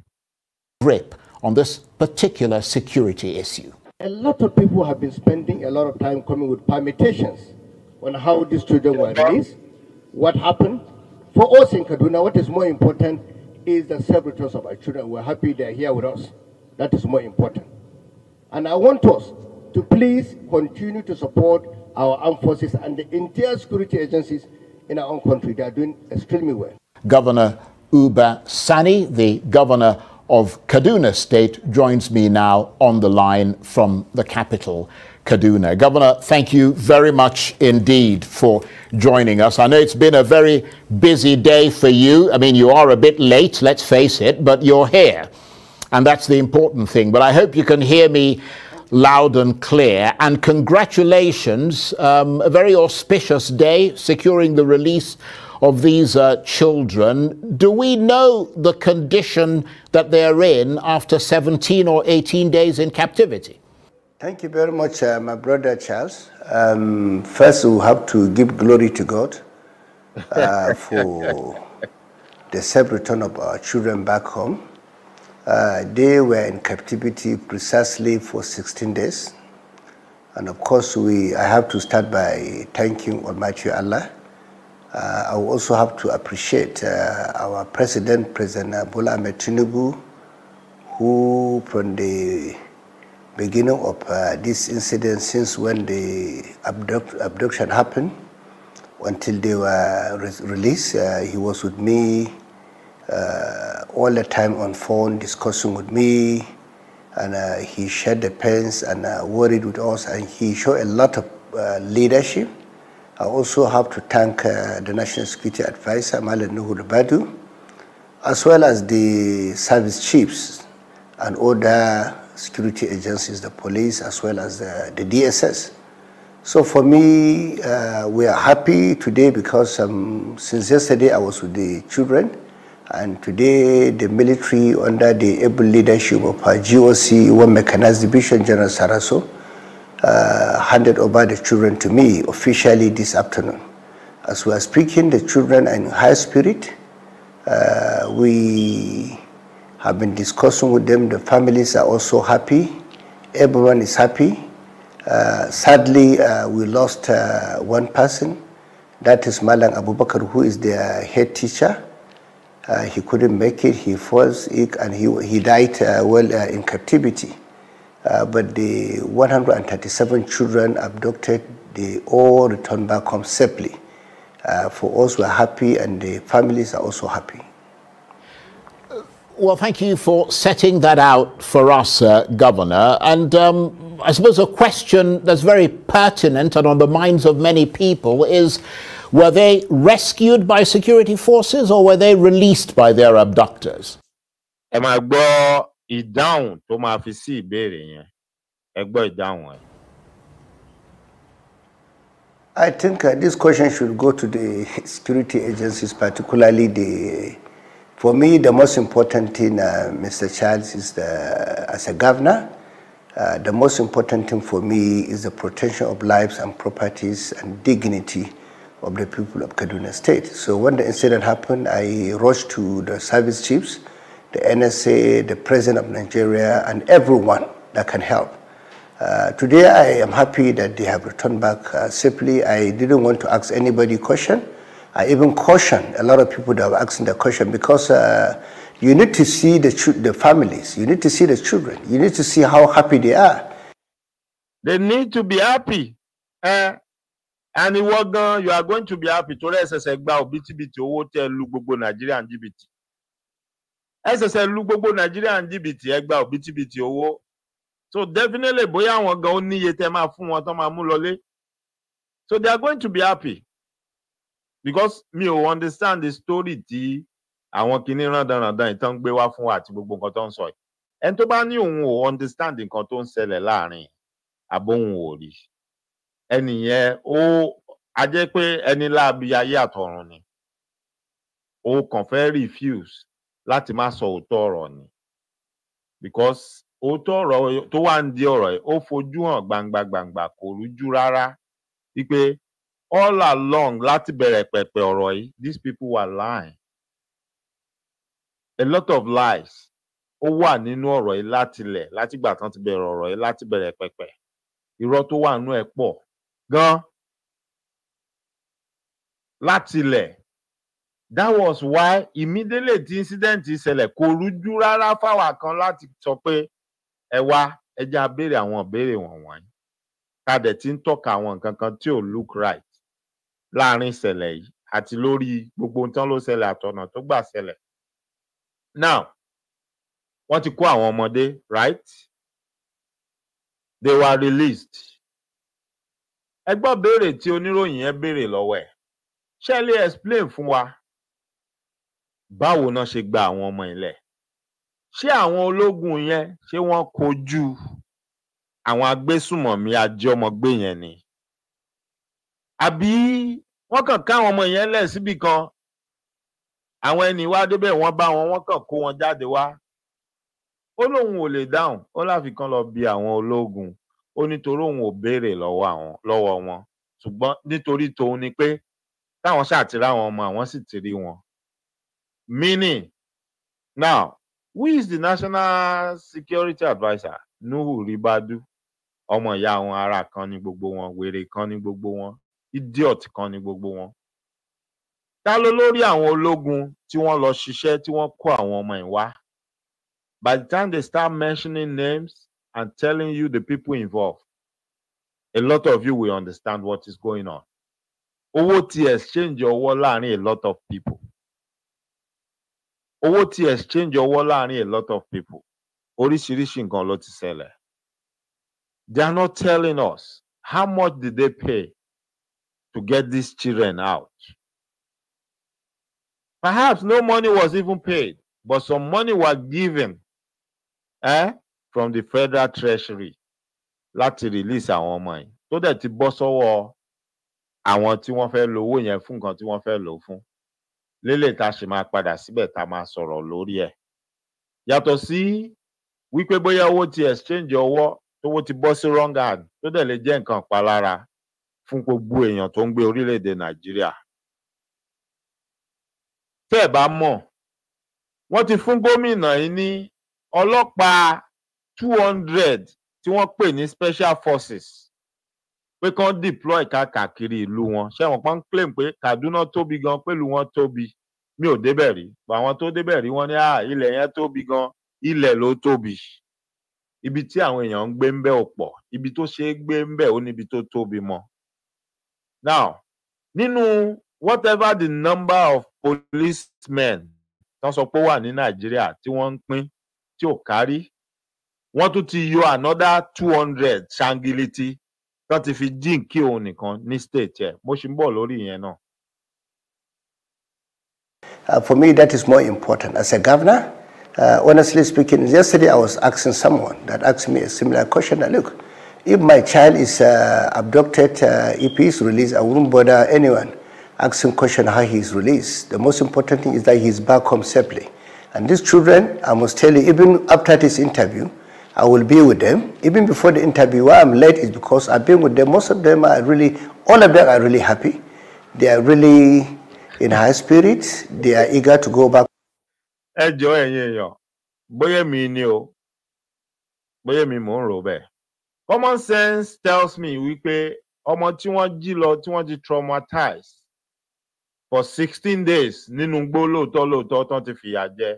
grip on this particular security issue. A lot of people have been spending a lot of time coming with permutations on how these children were raised, what happened. For us in Kaduna, what is more important is the self of our children. We're happy they're here with us. That is more important. And I want us to please continue to support our armed forces and the entire security agencies in our own country. They are doing extremely well. Governor Uba Sani, the governor of Kaduna State, joins me now on the line from the capital, Kaduna. Governor, thank you very much indeed for joining us. I know it's been a very busy day for you. I mean, you are a bit late, let's face it, but you're here. And that's the important thing. But I hope you can hear me loud and clear. And congratulations. Um, a very auspicious day, securing the release of these uh, children. Do we know the condition that they're in after 17 or 18 days in captivity? Thank you very much, uh, my brother Charles. Um, first, we have to give glory to God uh, for the safe return of our children back home they were in captivity precisely for 16 days. And of course, we, I have to start by thanking Almighty Allah. Uh, I also have to appreciate uh, our President, President Bola Ahmed Tinubu, who from the beginning of uh, this incident, since when the abduct, abduction happened, until they were re released, uh, he was with me uh, all the time on phone discussing with me and uh, he shared the pains and uh, worried with us and he showed a lot of uh, leadership. I also have to thank uh, the National Security Advisor, Malan Nuhur Badu, as well as the service chiefs and other security agencies, the police, as well as the, the DSS. So for me, uh, we are happy today because um, since yesterday I was with the children and today, the military, under the able leadership of our GOC, one mechanized division, General Saraso, uh, handed over the children to me officially this afternoon. As we are speaking, the children are in high spirit. Uh, we have been discussing with them. The families are also happy. Everyone is happy. Uh, sadly, uh, we lost uh, one person. That is Malang Abubakar, who is their head teacher uh, he couldn't make it, he was, sick, and he, he died uh, well uh, in captivity. Uh, but the 137 children abducted, they all returned back home safely. Uh, for us, we're happy, and the families are also happy. Well, thank you for setting that out for us, uh, Governor. And um, I suppose a question that's very pertinent and on the minds of many people is were they rescued by security forces or were they released by their abductors? I think uh, this question should go to the security agencies, particularly the. For me, the most important thing, uh, Mr. Charles, is the, as a governor, uh, the most important thing for me is the protection of lives and properties and dignity of the people of Kaduna State. So when the incident happened, I rushed to the service chiefs, the NSA, the President of Nigeria, and everyone that can help. Uh, today I am happy that they have returned back uh, safely. I didn't want to ask anybody question. I even cautioned a lot of people that were asking the question because uh, you need to see the, the families, you need to see the children, you need to see how happy they are. They need to be happy. Uh, and ìwọ gan you are going to be happy torí ẹ ṣẹ̀ṣẹ̀ gba òbítíbitì owó tẹ́ lu gbogbo nàìjíríà ní jìbìtì ẹ ṣẹ̀ṣẹ̀ lu gbogbo nàìjíríà ní jìbìtì ẹ gba òbítíbitì owó so definitely bóyá àwọn gan ó níye tẹ́ máa fún wọn tán máa mú lọlé so they are going to be happy because mi ò understand the story Ti àwọn kinní rándanrandan ìtàn gbé wá fún wa àti gbogbo nǹkan tó ń sọ yìí ẹni tó bá ní òun ò understand nǹkan tó ń ṣẹlẹ̀ láàrin àbóhun ò ẹnì yẹn ó a jẹ́ pé ẹni láabi ayé àtọ̀run ni ó kàn fẹ́ refuse láti má sọ òótọ́ ọ̀rọ̀ ni because òótọ́ ọ̀rọ̀ tó wà ń di ọ̀rọ̀ yìí ó fojú hàn gbangba gbangba kò rújú rárá wípé all along láti bẹ̀rẹ̀ pẹ̀pẹ̀ ọ̀rọ̀ yìí these people were lying a lot of lies ó wà nínú ọ̀rọ̀ yìí látilẹ̀ látìgbà tán ti bẹ̀rẹ̀ ọ̀rọ̀ yìí láti bẹ̀rẹ̀ pẹ̀pẹ̀ irọ́ tó wà nínú ẹ̀ pọ̀ gan látilẹ̀ that was why immediately the incident ṣẹlẹ̀ kò rújú rárá fáwa kan láti sọ pé ẹ wá ẹ jẹ́ abéèrè àwọn ìbéèrè wọ̀nyí ká dẹ̀ ti ń tọ́ka àwọn nǹkan kan tí ò look right láàrin ìṣẹ̀lẹ̀ yìí àti lórí gbogbo ohun tán ló ṣẹlẹ̀ àtọ̀nà tó gbà ṣẹlẹ̀ now wọ́n ti kó àwọn ọmọdé right they were released ẹ gbọ́ béèrè tí oníròyìn yẹn béèrè lọ́wọ́ ẹ̀ ṣé explain fún wa báwo náà ṣe gba àwọn ọmọ ilẹ̀ ṣé àwọn ológun yẹn ṣé wọ́n kojú àwọn agbésùmọ̀mí ajọ́mọgbé yẹn ni àbí wọ́n kàn ká àwọn ọmọ yẹn lẹ̀ síbì kan àwọn ẹni wá débẹ̀ wọ́n bá wọn wọ́n kàn kó wọn jáde wá ó lóun ò lè dáhùn ó láfi kan lọ bi àwọn ológun ó nítorí òun ò béèrè lọ́wọ́ wọn ṣùgbọ́n nítorí tòun ni pé táwọn ṣáà ráwọn ọmọ àwọn sì ti rí wọn. meaning now who is the national security adviser nuhu ribadu ọmọ ìyá wọn ará kan ní gbogbo wọn wèrè kan ní gbogbo wọn idiot kan ní gbogbo wọn ta ló lórí àwọn ológun tí wọ́n lọ ṣiṣẹ́ tí wọ́n kó àwọn ọmọ ẹ̀ wá by the time they start mentioning names and telling you the people involved, a lot of you will understand what is going on. Owó ti exchange owó and a lot of people. Owó ti exchange owó and a lot of people. Oríṣiríṣi nǹkan ló ti ṣẹlẹ̀. They are not telling us how much did they pay to get these children out. Perhaps no money was even paid, but some money was given eh, from the federal treasury láti release àwọn ọmọ yìí tó dẹ̀ ti bọ́ sọ́wọ́ àwọn tí wọ́n fẹ́ lo owó yẹn fún nǹkan tí wọ́n fẹ́ lò ó fún lélẹ̀ tá a sì máa padà síbẹ̀ tá a máa sọ̀rọ̀ lórí ẹ̀ yàtọ̀ sí wípé bóyá owó ti exchange ọwọ́ tówó ti bọ́ sí wrong hand tó dẹ̀ lè jẹ́ nǹkan palára fún gbogbo èèyàn tó ń gbé orílẹ̀-èdè Nàìjíríà tẹ́ ẹ̀ bá mọ̀ wọ́n ti fún gómìnà yìí ní ọlọ́pàá 200. hundred tí wọ́n pè ní special forces pé kán deploy káàkiri ìlú wọn ṣé wọn kàn ń claim pé Kaduna tóbi gan pẹ̀lú wọn tóbi mi ò débẹ̀ rí àwọn tó débẹ̀ rí wọ́n ní à ah, ilẹ̀ yẹn tóbi gan ilẹ̀ ló tóbi ibi tí àwọn èèyàn ń gbé ń bẹ ò pọ̀ ibi tó ṣe é gbé ń bẹ ó níbi tó tóbi mọ́ now nínú whatever the number of policemen tán sọ pé ó wà ní Nàìjíríà tí wọ́n ń pín tí ò kárí wọ́n tún ti yọ another two hundred ṣangiliti tó ti fi jíǹkí òun nìkan ní state ẹ̀ mo ṣì ń bọ̀ lórí ìyẹn náà. Uh, for me, that is more important. As a governor, uh, honestly speaking, yesterday I was asking someone that asked me a similar question. That, look, if my child is uh, abducted, uh, if he is released, I wouldn't bother anyone asking question how he is released. The most important thing is that he is back home safely. And these children, I must tell you, even after this interview, I will be with them. Even before the interview, why I'm late is because I've been with them. Most of them are really, all of them are really happy. They are really in high spirits. They are eager to go back. Ẹ jọ̀ọ́ ẹ̀yin mi ni o, bóyá mi mò Common sense tells me we wípé ọmọ tí wọ́n jí lọ tí wọ́n ti traumatize for sixteen days nínú gbó lóòótọ́ lóòótọ́ tán ti fìyà jẹ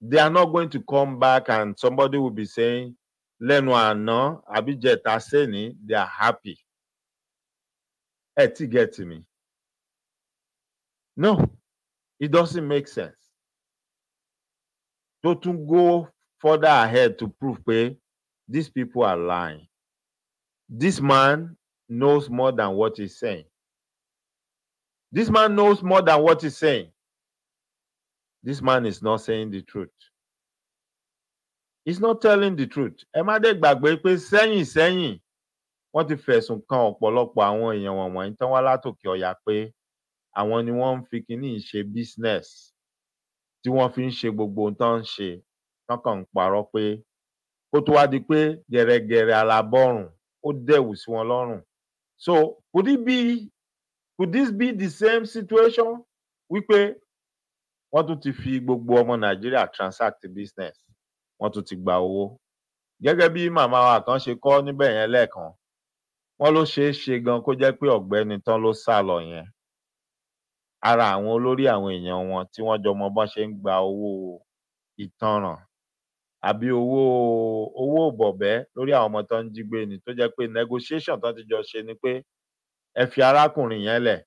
they are not going to come back and somebody will be saying, Lenu Ana, Abijeta Seni, they are happy. Eti get me. No, it doesn't make sense. So to go further ahead to prove pay, these people are lying. This man knows more than what he's saying. This man knows more than what he's saying. this man is not saying the truth he's not telling the truth ẹ má dé gbàgbé pé sẹ́yìn sẹ́yìn wọ́n ti fẹ̀sùn kan ọ̀pọ̀lọpọ̀ àwọn èèyàn wọ̀nyí tán wá látòkè ọ̀yà pé àwọn ni wọ́n ń fi kínní ṣe business tí wọ́n fi ń ṣe gbogbo ohun tó ń ṣe tán kàn ń parọ́ pé kó tó wá di pé gẹ̀rẹ́gẹ̀rẹ́ alábọ́rùn ó dẹ̀wù sí wọn lọ́rùn so could it be could this be the same situation wípé wọ́n tún ti fi gbogbo ọmọ nàìjíríà transact business wọ́n tún ti gba owó gẹ́gẹ́ bí màmá wa kan ṣe kọ níbẹ̀ yẹn lẹ́ẹ̀kan wọ́n ló ṣeé ṣe gan kó jẹ́ pé ọ̀gbẹ́ni tán ló sá lọ yẹn ara àwọn olórí àwọn èèyàn wọn tí wọ́n jọ mọ bọ́n ṣe ń gba owó ìtanràn àbí owó owó bọ̀bẹ́ lórí àwọn ọmọ tó ń jí gbé ni tó jẹ́ pé negotiation tán ti jọ ṣe ni pé ẹ fi arákùnrin yẹn lẹ̀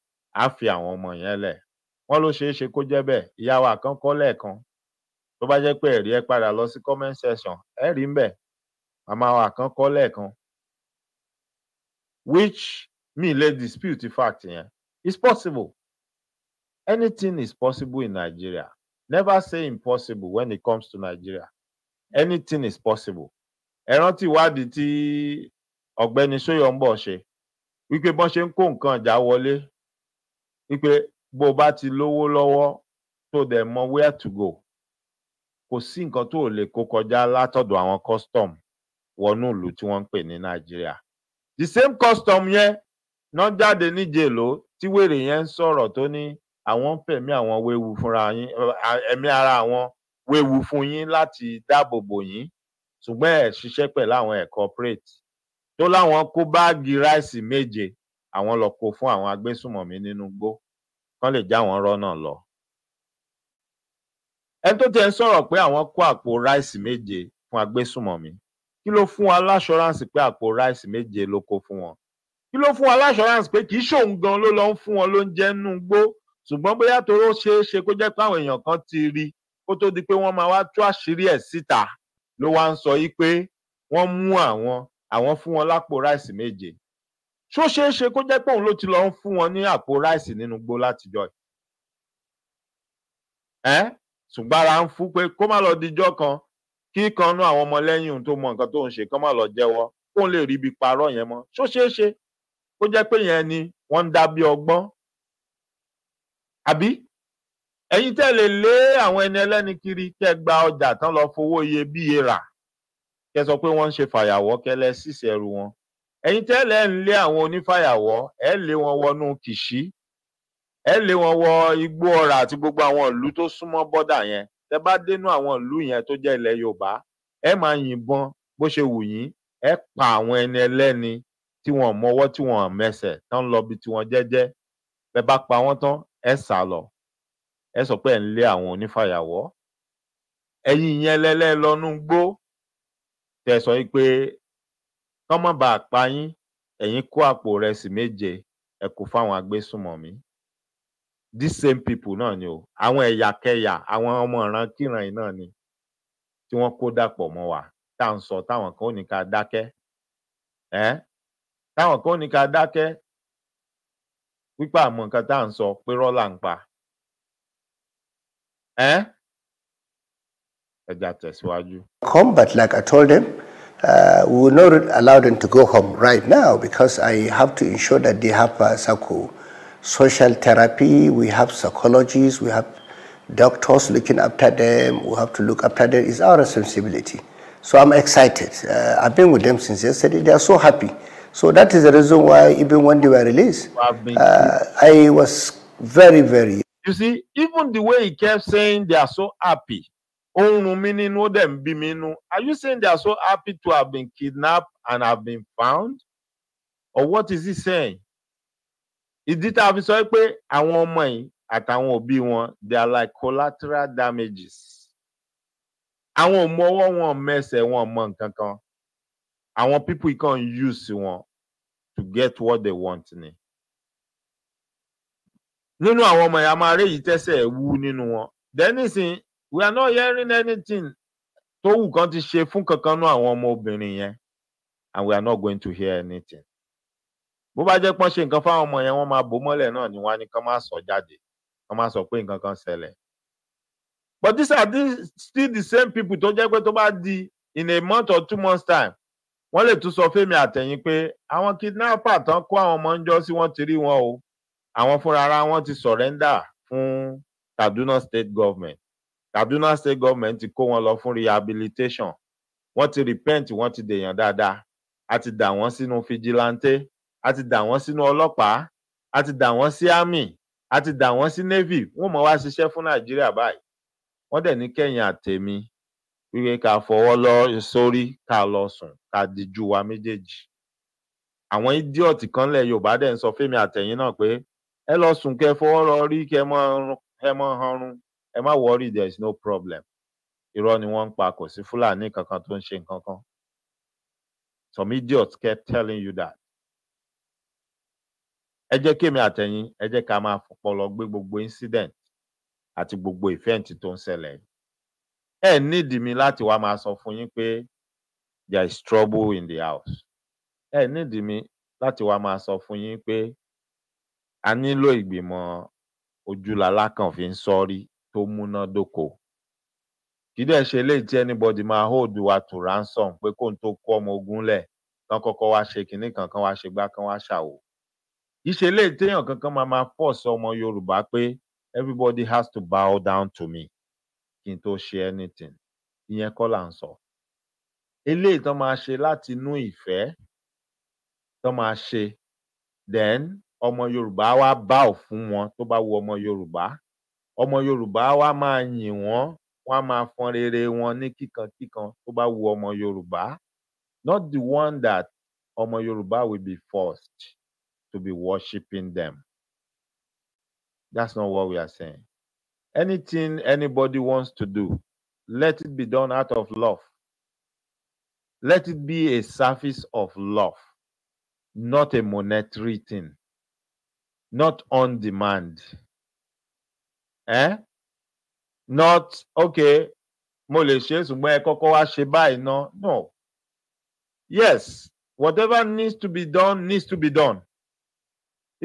á fi àwọn ọmọ yẹn lẹ̀ wọn ló ṣeé ṣe kó jẹ bẹẹ ìyá wa kan kọ lẹ́ẹ̀kan tó bá jẹ pé ẹrí ẹ padà lọ sí comment section ẹ rí ń bẹ màmá wa kan kọ lẹ́ẹ̀kan which me let dispute the fact yẹn it's possible anything is possible in Nigeria never say impossible when it comes to Nigeria anything is possible ẹ rántí ìwádìí tí ọ̀gbẹ́ni Ṣóyọ̀mbọ̀ ṣe wípé bọ́n ṣe ń kó nǹkan ìjà wọlé wípé bó o bá ti lówó lọ́wọ́ tó dẹ̀ mọ where to go kò sí nǹkan tó lè kó kọjá látọ̀dọ̀ àwọn custom wọnú ìlú tí wọ́n ń pè ní nàìjíríà the same custom yẹn ná jáde níjèló tí wèrè yẹn ń sọ̀rọ̀ tó ní àwọn ń fẹ̀mí àwọn wéwu fúnra yín ẹ̀mí ara àwọn wéwu fún yín láti dáàbò bò yín ṣùgbọ́n ẹ̀ ṣiṣẹ́ pẹ̀lú àwọn ẹ̀ corporate tó láwọn kó báàgì ráìsì méje àwọn lọ kó fún àwọn agbésùmọ̀mí nínú igbó kán lè já wọn rọ́nà lọ. ẹni tó tiẹ̀ ń sọ̀rọ̀ pé àwọn kó àpò ráìsì méje fún agbésùmọ̀mí kí ló fún wa láṣọ́ránsì pé àpò ráìsì méje ló kó fún wọn kí ló fún wa láṣọ́ránsì pé kì í ṣòun gan ló lọ ń fún wọn lóúnjẹ nínú igbó ṣùgbọ́n bóyá toró ṣeé ṣe kó jẹ́ pé àwọn èèyàn kan ti rí kó tó di pé wọ́n máa wá tú àṣírí ẹ̀ síta ló wá ń sọ yìí pé wọ́n mú àwọn àwọn fún wọn lápò ráìsì méje ṣó ṣeé ṣe kó jẹ́ pé òun ló ti lọ ń fún wọn ní àpò ráìsì nínú igbó látijọ́ ẹ̀ ṣùgbọ́n ara ń fún pé kó má lọ dijọ́ kan kí kan nú àwọn ọmọlẹ́yìn òun tó mọ nǹkan tó ń ṣe kán má lọ jẹ́wọ́ kóun lè rí parọ́ yẹn mọ́ ṣó ṣeé ṣe kó jẹ́ pé yẹn ni wọ́n ń dá bí ọgbọ́n àbí ẹ̀yin tẹ́ lè lé àwọn ẹni ẹlẹ́ni kiri kẹ́ gba ọjà tán lọ fowó iyebíye rà kẹ́ sọ pé wọ́n ń ṣe fàyàwọ́ kẹ́ lẹ́ ẹrù wọn ẹ̀yin tẹ́lẹ̀ ń lé àwọn onífàyàwọ́ ẹ lé wọn wọnú kìṣí ẹ lé wọn wọ igbó ọrà àti gbogbo àwọn ìlú tó súnmọ́ bọ́dà yẹn tẹ bá dénú àwọn ìlú yẹn tó jẹ́ ilẹ̀ yorùbá ẹ máa yìnbọn bó ṣe wù yín ẹ pa àwọn ẹni ẹlẹ́ni tí wọ́n mọwọ́ tí wọ́n mẹsẹ̀ tán lọ bí tiwọn jẹ́jẹ́ bẹ bá pa wọ́n tán ẹ sá lọ ẹ sọ pé ẹ ń lé àwọn onífàyàwọ́ ẹ̀yin yẹn lẹlẹ lọnú gbó tẹsán yìí pé kọ́n má bàa pa yín ẹ̀yin kó àpò ìrẹsì méje ẹ kó fáwọn agbésùnmọ̀mí these same people náà ni o àwọn ẹ̀yàkẹyà àwọn ọmọ ìran kíran yìí náà ni tí wọ́n kó dàpọ̀ mọ́ wa tá à ń sọ táwọn kan ò ní ká dákẹ́ ẹ táwọn kan ò ní ká dákẹ́ pípa àmọ́ nǹkan tá à ń sọ pé rọ́là ń pa ẹ ẹja tẹ̀síwájú. Come, but like I told them. uh, we will not allow them to go home right now because I have to ensure that they have uh, psycho social therapy, we have psychologists, we have doctors looking after them, we have to look after them. It's our responsibility. So I'm excited. Uh, I've been with them since yesterday. They are so happy. So that is the reason why even when they were released, uh, I was very, very... You see, even the way he kept saying they are so happy, ó ń nínú ó dẹ̀ ń bí mi nínú are you saying they are so happy to have been kidnapped and have been found or what is he saying ìdí tá a fi sọ pé àwọn ọmọ yìí àtàwọn òbí wọn they are like collateral damages àwọn ò mọ ọwọ́ wọn mẹsẹ̀ wọn mọ nǹkan kan àwọn people kan ń use wọn to get what they want ni nínú àwọn ọmọ yìí a máa rí èyí tẹ́sẹ̀ wú nínú wọn then nísìnyí we are not hearing anything tó wù kán ti ṣe fún kankan náà àwọn ọmọbìnrin yẹn and we are not going to hear anything bó bá jẹ́ pọ́n ṣe nǹkan fáwọn ọmọ yẹn wọ́n máa bò mọ́lẹ̀ náà ni wọ́n á ní kán má sọ jáde kán má sọ pé nǹkan kan ṣẹlẹ̀ but these are these, still the same people tó jẹ́ pé tó bá di in a month or two months time wọ́n lè tún sọ fẹ́mi àtẹ̀yìn pé àwọn kidnapper tán kó àwọn ọmọ ń jọ sí wọ́n ti rí wọn o àwọn fúnra ara wọn ti surrender fún Kaduna state government Kaduna state government ti kó wọn lọ fún rehabilitation wọ́n ti repent wọ́n ti dèèyàn dáadáa a ti dà wọ́n sínú fijilanté a ti dà wọ́n sínú ọlọ́pàá a ti dà wọ́n sí army a ti dà wọ́n sí navy wọ́n mọ̀ wá ṣiṣẹ́ fún nàìjíríà báyìí wọ́n dẹ̀ ní kẹ́yìn àtẹ̀mí wíwé ká fọwọ́ lọ sórí ká lọ sùn ká dijú wa méjèèjì àwọn idiot kan lẹ yorùbá dẹ̀ ń sọ fẹmi àtẹ̀yìn náà pé ẹ lọ sùn kẹ́ fọwọ́ lọ rí kẹ́ mọ ọrùn ẹ má wọrí there is no problem irọ́ ni wọ́n ń pa kò sí fúlàní kankan tó ń ṣe nǹkan kan some idiots kept telling you that ẹ jẹ́ kémi àtẹ̀yin ẹ jẹ́ ká máa fọpọlọ gbé gbogbo incident àti gbogbo event tó ń ṣẹlẹ̀ ẹ nídìí mi láti wá máa sọ fún yín pé there is trouble in the house ẹ nídìí mi láti wá máa sọ fún yín pé a nílò ìgbìmọ̀ ojúlá lákàn fi ń sọrí tó múnádóko kì í dẹ̀ ṣe eléyìí tí anybody máa hold wa to ransom pé kóun tó kó ọmọ ogun lẹ̀ kán kọ́kọ́ wá ṣe kinní kan kán wá ṣe gbá kán wá ṣàwò kì í ṣe eléyìí téèyàn kankan máa máa force ọmọ Yorùbá pé everybody has to bow down to me kí n tó ṣe anything ìyẹn kọ́ là ń sọ eléyìí tán máa ṣe láti inú ìfẹ́ tán máa ṣe then ọmọ Yorùbá wá bow fún wọn tó bá wu ọmọ Yorùbá ọmọ yorùbá wa máa yìn wọn wọn á máa fọn rere wọn ní kíkankíkan tó bá wu ọmọ yorùbá not the one that ọmọ yorùbá will be forced to be worshiping them that's not what we are saying anything anybody wants to do let it be done out of love let it be a service of love not a monetary thing not on demand. eh? not okay mo lè ṣe é ṣùgbọ́n ẹ kọ́kọ́ wá ṣe báyìí ná no yes whatever needs to be done needs to be done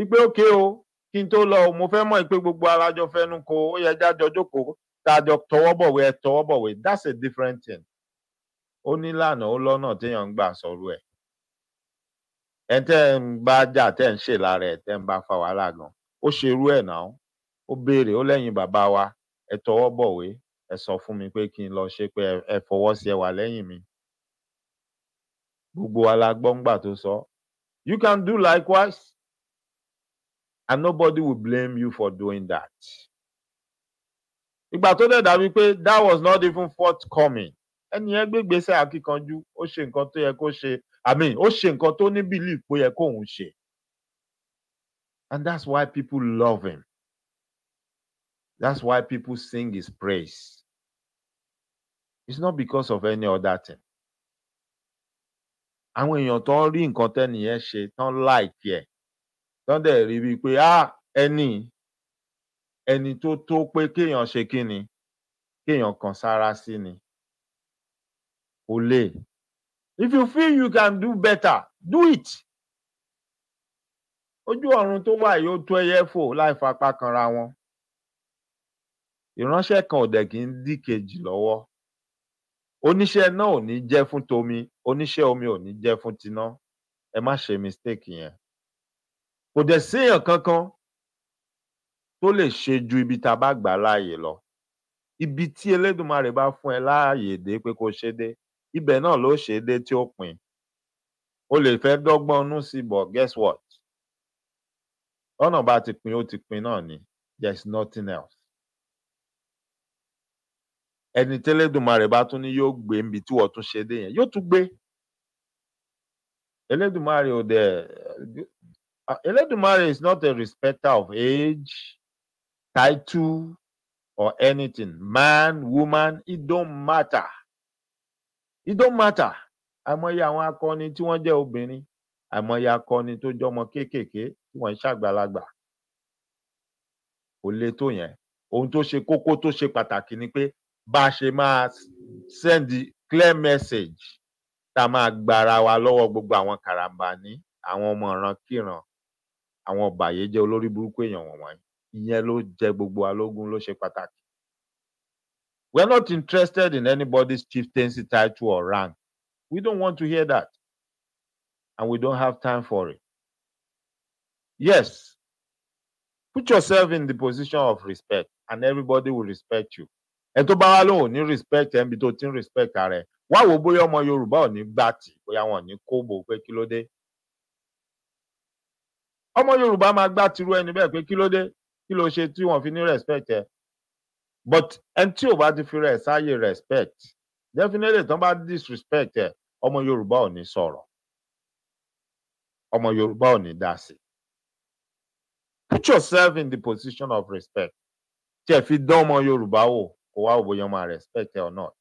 ipe okay o kí n tó lọ mo fẹ́ mọ̀ pé gbogbo ara jọ fẹ́nu ko ó yẹ jájọ jókòó tájọ tọwọ́ bọ̀wé ẹ tọwọ́ bọ̀wé that's a different thing ó nílànà ó lọ́nà téèyàn ń gbà sọ̀rọ̀ ẹ̀ ẹ̀ tẹ́ ń bá jà tẹ́ ń ṣe lára ẹ̀ tẹ́ ń bá fa wàhálà gan ó ṣerú ẹ̀ náà ó béèrè ó lẹ́yìn bàbá wa ẹ tọwọ́ bọ̀wé ẹ sọ fún mi pé kí n lọ ṣe pé ẹ fọwọ́ sí ẹ wà lẹ́yìn mi gbogbo wa la gbọ́ ńgbà tó sọ you can do likewise and nobody will blame you for doing that ìgbà tó dẹ̀ dàbí pé that was not even forthcoming ẹni yẹn gbé gbèsè ó ṣe nǹkan tó yẹ kó ṣe i mean ó ṣe nǹkan tó ní belief pé yẹ kóun ṣe and that's why people love him That's why people sing his praise. It's not because of any other thing. Àwọn èèyàn tó rí nǹkan tẹ́nìyẹn ṣe tán láìkí ẹ̀ tán dẹ̀ rí bíi pé ah ẹni ẹni tó tó pé kéèyàn ṣe kí ni kéèyàn kan sára sí ni kò lè. If you feel you can do better, do it. Ojú ọ̀run tó wà yóò tó ẹyẹ fò láì fapá kanra wọn ìránṣẹ́ kan ò dẹ̀ kí ń dí kejì lọ́wọ́ oníṣẹ́ náà ò ní jẹ́ fún tomi oníṣẹ́ omi ò ní jẹ́ fún tiná ẹ má ṣe mistake yẹn kò dẹ̀ séèyàn kankan tó lè ṣe ju ibi tá a bá gbà láàyè lọ ibi tí Elédùmarè bá fún ẹ láàyè dé pé kó ṣe dé ibẹ̀ náà ló ṣe dé tí ó pin o lè fẹ́ dọ́gbọ́n inú sí i guess what ọ̀nà bá ti pin ó ti pin náà ni there is nothing else ẹni tẹlẹdùnmarè bá tún ní yóò gbé níbi tí wọn tún ṣe dé yẹn yóò tún gbé ẹlẹdùnmarè ò dẹ ẹlẹdùnmarè is not a respecter of age title or anything man woman it don't matter it don't matter àìmọye àwọn akọni tí wọn jẹ obìnrin àìmọye akọni tó jọmọ kéékèèké tí wọn ń ṣàgbàlagbà kò le tó yẹn ohun tó ṣe kókó tó ṣe pàtàkì ni pé clear message tá gbára wa lọ́wọ́ gbogbo àwọn karambani àwọn ọmọ kíran àwọn olórí burúkú ìyẹn ló jẹ gbogbo alógún ló ṣe pàtàkì. We are not interested in anybody's chieftaincy title or rank. We don't want to hear that. And we don't have time for it. Yes, put yourself in the position of respect, and everybody will respect you. ẹ tó bá wá lóhùn ní respect ẹ níbi tó ti ń respect ara ẹ wá wo bóyá ọmọ yorùbá ò ní gbà tì bóyá wọn ò ní kóbò pé kí ló dé ọmọ yorùbá máa gbà tirú ẹni bẹ́ẹ̀ pé kí ló dé kí ló ṣe tí wọn fi ní respect ẹ but ẹni tí ò bá ti fi rẹ sáàyè respect definitely tán bá disrespect ẹ ọmọ yorùbá ò ní sọ̀rọ̀ ọmọ yorùbá ò ní dá sí put yourself in the position of respect tí ẹ fi dán ọmọ yorùbá wò wá respect or not.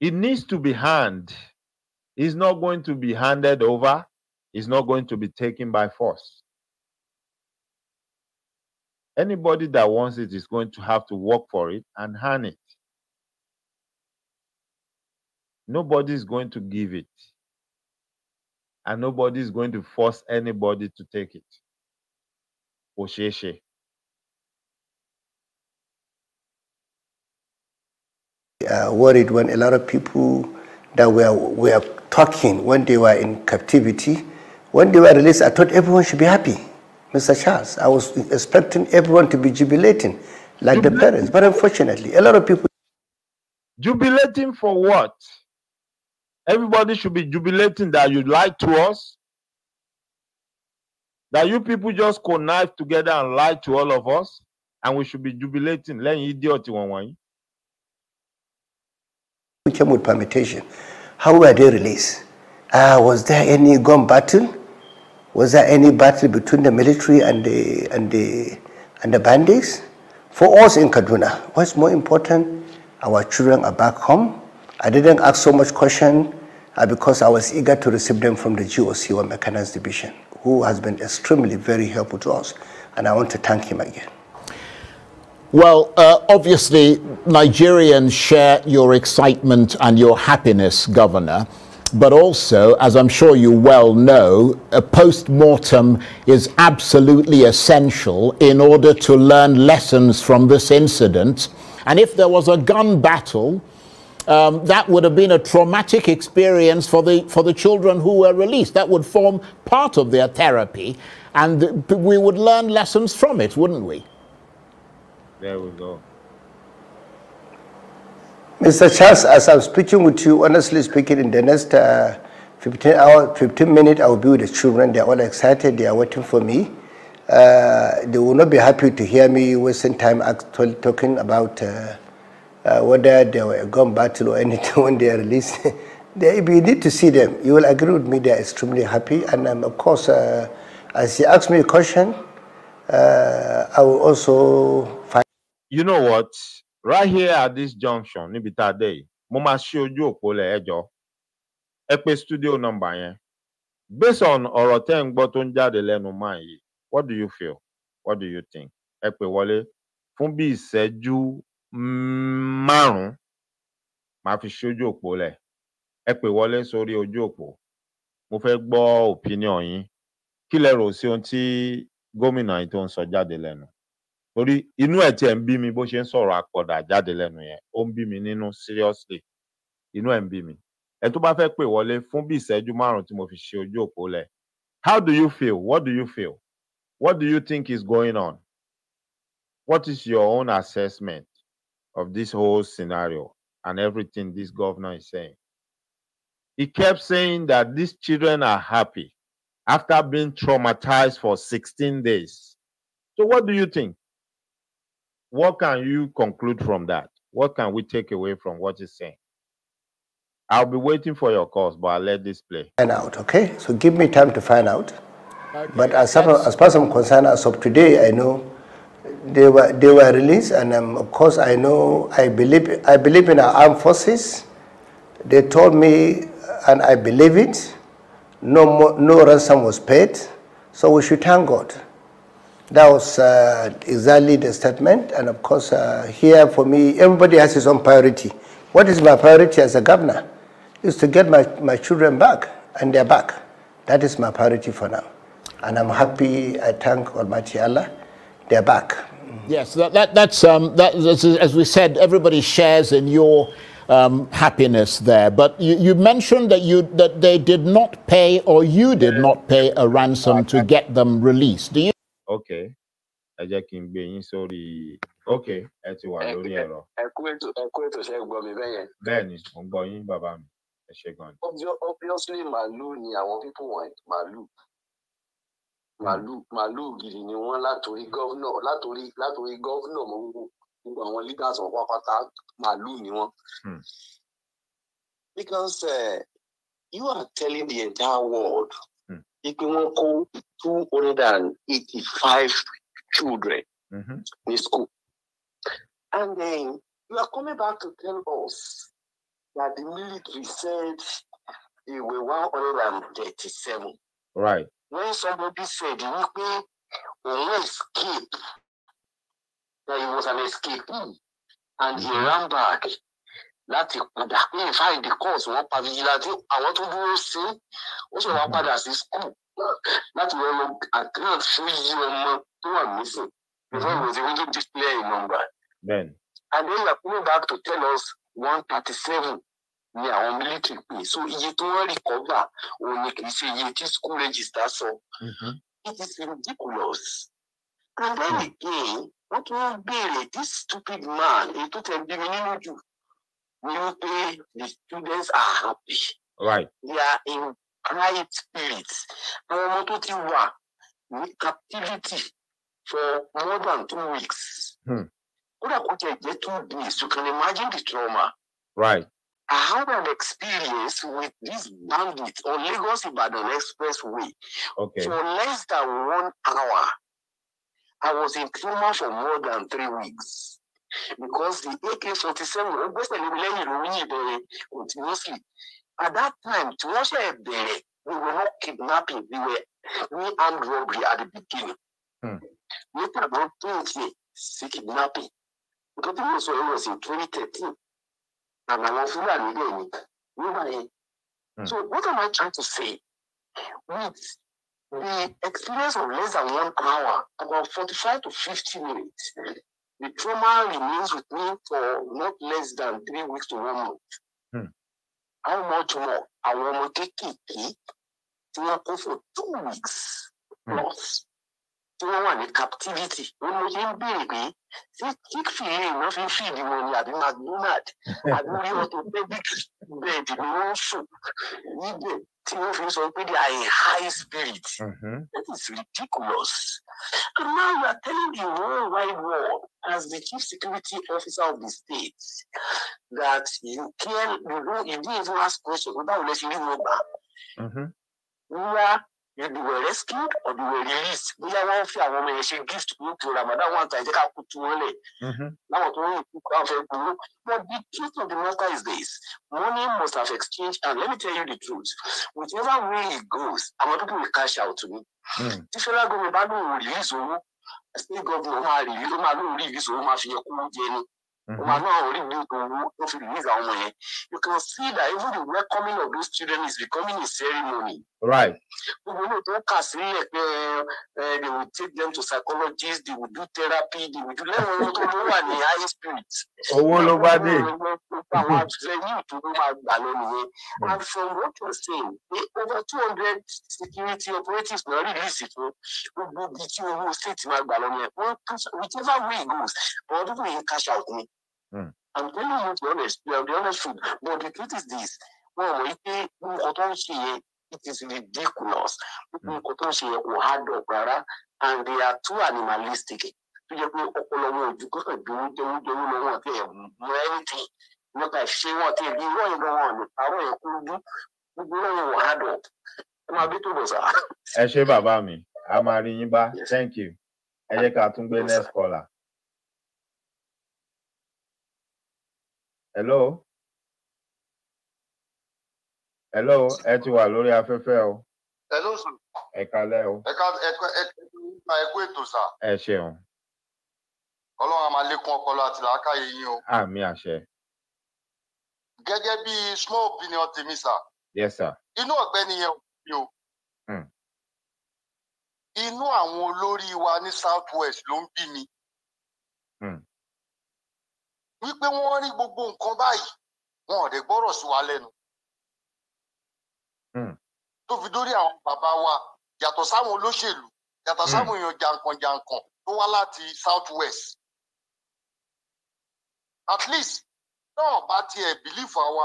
It needs to be hand. It's not going to be handed over. It's not going to be taken by force. Anybody that wants it is going to have to work for it and hand it. Nobody is going to give it. And nobody is going to force anybody to take it. Kò uh, worried when a lot of people that were, were talking when they were in captivity, when they were released, I thought everyone should be happy. Mr. Charles, I was expecting everyone to be jubilating like jubilating. the parents, but unfortunately, a lot of people. Jubilating for what? Everybody should be jubilating that you lied to us, that you people just connive together and lie to all of us, and we should be jubilating. Let idiot one one who came with permutation, how were they released? Uh, was there any gun battle? Was there any battle between the military and the, and the, and the bandits? For us in Kaduna, what's more important, our children are back home. I didn't ask so much question uh, because I was eager to receive them from the GOC or Mechanized Division, who has been extremely very helpful to us. And I want to thank him again. Well, uh, obviously, Nigerians share your excitement and your happiness, Governor. But also, as I'm sure you well know, a post mortem is absolutely essential in order to learn lessons from this incident. And if there was a gun battle, um, that would have been a traumatic experience for the, for the children who were released. That would form part of their therapy, and we would learn lessons from it, wouldn't we? There we go. Mr. Charles, as I'm speaking with you, honestly speaking, in the next uh, 15 hour, 15 minutes, I will be with the children. They are all excited. They are waiting for me. Uh, they will not be happy to hear me wasting time actually talking about uh, uh, whether they were a gun battle or anything when they are released. they, you need to see them. You will agree with me. They are extremely happy. And um, of course, uh, as you ask me a question, uh, I will also you know what right here at this junction níbi tá a dé yìí mo máa ṣí ojú òpó lẹ̀ ẹ ẹ pé studio number yẹn based on ọ̀rọ̀ tẹ́ ń gbọ́ tó ń jáde lẹ́nu máa yìí what do you feel what do you think ẹ pè wọlé fún bí ìṣẹ́jú márùn-ún màá fi ṣojú òpó lẹ̀ ẹ pè wọlé sórí ojú òpó mo fẹ́ gbọ́ opinion yín kí lẹ rò sí ohun tí gómìnà yìí tó ń sọ jáde lẹ́nu. torí inú ẹ̀ tiẹ̀ ń bí mi bó ṣe ń sọ̀rọ̀ àpọ̀dà jáde lẹ́nu yẹn ó ń bí mi nínú seriously inú ẹ̀ ń bí mi ẹ tó bá fẹ́ pè wọlé fún bí tí mo fi ṣe ojú òpó lẹ̀ how do you feel what do you feel what do you think is going on what is your own assessment of this whole scenario and everything this governor is saying he kept saying that these children are happy after being traumatized for 16 days so what do you think what can you conclude from that? What can we take away from what he's saying? I'll be waiting for your calls, but I'll let this play. Find out, okay? So give me time to find out. Okay. But as, far, as far as I'm concerned, as of today, I know they were they were released, and um, of course, I know I believe I believe in our armed forces. They told me, and I believe it. No more, no ransom was paid, so we should thank God. That was uh, exactly the statement. And of course, uh, here for me, everybody has his own priority. What is my priority as a governor? Is to get my, my children back, and they're back. That is my priority for now. And I'm happy, I thank Almighty Allah, they're back. Yes, that, that, that's, um, that, that's, as we said, everybody shares in your um, happiness there. But you, you, mentioned that, you, that they did not pay, or you did not pay a ransom to get them released. Do you okay ẹ jẹ́ kí n gbé yín sórí okay ẹ ti wà lórí ẹ̀rọ. ẹ kú ètò ẹ kú ètò ṣe gbọ́ mi bẹ́yẹn. bẹ́ẹ̀ni mo ń gbọ́ yín bàbá mi ẹ ṣe gan obviously màálù ni àwọn pípọ̀ wọ̀nyí màálù hmm. màálù màálù gidi ni wọn látòrí gọvnọ látòrí látòrí gọvnọ mọ gbogbo gbogbo àwọn leaders wọn pátápátá màálù ni wọn. Hmm. because uh, you are telling the entire world It will two hundred and eighty-five children mm-hmm. in school. And then you are coming back to tell us that the military said it were one hundred and thirty-seven. Right. When somebody said wípé òun escape that he was an escapee and mm-hmm. he ran back láti padà ní ìfáìdì course wọn pa vigilante àwọn tó dúró sí ó sì wá padà sí school láti wọ́n lọ àkáǹtì fún yíyí ọmọ tó wà missing before he was to display a number. Then. and then na coming back to tell us one thirty seven ni àwọn military pè so iye tí wọ́n recover òun ni kì í ṣe iye tí school register sọ. Mm-hmm. it is ridiculous. and then again wọ́n tún ń béèrè this stupid man èyí tó tẹ̀ bí mi nínú jù. Usually the students are happy. Right. They are in quiet spirits. Àwọn ọmọ tó ti wà captivity for more than two weeks. Kódà hmm. two days, you can imagine the trauma. Right. I had an experience with this bandit on Lagos Ibadan Expressway okay. for less than one hour. I was in trauma for more than three weeks because the AK-47 ó gbèsè lórí lẹ́yìn ìròyìn ìbẹ̀rẹ̀ continuously at that time to wọ́n ṣe bẹ̀rẹ̀ we were not kidnapping we were we armed robbery at the beginning. We later don change it sí kidnapping nǹkan tí mo sọ was in twenty thirteen and I was dẹ̀ ni nígbà hmm. so what am I trying to say with the experience of less than one hour about forty-five to fifty minutes the trauma remains with me for not less than three weeks to one month. Hmm. How much more? Àwọn ọmọ kéékèèké tí wọ́n kó for two weeks hmm. plus tí wọ́n wà ní captivity ó ní mo ṣe ń béèrè pé ṣé chickpea yìí wọ́n fi ń fìdí wọn captivity when we mo baby, n beere pe se chickpea yii won fi n fidi won ni abi mcdonald àbí orí orthopedic bed ni wọ́n sùn níbẹ̀ sọ are high spirit mm-hmm. that is ridiculous and now you are telling the whole world as the chief security officer of the state that you can you don't you didn't even ask question báwo lẹ ṣe rí We mm-hmm. are. you were rescued or you were released bóyá wọn fi àwọn ọmọ yẹn ṣe gift lókè ramadan wọn ta ẹjẹ ká kú tu wọn lẹ láwọn tó ń yìn kú káwọn fẹ́ gbowó but the truth of the matter is this money must have exchanged and let me tell you the truth whichever way it goes àwọn people will cash out to me mm. tí federal government bá lóun release owó state government máa release ó máa lóun release owó máa fi yẹ kó jẹ ni ọmọ náà rí ní owó tó fi release àwọn ọmọ yẹn you can see that even the welcoming of those children is becoming a ceremony. Right. Gbogbo tó kà sílẹ̀ pé they will take them to psychologists, they will do therapy, they will do lẹ́wọ̀n owó tó ló wà ní high spirit. Owó ló bá dé. And from what you saying, pé over two hundred security operatives náà rìlíìsì fún gbogbo ibi tí owó state máa gbà lọ́nu yẹn. Whichever way it goes, but tó kù cash out ni. Hmm. I'm telling you to be honest, To be the honest food. But the truth is this, wọ́n mọ̀ wípé nǹkan tó ń ṣe yẹn it is ridiculous gbogbo nǹkan tó ń ṣe yẹ kò hard up rárá and they are too animalistic tó yẹ pé ọpọlọ wọn ojú kọkàn jowó jowó jowó lọ wọn àti ẹmọ anything nípa ṣé wọn àti ẹbí wọn yìí gan wọn lè yẹn kó dú gbogbo wọn yẹn wò hard up ẹ máa bí tó bọ̀ sá. ẹ ṣé bàbá mi a máa rí yín bá thank you ẹ jẹ́ ká tún gbé next caller. hello hello ẹ ti wà lórí afẹ́fẹ́ o. hello sir. ẹ kalẹ́ o. ẹ ká ẹ ẹ ẹ kú ètò sà. ẹ ṣeun. ọlọ́run a máa lékún ọpọlọ àti làákàyè yín o. àmì àṣẹ. gẹ́gẹ́ bí small opinion tèmi sà. yes sir. inú ọ̀gbẹ́ni yẹn ò fi o. Hmm. inú àwọn olórí wa ní south west ló ń bí mi. Hmm. wípé wọ́n rí gbogbo nǹkan báyìí wọn ò dé gbọ́rọ̀ sí wa lẹ́nu tó fi dórí àwọn bàbá wa yàtọ̀ sáwọn olóṣèlú yàtọ̀ hmm. sáwọn èèyàn jàǹkànjàǹkàn tó wá láti south west at least náà bá tiẹ̀ bìlífù àwa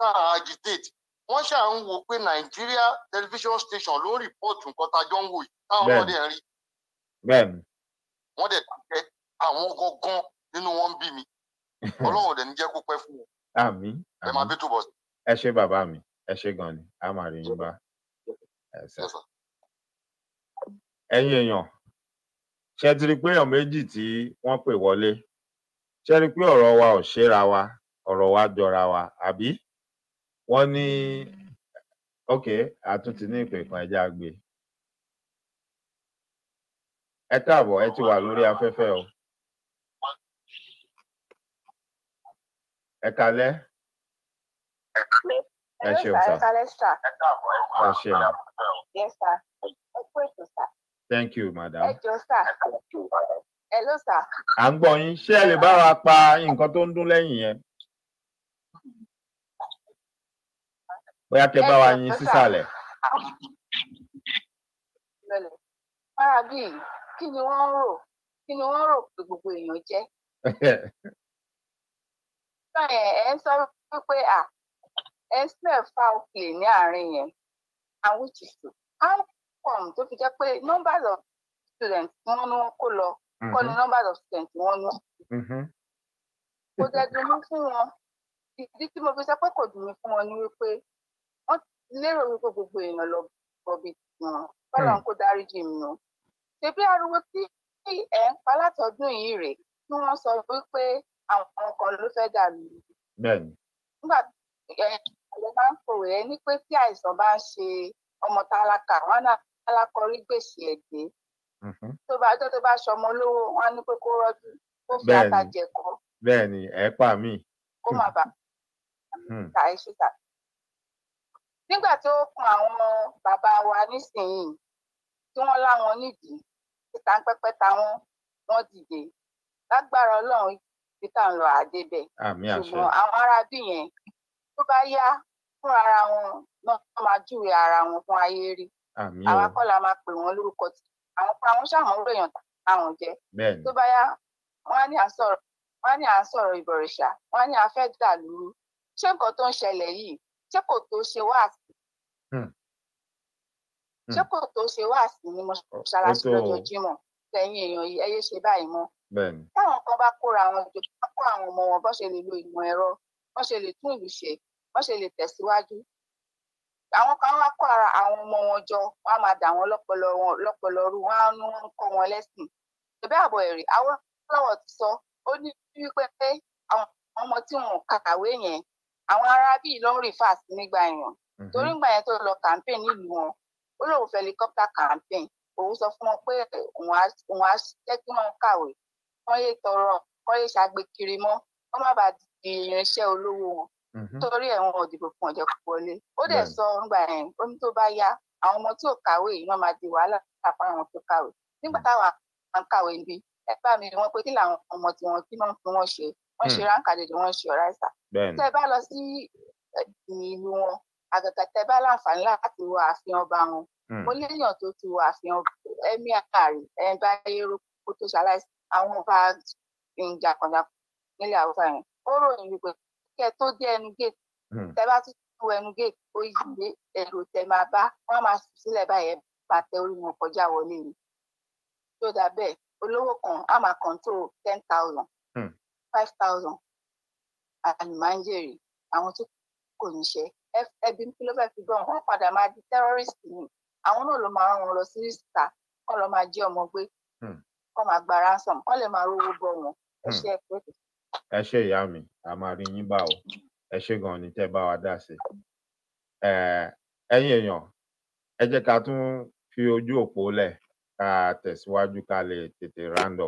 náà agitate wọ́n ṣáà ń wo pé Nigeria television station ló ń rìpọ́ọ̀tù nǹkan tájọ́ ń wò yìí táwọn ọmọdé ń rí. bẹ́ẹ̀ni. wọ́n dẹ̀ dákẹ́ àwọn gangan nínú wọn ń bí mi Ọlọ́run dẹ̀ ní jẹ́ kó pẹ́ fún wọn. àmín àmín ẹ máa bí túbọ̀ sí. ẹ ṣé bàbá mi ẹ ṣé gan ni a máa rí yín bá ẹ̀yin èèyàn ṣe ti rí i pé èèyàn méjì tí wọ́n pè wọlé ṣe rí i pé ọ̀rọ̀ wa ò ṣéra wa ọ̀rọ̀ wa jọra wa àbí wọ́n ní ok àtúntì ní ìpè kan ẹ̀já gbé ẹ káàbọ̀ ẹ ti wà lórí afẹ́fẹ́ o ẹ kalẹ́ ẹ ṣeun sir ẹ ṣeun yes sir ẹ kú ètò sir. thank you madam. ẹ jọ sir ẹ ló sir. à ń gbọ́ yín ṣé ẹ lè bá wa pa nǹkan tó ń dún lẹ́yìn yẹn. bóyá kẹ bá wa yín sísàlẹ̀. fara bíi kí ni wọ́n ń rò kí ni wọ́n ń rò pé gbogbo èèyàn jẹ́. ẹ ẹ sọ wípé à Esther foul play ní àárín yẹn and which is true how come tó fi jẹ́ pé numbers of students tí wọ́n ní wọ́n kó lọ kọ́ ni mm-hmm. numbers of students tí wọ́n ní. Mm-hmm. kò jẹ́ dunú fún wọn ìdí tí mo fi sọ pé kò dunú fún wọn ni wípé wọ́n lérò wípé gbogbo èèyàn lọ bọ̀bì wọn fọlọ́n kó dáríjì mi o ṣebí ariwo tí ẹ̀ ń pa látọdún yìí rèé tí wọ́n sọ wípé àwọn kan ló fẹ́ dàlú. bẹ́ẹ̀ni. nígbà àwọn máa ń pòwe ẹ ní pé tí àìsàn bá ṣe ọmọ tálákà wọn náà tálákọ rí gbèsè ẹgbẹ mm-hmm. tó bá tó tó bá ṣọmọ lówó wọn á ní pé kó rọjú kó fi àtàjẹ kọ. bẹ́ẹ̀ ni ẹ pa mí. kó má bàa ta hmm. ẹ ṣe ta. nígbà tó kan àwọn bàbá wa nísìnyìí tí wọ́n láwọn nídìí títa ń pẹ́pẹ́ ta wọ́n wọ́n dìde lágbára Ọlọ́run títa ń lọ àdébẹ̀. ṣùgbọ́n àwọn arábí tó bá yá fún ara wọn náà máa júwe ara wọn fún ayé rí àwa kọ́ la máa pè wọ́n lórúkọ tí àwọn fún àwọn sàmúlò èèyàn táwọn jẹ́ tó bá yá wọ́n á ní à ń sọ̀rọ̀ wọ́n á ní à ń sọ̀rọ̀ ìbọ̀rìṣà wọ́n á ní à fẹ́ dà lúrú ṣé nǹkan tó ń ṣẹlẹ̀ yìí ṣé kò tó ṣe wáàsí hmm. hmm. ṣé kò tó ṣe wáàsí ni mo ṣàlàyé lọ́jọ́ Jímọ̀ tẹ̀yìn èèyàn yìí ẹ yé ṣe báyìí mọ́ táwọn kan bá kóra wọn jọ kó àwọn ọmọ wọn bó ṣe lè lo ìmọ̀ ẹ̀rọ bó ṣe lè tún ìlú ṣe wọ́n ṣe lè tẹ̀síwájú àwọn kan wá kó ara àwọn ọmọ wọn jọ wọ́n á máa dà wọn lọ́pọlọ wọn lọ́pọlọ rú wọ́n á ní wọ́n ń kọ́ wọn lẹ́sìn ìbẹ́ àbọ̀ ẹ̀rí àwọn ọlọ́wọ̀ ti sọ ó ní wípé pé àwọn ọmọ tí wọn kàwé yẹn àwọn ará bíi ló ń rìfà sí nígbà yẹn mm-hmm. torí ngbà yẹn tó lọ campaign nílùú wọn ó lóun fẹ́ helicopter campaign òun sọ fún wọn pé òun á jẹ́ kí wọ́n kàwé kọ́ yé tọrọ kọ́ yé ṣàgbé mọ́ kọ́ má bàa di irinṣẹ́ olówó wọn Mm-hmm. torí ẹ̀wọ̀n òdìbò fún ọ̀jẹ̀ kò wọlé ó dẹ̀ sọ ńgbà yẹn omi tó bá yá àwọn ọmọ tí ò kàwé yìí wọ́n máa di wàhálà àpá àwọn tó kàwé nígbà mm. táwa à ń kàwé níbi ẹ bá mi wọn pé kí làwọn ọmọ tí wọn kí máa ń fún wọn ṣe wọn ṣe mm. ráńkà dèdè wọn ṣe ọ̀rá ìsà tẹ bá lọ sí ìlú wọn àgàgà tẹ bá láǹfààní láti wo ààfin ọba wọn mm. mo léèyàn tó ti wo ààfin ẹmí àkàrí ẹn bá yẹrò kó tó ṣaláìsí àwọn ọba ìjàkànjàkàn nílẹ̀ àwùjọ yẹn ó ròyìn wípé kẹ tó dé ẹnu gate hmm. tẹ bá tún tó ẹnu gate ó yí ilé ẹrù tẹ máa bá wọn máa sùn sílẹ̀ báyẹn bàtẹ orí wọn kọjá wọlé ni tó dà bẹ́ẹ̀ olówó kan á máa control ten thousand hmm. five thousand àlùmáńjèrè àwọn tó kò níṣẹ́ ẹbí kí ló fi gbọ́n wọn padà máa di terrorist ni àwọn náà ló máa rán wọn lọ sí síta kọ́ lọ́ máa jẹ́ ọmọ gbé hmm. kọ́ máa gba ransom kọ́ lè máa rówó bọ́ wọn ẹ̀ṣẹ̀ pé ẹ ìyá mi a máa rí yín bá o ẹ ṣe gan ni tẹ́ bá wa dá sí ẹ ẹ̀yin èèyàn ẹ jẹ́ ká tún fi ojú òpó lẹ̀ ká tẹ̀síwájú ká lè tètè round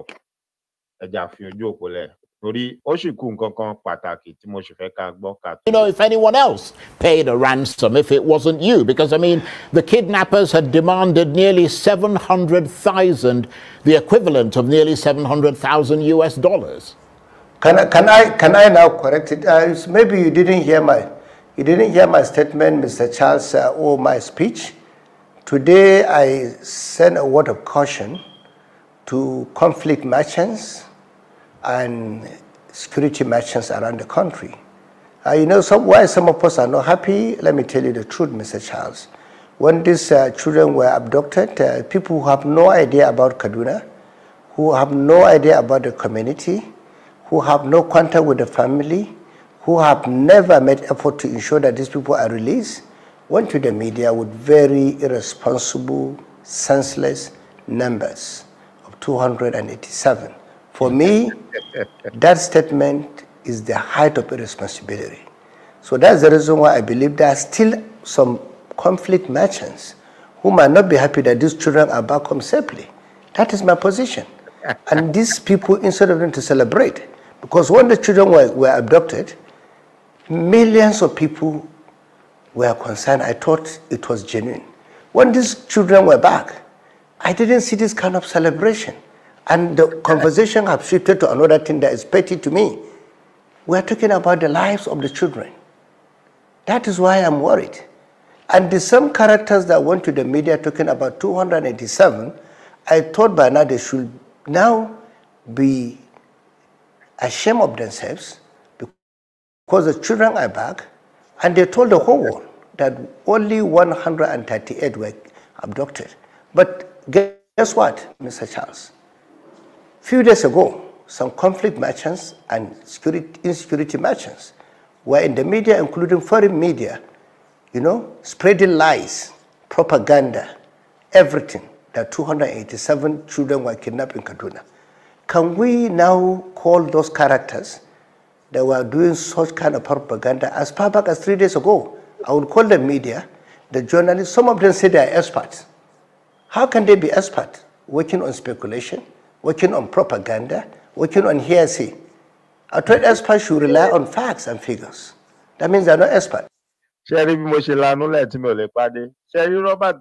ẹ jà fi ojú òpó lẹ̀ torí ó sì kú nǹkan kan pàtàkì tí mo sì fẹ́ ká gbọ́ ká. You know if anyone else paid a ransom if it wasn't you because I mean the kidnappers had demanded nearly seven hundred thousand the equivalent of nearly seven hundred thousand US dollars. Can I, can I, can I now correct it? Uh, maybe you didn't hear my, you didn't hear my statement, Mr. Charles, uh, or my speech. Today I sent a word of caution to conflict merchants and security merchants around the country. Uh, you know some, why some of us are not happy? Let me tell you the truth, Mr. Charles. When these uh, children were abducted, uh, people who have no idea about Kaduna, who have no idea about the community, who have no contact with the family, who have never made effort to ensure that these people are released, went to the media with very irresponsible, senseless numbers of 287. For me, that statement is the height of irresponsibility. So that's the reason why I believe there are still some conflict merchants who might not be happy that these children are back home safely. That is my position. and these people, instead of them to celebrate, because when the children were, were abducted, millions of people were concerned. I thought it was genuine. When these children were back, I didn't see this kind of celebration. And the conversation have shifted to another thing that is petty to me. We're talking about the lives of the children. That is why I'm worried. And the same characters that went to the media talking about 287, I thought by now they should now be ashamed of themselves because the children are back and they told the whole world that only 138 were abducted. But guess what, Mr. Charles? Few days ago, some conflict merchants and security, insecurity merchants were in the media, including foreign media, you know, spreading lies, propaganda, everything that 287 children were kidnapped in Kaduna. Can we now call those characters that were doing such kind of propaganda as far back as three days ago? I would call them media, the journalists, some of them say they are experts. How can they be experts? Working on speculation, working on propaganda, working on hearsay. A trade expert should rely on facts and figures. That means they're not experts. ṣe rí lanú lẹ́ẹ̀ tí mi ò Robert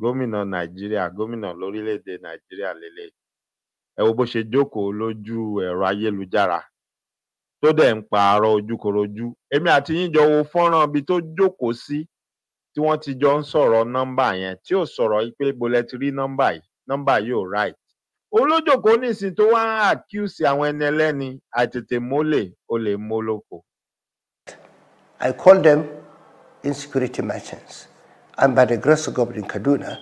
gómìnà nàìjíríà gómìnà lórílẹèdè nàìjíríà lélẹyìí ẹ wo bó ṣe jókòó lójú ẹ̀rọ ayélujára tó dẹ̀ ń pààrọ̀ ojúkorojú èmi àti yín jọ wo fọ́nrán ibi tó jókòó sí tí wọ́n ti jọ ń sọ̀rọ̀ nọ́mbà yẹn tí ò sọ̀rọ̀ pé bolẹ̀ ti rí nọ́mbà yìí nọ́mbà yìí ò right òun ló jókòó nísìnyí tó wá ń àkíyèsí àwọn ẹni ẹlẹ́ni àìtètè mólè olè mólòkò. I call them insecurity merchants. and by the grace of God in Kaduna,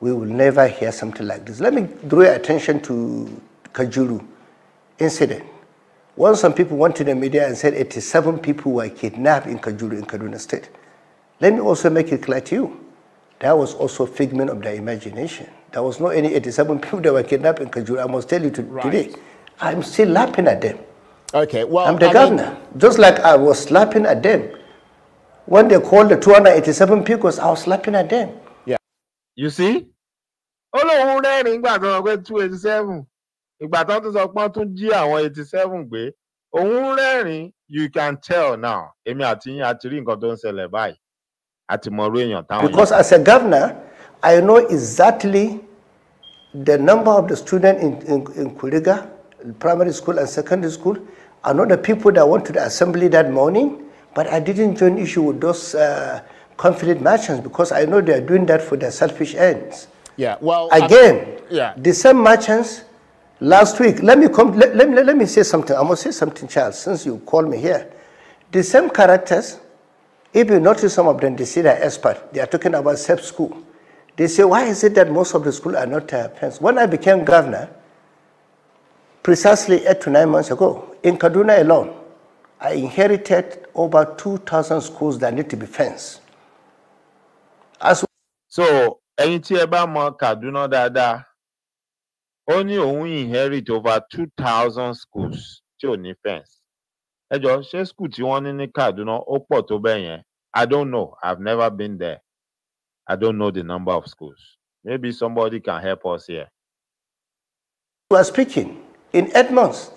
we will never hear something like this. Let me draw your attention to Kajuru incident. Once some people went to the media and said 87 people were kidnapped in Kajuru in Kaduna State. Let me also make it clear to you, that was also figment of their imagination. There was not any 87 people that were kidnapped in Kajuru. I must tell you to, right. today, I'm still laughing at them. Okay, well, I'm the I governor. Mean, Just like I was laughing at them when they called the 287 picos, I was slapping at them. Yeah. You see? Olóhun rẹ́rìn ìgbà kan pé two eighty ìgbà tán tó sọ pọ́n tún jí àwọn eighty seven you can tell now èmi àti yín àti rí nǹkan tó ń ṣẹlẹ̀ Because as a governor I know exactly the number of the students in, in, in Kuriga primary school and secondary school I know the people that went to the assembly that morning. But I didn't join issue with those uh, confident merchants because I know they're doing that for their selfish ends. Yeah, well. Again, yeah. the same merchants last week, let me, come, let, let, let me say something. I must say something, Charles, since you called me here. The same characters, if you notice some of them, they say they're expert. They are talking about SEP school. They say, why is it that most of the school are not uh, parents? When I became governor, precisely eight to nine months ago, in Kaduna alone, I inherited over 2,000 schools that need to be fenced. As so, ẹ̀yin tí ẹ bá mọ Kaduna dáadáa, ó ní òun inherit over two thousand schools tí ò ní fence. Ẹ jọ ṣé school tí wọ́n ní ní Kaduna ó pọ̀ tó bẹ́ẹ̀ yẹn? I don't know. I've never been there. I don't know the number of schools. Maybe somebody can help us here. We are speaking in Edmonds.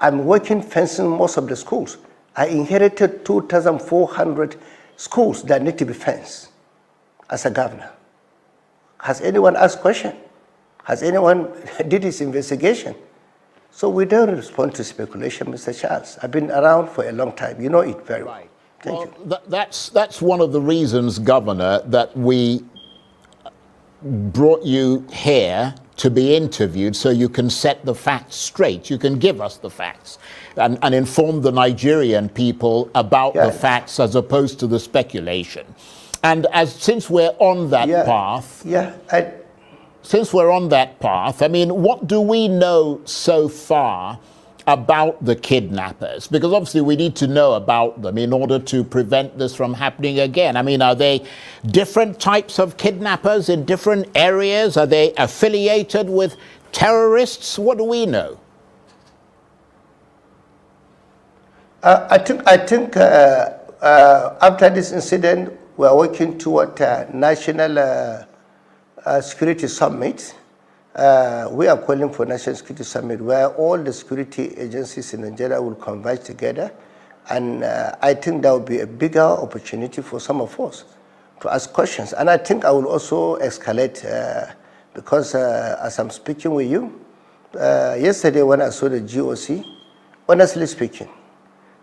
I'm working fencing most of the schools. I inherited 2,400 schools that need to be fenced as a governor. Has anyone asked question? Has anyone did his investigation? So we don't respond to speculation, Mr. Charles. I've been around for a long time. You know it very right. well. Thank well, th that's, that's one of the reasons, Governor, that we brought you here to be interviewed so you can set the facts straight. You can give us the facts and, and inform the Nigerian people about the facts as opposed to the speculation. And as since we're on that yeah. path, yeah, I... since we're on that path, I mean, what do we know so far? about the kidnappers? Because obviously we need to know about them in order to prevent this from happening again. I mean, are they different types of kidnappers in different areas? Are they affiliated with terrorists? What do we know? Uh, I think, I think uh, uh, after this incident, we are working toward a uh, national uh, uh, security summit uh, we are calling for National Security Summit where all the security agencies in Nigeria will converge together. And uh, I think that will be a bigger opportunity for some of us to ask questions. And I think I will also escalate uh, because uh, as I'm speaking with you, uh, yesterday when I saw the GOC, honestly speaking,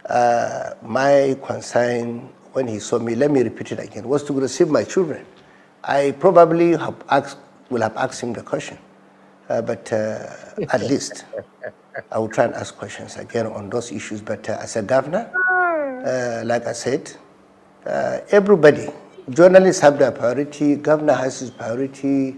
uh, my concern when he saw me, let me repeat it again, was to receive my children. I probably have asked, will have asked him the question. Uh, but uh, at least I will try and ask questions again on those issues. But uh, as a governor, like I said, everybody, journalists have their priority, governor has his priority,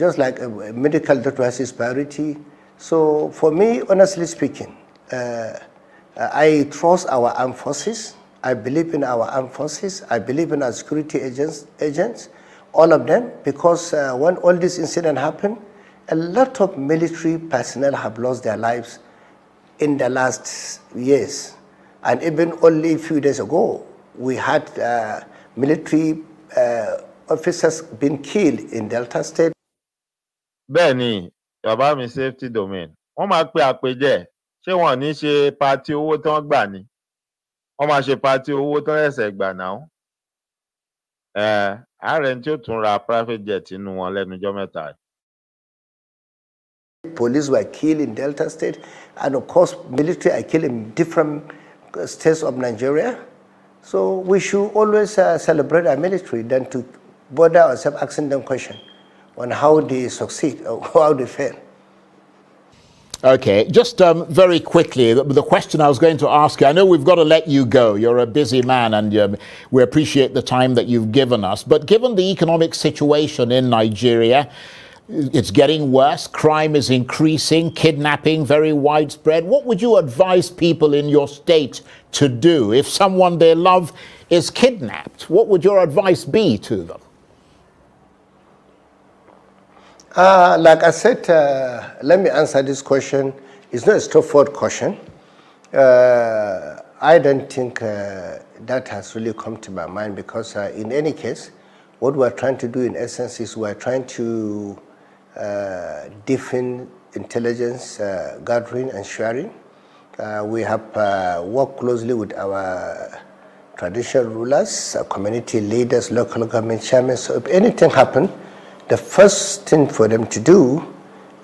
just like a medical doctor has his priority. So for me, honestly speaking, I trust our armed forces. I believe in our armed forces. I believe in our security agents, agents all of them, because uh, when all this incident happened, a lot of military personnel have lost their lives in the last years. And even only a few days ago, we had uh, military uh, officers being killed in Delta State. Bẹ́ẹ̀ ni, bàbá mi safety domain, wọ́n máa pe àpèjẹ, ṣé wọ́n ní ṣe pati owó tán gbà ni? Wọ́n máa ṣe pati owó tán ẹ̀sẹ̀ gbà náà. Ààrẹ tí ó tún ra private jet inú wọn lẹ́nujọ́ mẹ́ta yìí. police were killed in Delta State, and of course, military are killed in different uh, states of Nigeria. So we should always uh, celebrate our military than to bother ourselves asking them questions on how they succeed or how they fail. Okay, just um, very quickly, the, the, question I was going to ask you, I know we've got to let you go. You're a busy man and um, we appreciate the time that you've given us. But given the economic situation in Nigeria, it's getting worse, crime is increasing, kidnapping very widespread. What would you advise people in your state to do if someone they love is kidnapped? What would your advice be to them? Uh, like I said, uh, let me answer this question. It's not a straightforward question. Uh, I don't think uh, that has really come to my mind because, uh, in any case, what we're trying to do in essence is we're trying to uh, different intelligence uh, gathering and sharing. Uh, we have uh, worked closely with our traditional rulers, our uh, community leaders, local government chairmen. So if anything happens, the first thing for them to do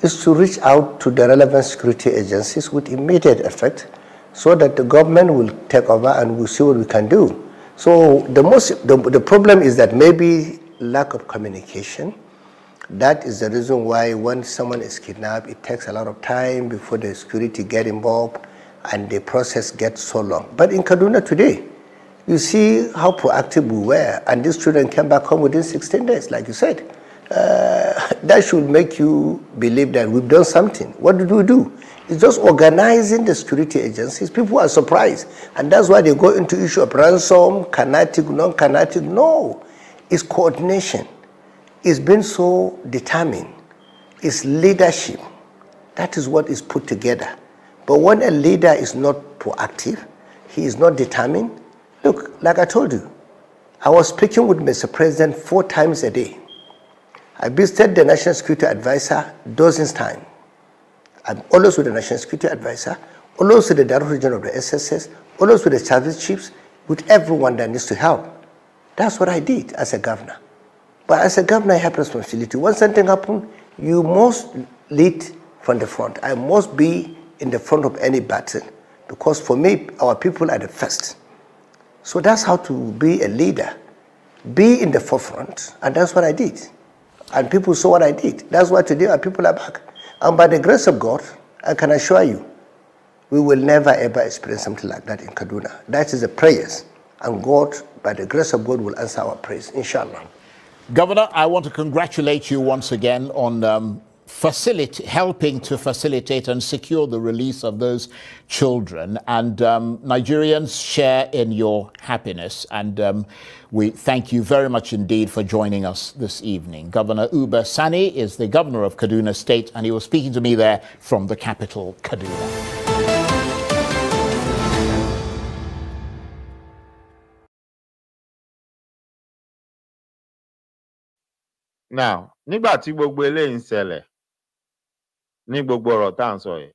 is to reach out to the relevant security agencies with immediate effect so that the government will take over and we'll see what we can do. So the, most, the, the problem is that maybe lack of communication, that is the reason why when someone is kidnapped, it takes a lot of time before the security get involved and the process gets so long. But in Kaduna today, you see how proactive we were, and these children came back home within 16 days, like you said. Uh, that should make you believe that we've done something. What did we do? It's just organizing the security agencies. People are surprised, and that's why they go into issue of ransom, canatic, non-canatic. No, it's coordination. He's been so determined. It's leadership. That is what is put together. But when a leader is not proactive, he is not determined. Look, like I told you, I was speaking with Mr. President four times a day. I visited the National Security Advisor dozens times. I'm always with the National Security Advisor, always with the Director General of the SSS, always with the service chiefs, with everyone that needs to help. That's what I did as a governor. But as a governor, I have responsibility. Once something happens, you must lead from the front. I must be in the front of any battle because for me, our people are the first. So that's how to be a leader. Be in the forefront, and that's what I did. And people saw what I did. That's why today our people are back. And by the grace of God, I can assure you, we will never ever experience something like that in Kaduna. That is the prayers. And God, by the grace of God, will answer our prayers, inshallah. Governor, I want to congratulate you once again on um, helping to facilitate and secure the release of those children. And um, Nigerians share in your happiness. And um, we thank you very much indeed for joining us this evening. Governor Uba Sani is the governor of Kaduna State, and he was speaking to me there from the capital, Kaduna. now nígbà tí gbogbo eléyìí ń ṣẹlẹ̀ ní gbogbo ọ̀rọ̀ tá à ń sọ yìí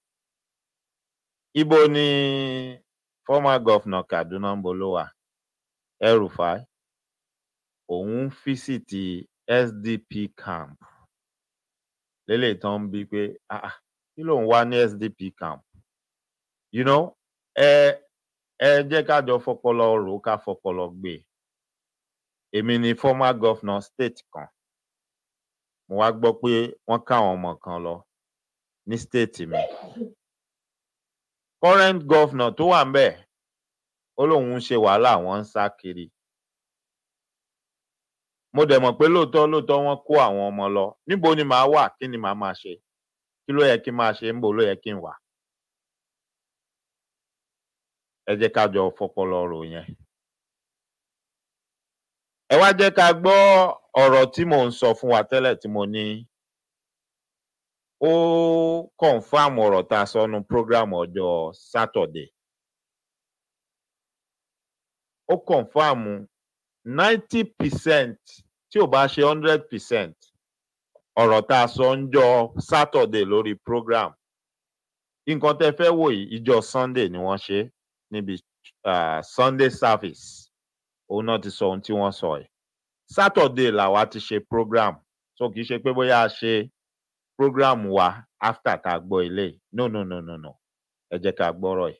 ibo ni former governor Kaduna ń bolo wa El-Rufai òun SDP camp lélẹ̀ tán ń bí pé ah, ah, kí lòun wá ní SDP camp you know ẹ ẹ jẹ́ ká jọ fọpọlọ rò ká fọpọlọ gbé e. èmi ni former governor state kan mo wá gbọ́ pé wọ́n káwọn ọmọ kan lọ ní stéètì mi current governor tó wà ńbẹ̀ ó lóun ń ṣe wàhálà wọn ń sá kiri mo dẹ̀ mọ̀ pé lóòótọ́ lóòótọ́ wọ́n kó àwọn ọmọ lọ níbo ni màá wà kí ni màá máa ṣe kí ló yẹ kí n máa ṣe níbo ló yẹ kí n wà ẹ jẹ́ ká jọ fọpọlọ rò yẹn ẹ wá jẹ́ ká gbọ́ ọ̀rọ̀ tí mò ń sọ fún wa tẹ́lẹ̀ tí mo ní ó confam ọ̀rọ̀ tá a program ọjọ́ Saturday ó confam ninety percent tí ò bá ṣe hundred percent ọ̀rọ̀ tá sọ ń jọ Saturday lórí program nǹkan tẹ́ fẹ́ wò yìí ìjọ Sunday ni wọ́n ṣe níbi ah, Sunday service òun náà ti sọ ohun tí wọ́n sọ yìí Saturday làwa ti ṣe program so kì í ṣe pé bóyá a ṣe program wa after tá a gbọ́ no no no no no ẹ jẹ́ ká gbọ́rọ̀ yìí.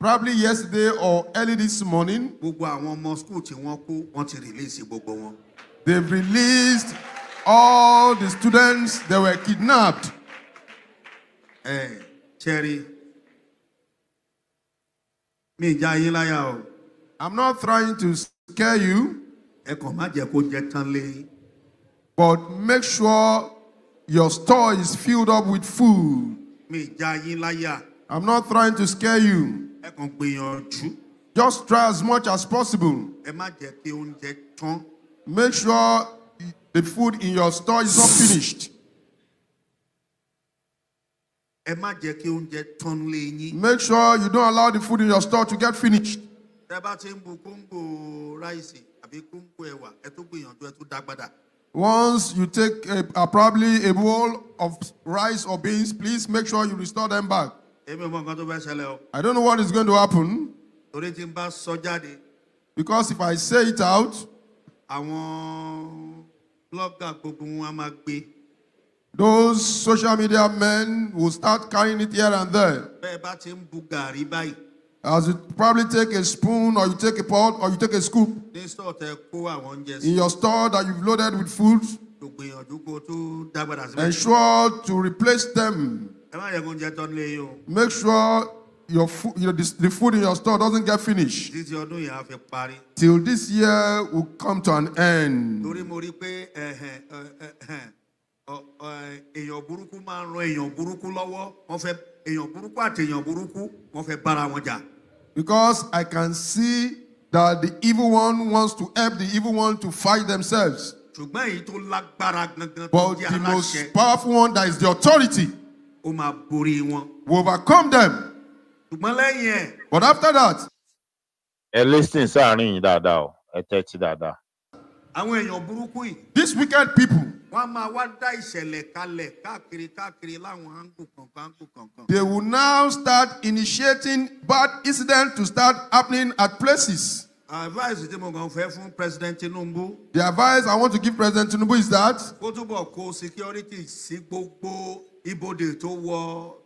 probably yesterday or early this morning. Gbogbo àwọn ọmọ school tí wọ́n kú, wọ́n ti release gbogbo wọn. They've released all the students that were kidnapped. Ẹ Cherry, mi ìjà yín láyà o. I'm not trying to scare you. Ẹ kàn má jẹ́ kó jẹ́ tán lé. But make sure your store is filled up with food. Mi ìjà yín láyà. I'm not trying to scare you ẹ kàn gbìyànjú. just try as much as possible. ẹ má jẹ́ kí oúnjẹ tán. make sure the food in your store is not finished. ẹ má jẹ́ kí oúnjẹ tán lé yín. make sure you don't allow the food in your store to get finished. tẹ bá ti ń bu kóńgò ráìsì àbí kóńgò ẹ̀wà ẹ tó gbìyànjú ẹ tó dágbádá. Once you take a, a, probably a bowl of rice or beans, please make sure you restore them back èmi mọ nǹkan tó fẹ́ ṣẹlẹ̀ o. I don't know what is going to happen. torí tí n bá sọ jáde. because if I say it out. àwọn blogger gbogbo wọn a máa gbé. Those social media men will start carrying it here and there. Bẹ́ẹ̀ bá ti ń bu gàrí báyìí. As you probably take a spoon or you take a pot or you take a scoop. Ní store tẹ kó àwọn oúnjẹ sí. In your store that you've loaded with food. Gbìyànjú kó tó dágbàdà síbẹ̀. Ensure to replace them. Make sure your food, your, the food in your store doesn't get finished. Till this year will come to an end. Because I can see that the evil one wants to help the evil one to fight themselves. But the most powerful one that is the authority. ó máa borí wọn. we overcome them. ṣùgbọ́n lẹ́yìn ẹ̀. but after that. ẹ listen sáàárín yìí dáadáa o ẹ tẹ́tí dáadáa. àwọn èèyàn burúkú yìí. these wicked people. wọ́n máa wá dá ìṣẹ̀lẹ̀ kalẹ̀ káàkiri káàkiri láwọn hangu kankan hangu kankan. they will now start initiating bad incidents to start happening at places. advice tí mo kàn fẹ́ fún president tinubu. the advice i want to give president tinubu is that. kó túbọ̀ kó security sí gbogbo ibodè tó wọ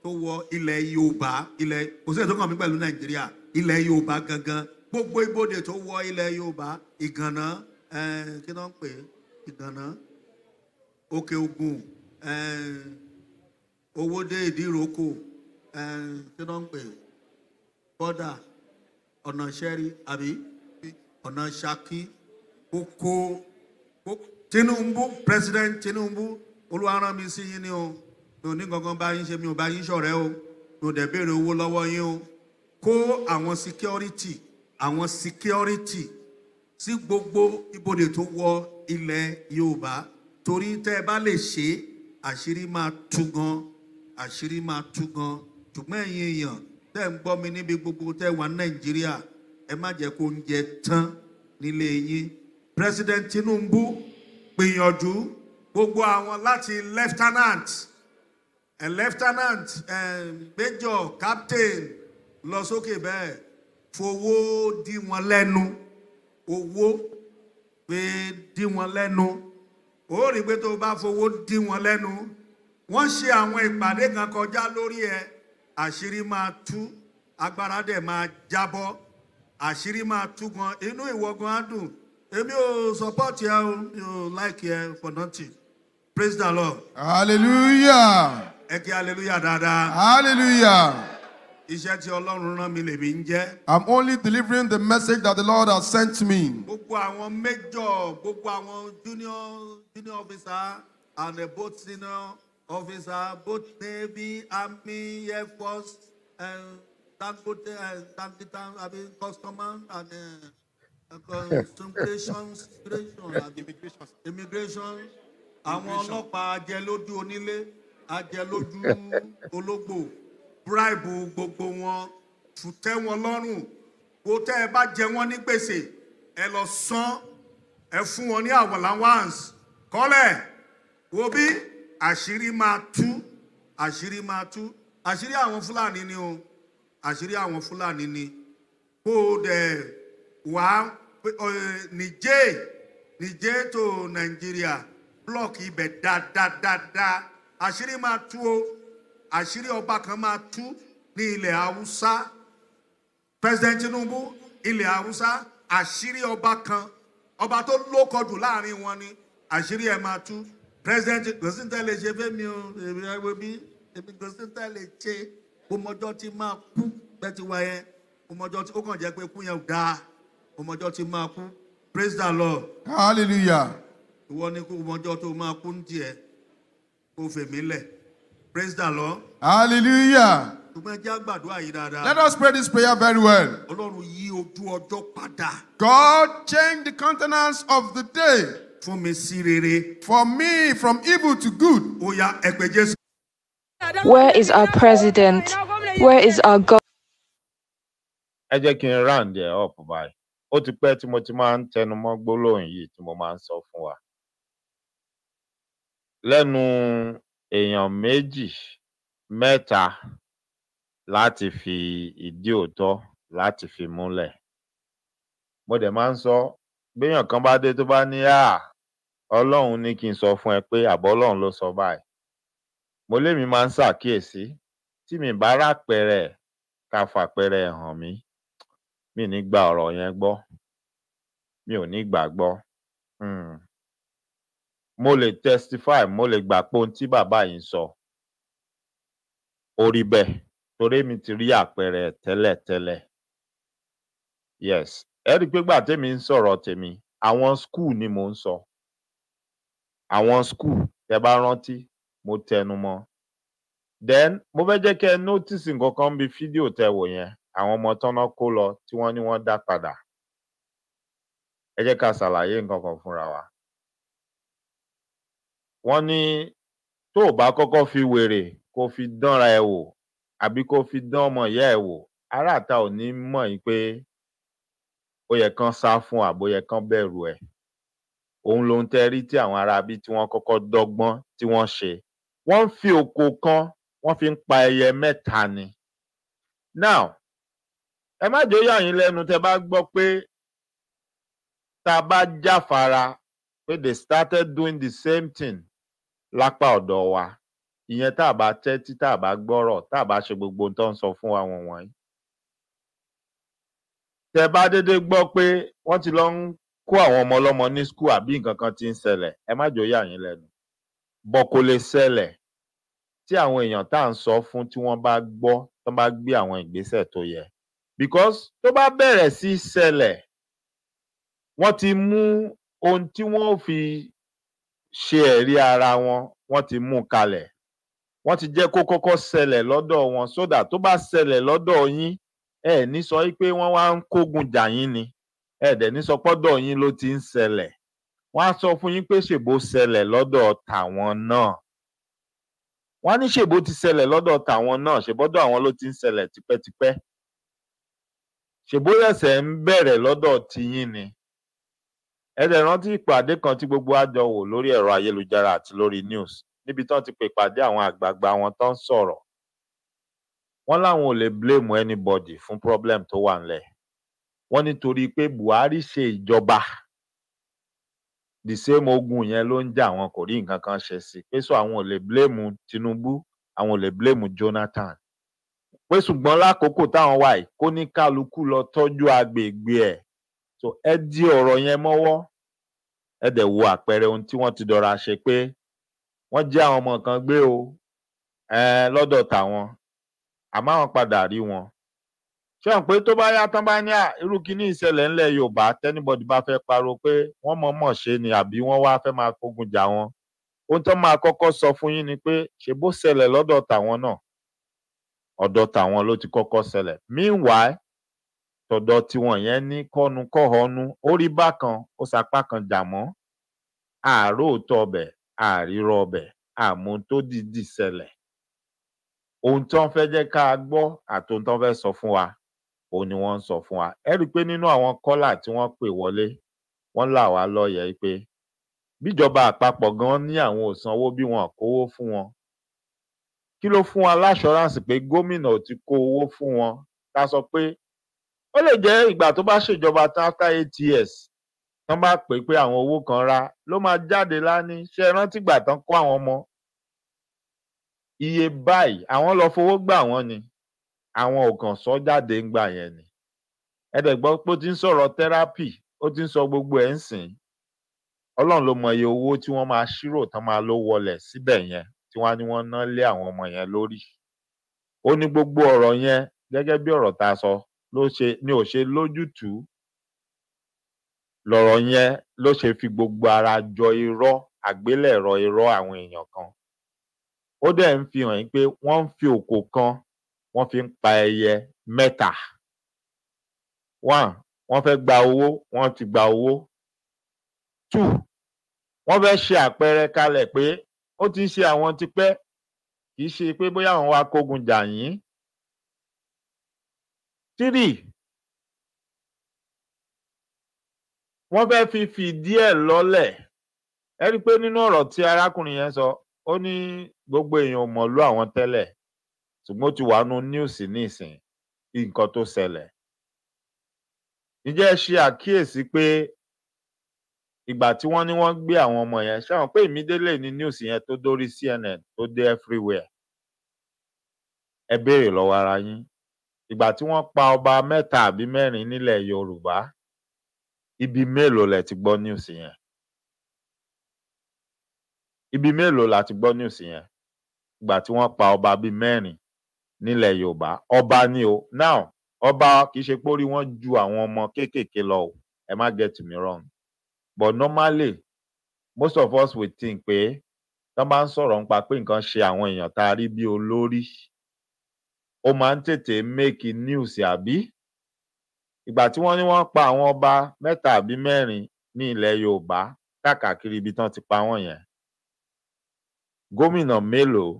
tó wọ ilẹ̀ yorùbá ilẹ̀ kò sí ètò kan mi pẹ̀lú nàìjíríà ilẹ̀ yorùbá gangan gbogbo ibodè tó wọ ilẹ̀ yorùbá ìgànnà kí ló ń pè é ìgànnà òkè ògùn owódé ìdíròkò kí ló ń pè é bọ́dà ọ̀nà sẹ́rí àbí ọ̀nà ṣakí kókó tinubu president tinubu olúwa rán mi sí yín ni o mi ò ní gangan bá yín ṣe mi ò bá yín ṣọ̀rẹ́ o mi dẹ̀ béèrè owó lọ́wọ́ yín o kó àwọn security àwọn security sí gbogbo ibodè tó wọ ilẹ̀ Yorùbá torí tẹ́ ẹ bá lè ṣe àṣírí máa tú gan àṣírí máa tú gan ṣùgbọ́n ẹ̀yin èèyàn tẹ́ ń gbọ́ mi níbi gbogbo tẹ́ wà Nàìjíríà ẹ má jẹ́ kó ń tán nílé yín President Tinubu gbìyànjú gbogbo àwọn láti lieutenant ẹ lieutenant ẹ eh, major captain lọ sókè bẹ́ẹ̀ fowó dí wọn lẹ́nu owó pé dí wọn lẹ́nu ó rí pé tó bá fowó dí wọn lẹ́nu wọ́n ṣe àwọn ìpàdé kan kọjá lórí ẹ àṣírí máa tú agbára dẹ̀ máa jábọ́ àṣírí máa tú gan inú ìwọ gan á dùn èmi ò support ẹ o ò like ẹ for nothing praise the lord. hallelujah ẹ kí hallelujah dáadáa. hallelujah. Iṣẹ́ tí Ọlọ́run rán mi lèmi ń jẹ́. I'm only delivering the message that the Lord has sent me. Gbogbo àwọn major, gbogbo àwọn junior junior officer and uh, both senior officer, both Navy, Army, Air Force, eh, Dangote, eh, Dangote, I mean, customer and eh, immigration, immigration, àwọn ọlọ́pàá jẹ lójú onílé ajẹlójú ológbò bíráìbù gbogbo wọn tùtẹ́ wọn lọ́rùn kó tẹ́ ẹ bá jẹ wọ́n ní gbèsè ẹ lọ san ẹ fún wọn ní àwọ̀láwáǹs kọ́lẹ̀ wo bí àṣírí máa tú àṣírí máa tú àṣírí àwọn fúlàní ni o àṣírí àwọn fúlàní ni kó o dẹ̀ wá nìjẹ́ nìjẹ́ tó nàìjíríà blọọkì Da Da. dáadáa àṣírí máa tú o àṣírí ọba kan máa tú ní ilẹ̀ haúsá president Tinubu ilẹ̀ haúsá àṣírí ọba kan ọba tó lókọdù láàrin wọn ni àṣírí ẹ̀ máa tú president gosinta lè ṣe fẹ́mi o èmi ẹwẹ bí èmi gosinta lè ṣe ọmọjọ́ ti máa kú bẹ́ẹ̀ ti wá yẹn ti ó kàn jẹ́ pé kú yẹn dáa ọmọjọ́ ti máa kú praise the lord hallelujah ìwọ ni kú ọmọjọ́ tó máa kú ń tiẹ̀ kò fèmí lẹ̀ praise the lord. hallelujah. let us pray this prayer very well. God change the countenance of the day. for me from evil to good. where is our president? where is our God? ẹ jẹ́ kí n round ẹ̀ up báyìí ó ti pẹ́ tí mo ti máa ń tẹnu gbólóhùn yìí tí mo máa ń sọ fún wa lẹ́nu èèyàn méjì mẹ́ta láti fi ìdí òótọ́ láti fi múlẹ̀ mo dẹ̀ máa ń sọ béèyàn kan bá dé tó bá ní à Ọlọ́run ní kí n sọ fún ẹ pé àbọ̀ Ọlọ́run ló sọ báyìí mo lémi máa ń ṣàkíyèsí tí mi bá rápẹrẹ ká fàpẹrẹ hàn mí mi ní gba ọ̀rọ̀ yẹn gbọ́ mi ò ní gbà á hmm mo lè testify mo lè gbà pé ohun tí bàbá yìí ń sọ ó rí bẹ́ẹ̀ torí mi ti rí àpẹẹrẹ tẹ́lẹ̀tẹ́lẹ̀ yes ẹ rí i pé gbà tèmi ń sọ̀rọ̀ tèmi àwọn skul ni mò ń sọ àwọn skul tẹ bá rántí mo tẹnu mọ́ then mo fẹ́ jẹ́ kẹ́ ẹ notice nǹkan kan bí fídíò tẹ wò yẹn àwọn ọmọ tọ́nà kó lọ tí wọ́n ní wọ́n dá padà ẹ jẹ́ ká ṣàlàyé nǹkan kan fúnra wa wọn ní tó o bá kọkọ fi wèrè kó o fi dánra ẹ wò àbí kó o fi dán ọmọ ìyá ẹ wò aráàta ò ní mọ yìí pé ó yẹ kán sá fún àbó yẹ kán bẹ̀rù ẹ òun lohun tẹ rí tí àwọn aráabí tí wọn kọkọ dọ́gbọ́n tí wọn ṣe wọn ń fi òkò kan wọn fi ń pa ẹyẹ mẹ́ta ni now ẹ má jẹ́ ó yà yín lẹ́nu tẹ bá gbọ́ pé tá a bá jáfara pé they started doing the same thing lápá ọ̀dọ̀ wa ìyẹn tá a bá tẹ́tí tá a bá gbọ́rọ̀ tá a bá ṣe gbogbo ohun tó ń sọ fún wa wọ̀nyí. tẹ bá dédé gbọ́ pé wọ́n ti lọ ń kó àwọn ọmọ ọlọ́mọ ní skul àbí nǹkan kan ti ń ṣẹlẹ̀ ẹ má jò yà yín lẹ́nu bọ́ kó lè ṣẹlẹ̀ tí àwọn èèyàn tá à ń sọ fún tí wọ́n bá gbọ́ tó bá gbé àwọn ìgbésẹ̀ tó yẹ because tó bá bẹ̀rẹ̀ sí ṣẹlẹ̀ wọ́n ti mú ohun tí wọ́n fi ṣe ẹ̀rí ara wọn wọ́n ti mú un kalẹ̀ wọ́n ti jẹ́ kó kọ́kọ́ ṣẹlẹ̀ lọ́dọ̀ wọn sódà tó bá ṣẹlẹ̀ lọ́dọ̀ yín ẹ ní sọ pé wọ́n wá ń kógun jà yín ni ẹ dẹ̀ ní sọ pọ́dọ̀ yín ló ti ń ṣẹlẹ̀ wọ́n á sọ fún yín pé ṣèbó ṣẹlẹ̀ lọ́dọ̀ tàwọn náà wọ́n á ní ṣèbó ti ṣẹlẹ̀ lọ́dọ̀ tàwọn náà ṣèbọ́dọ̀ àwọn ló ti ń ṣẹlẹ̀ tipẹ́tipẹ́ ṣèbó ẹ̀sẹ̀ ń bẹ̀rẹ̀ lọ́dọ̀ tiyín ni ẹ dẹ̀ rántí ìpàdé kan tí gbogbo àjọ wò lórí ẹ̀rọ ayélujára àti lórí news níbi tán ti pè pàdé àwọn àgbààgbà wọn tán ń sọ̀rọ̀ wọ́n láwọn ò lè blame anybody fún problem tó wà ńlẹ̀ wọ́n nítorí pé Buhari ṣe ìjọba the same ogun yẹn ló ń jà wọn kò rí nǹkan kan ṣe sí pé so àwọn ò lè blame Tinubu àwọn ò lè blame Jonathan pé ṣùgbọ́n lákòókò táwọn wà yìí kó ní kálukú lọ tọ́jú agbègbè ẹ̀ so ẹ di ọ̀rọ̀ yẹn mọ́wọ́ ẹ dẹ̀ wo àpẹẹrẹ ohun tí wọ́n ti dọ̀ra ṣe pé wọ́n jẹ́ àwọn ọmọ kan gbé o um lọ́dọ̀ tàwọn àmọ́ àwọn padà rí wọn ṣé wọn pé tó bá yá tán bá ní irú kíní ìṣẹ̀lẹ̀ ńlẹ̀ Yorùbá tẹnibọdì bá fẹ́ pariwo pé wọ́n mọ̀ọ́mọ̀ ṣe ni àbí wọ́n wá fẹ́ máa fogun jà wọn ohun tó máa kọ́kọ́ sọ fún yín ni pé ṣe bó ṣẹlẹ̀ lọ́dọ̀ tàwọn náà ọ̀dọ̀ tàwọn ló ti kọ́kọ́ ṣẹlẹ̀ meanwhile tọ̀dọ̀ tiwọn yẹn ní kọ́nukọ́họnú ó rí bákan ó sapá kan jà mọ́ àáròótọ́ ọbẹ̀ àrírọ́ ọbẹ̀ àmọ́ tó dìídì ṣẹlẹ̀ ohun tí wọ́n fẹ́ jẹ́ ká a gbọ́ àti ohun tí wọ́n fẹ́ sọ fún wa òun ni wọ́n ń sọ fún wa ẹ rí i pé nínú àwọn kọ́là tí wọ́n pè wọlé wọ́n là wá lọ́yẹ̀ pé bíjọba àpapọ̀ gan ní àwọn ò sanwó bí wọn kówó fún wọn kí ló fún wa láṣọránsì pé gómìnà ò ti kó owó fún wọn ká sọ pé ó lè jẹ́ ìgbà tó bá ṣèjọba tán after eight years tán bá pè pé àwọn owó kan ra ló máa jáde láni ṣe é rántí ìgbà tán kó àwọn ọmọ iye báyìí àwọn lọ fowó gbà wọ́n ni àwọn ò kàn sọ jáde ń gbà yẹn ni ẹ dẹ̀ gbọ́ pé ó ti ń sọ̀rọ̀ tẹ́rápì ó ti ń sọ gbogbo ẹ̀ ń sìn ọlọ́run ló mọ iye owó tí wọ́n máa ṣírò tán máa ló wọlẹ̀ síbẹ̀ yẹn tí wọ́n á ní wọ́n ná lé àwọn ọmọ yẹn lórí ó ní gbogbo ọ̀rọ̀ yẹn gẹ́gẹ́ bí ọ̀rọ̀ tá sọ ló ṣe ni ò ṣe lójútùú lọ̀rọ̀ yẹn ló ṣe fi gbogbo ara jọ irọ́ àgbélẹ̀rọ irọ́ àwọn èèyàn kan ó dẹ̀ ń fi hàn yín pé wọ́n ń fi òkò kan wọ́n fi ń pa ẹyẹ mẹ́ta one wọ́n fẹ́ gba owó wọ́n ti gba owó two wọ́n fẹ́ ṣe àpẹẹrẹ kalẹ̀ pé ó ti ṣe àwọn tipẹ́ kì í ṣe pé bóyá àwọn wa kógun jà yín three wọ́n fẹ́ẹ́ fi fìdí ẹ̀ lọ́lẹ̀ ẹ rí i pé nínú ọ̀rọ̀ tí arákùnrin yẹn sọ ó ní gbogbo èèyàn mọ̀lú àwọn tẹ́lẹ̀ ṣùgbọ́n ó ti wà nù níùsì nísìn nǹkan tó ṣẹlẹ̀ ǹjẹ́ ẹ ṣe àkíyèsí pé ìgbà tí wọ́n ní wọ́n gbé àwọn ọmọ yẹn ṣáwọn pé ìmídélé ni níùsì yẹn tó dórí CNN tó dé everywhere ẹ béèrè lọ́wọ́ ara yín ìgbà tí wọ́n pa ọba mẹ́ta àbí mẹ́rin nílẹ̀ yorùbá ibi mélòó lẹ ti gbọ́ news yẹn ibi mélòó la ti gbọ́ news yẹn ìgbà tí wọ́n pa ọba bíi mẹ́rin nílẹ̀ yorùbá ọba ni o now ọba kì í ṣe pé orí wọn ju àwọn ọmọ kéékèèké lọ o ẹ má get me wrong but normally most of us we think pé tọ́n bá ń sọ̀rọ̀ nípa pé nǹkan ṣe àwọn èèyàn tá a rí bí olórí ó máa ń tètè make news àbí ìgbà tí wọ́n ní wọ́n pa àwọn ọba mẹ́ta àbí mẹ́rin ní ilẹ̀ yorùbá káàkiri ibi tán ti pa wọ́n yẹn gómìnà mélòó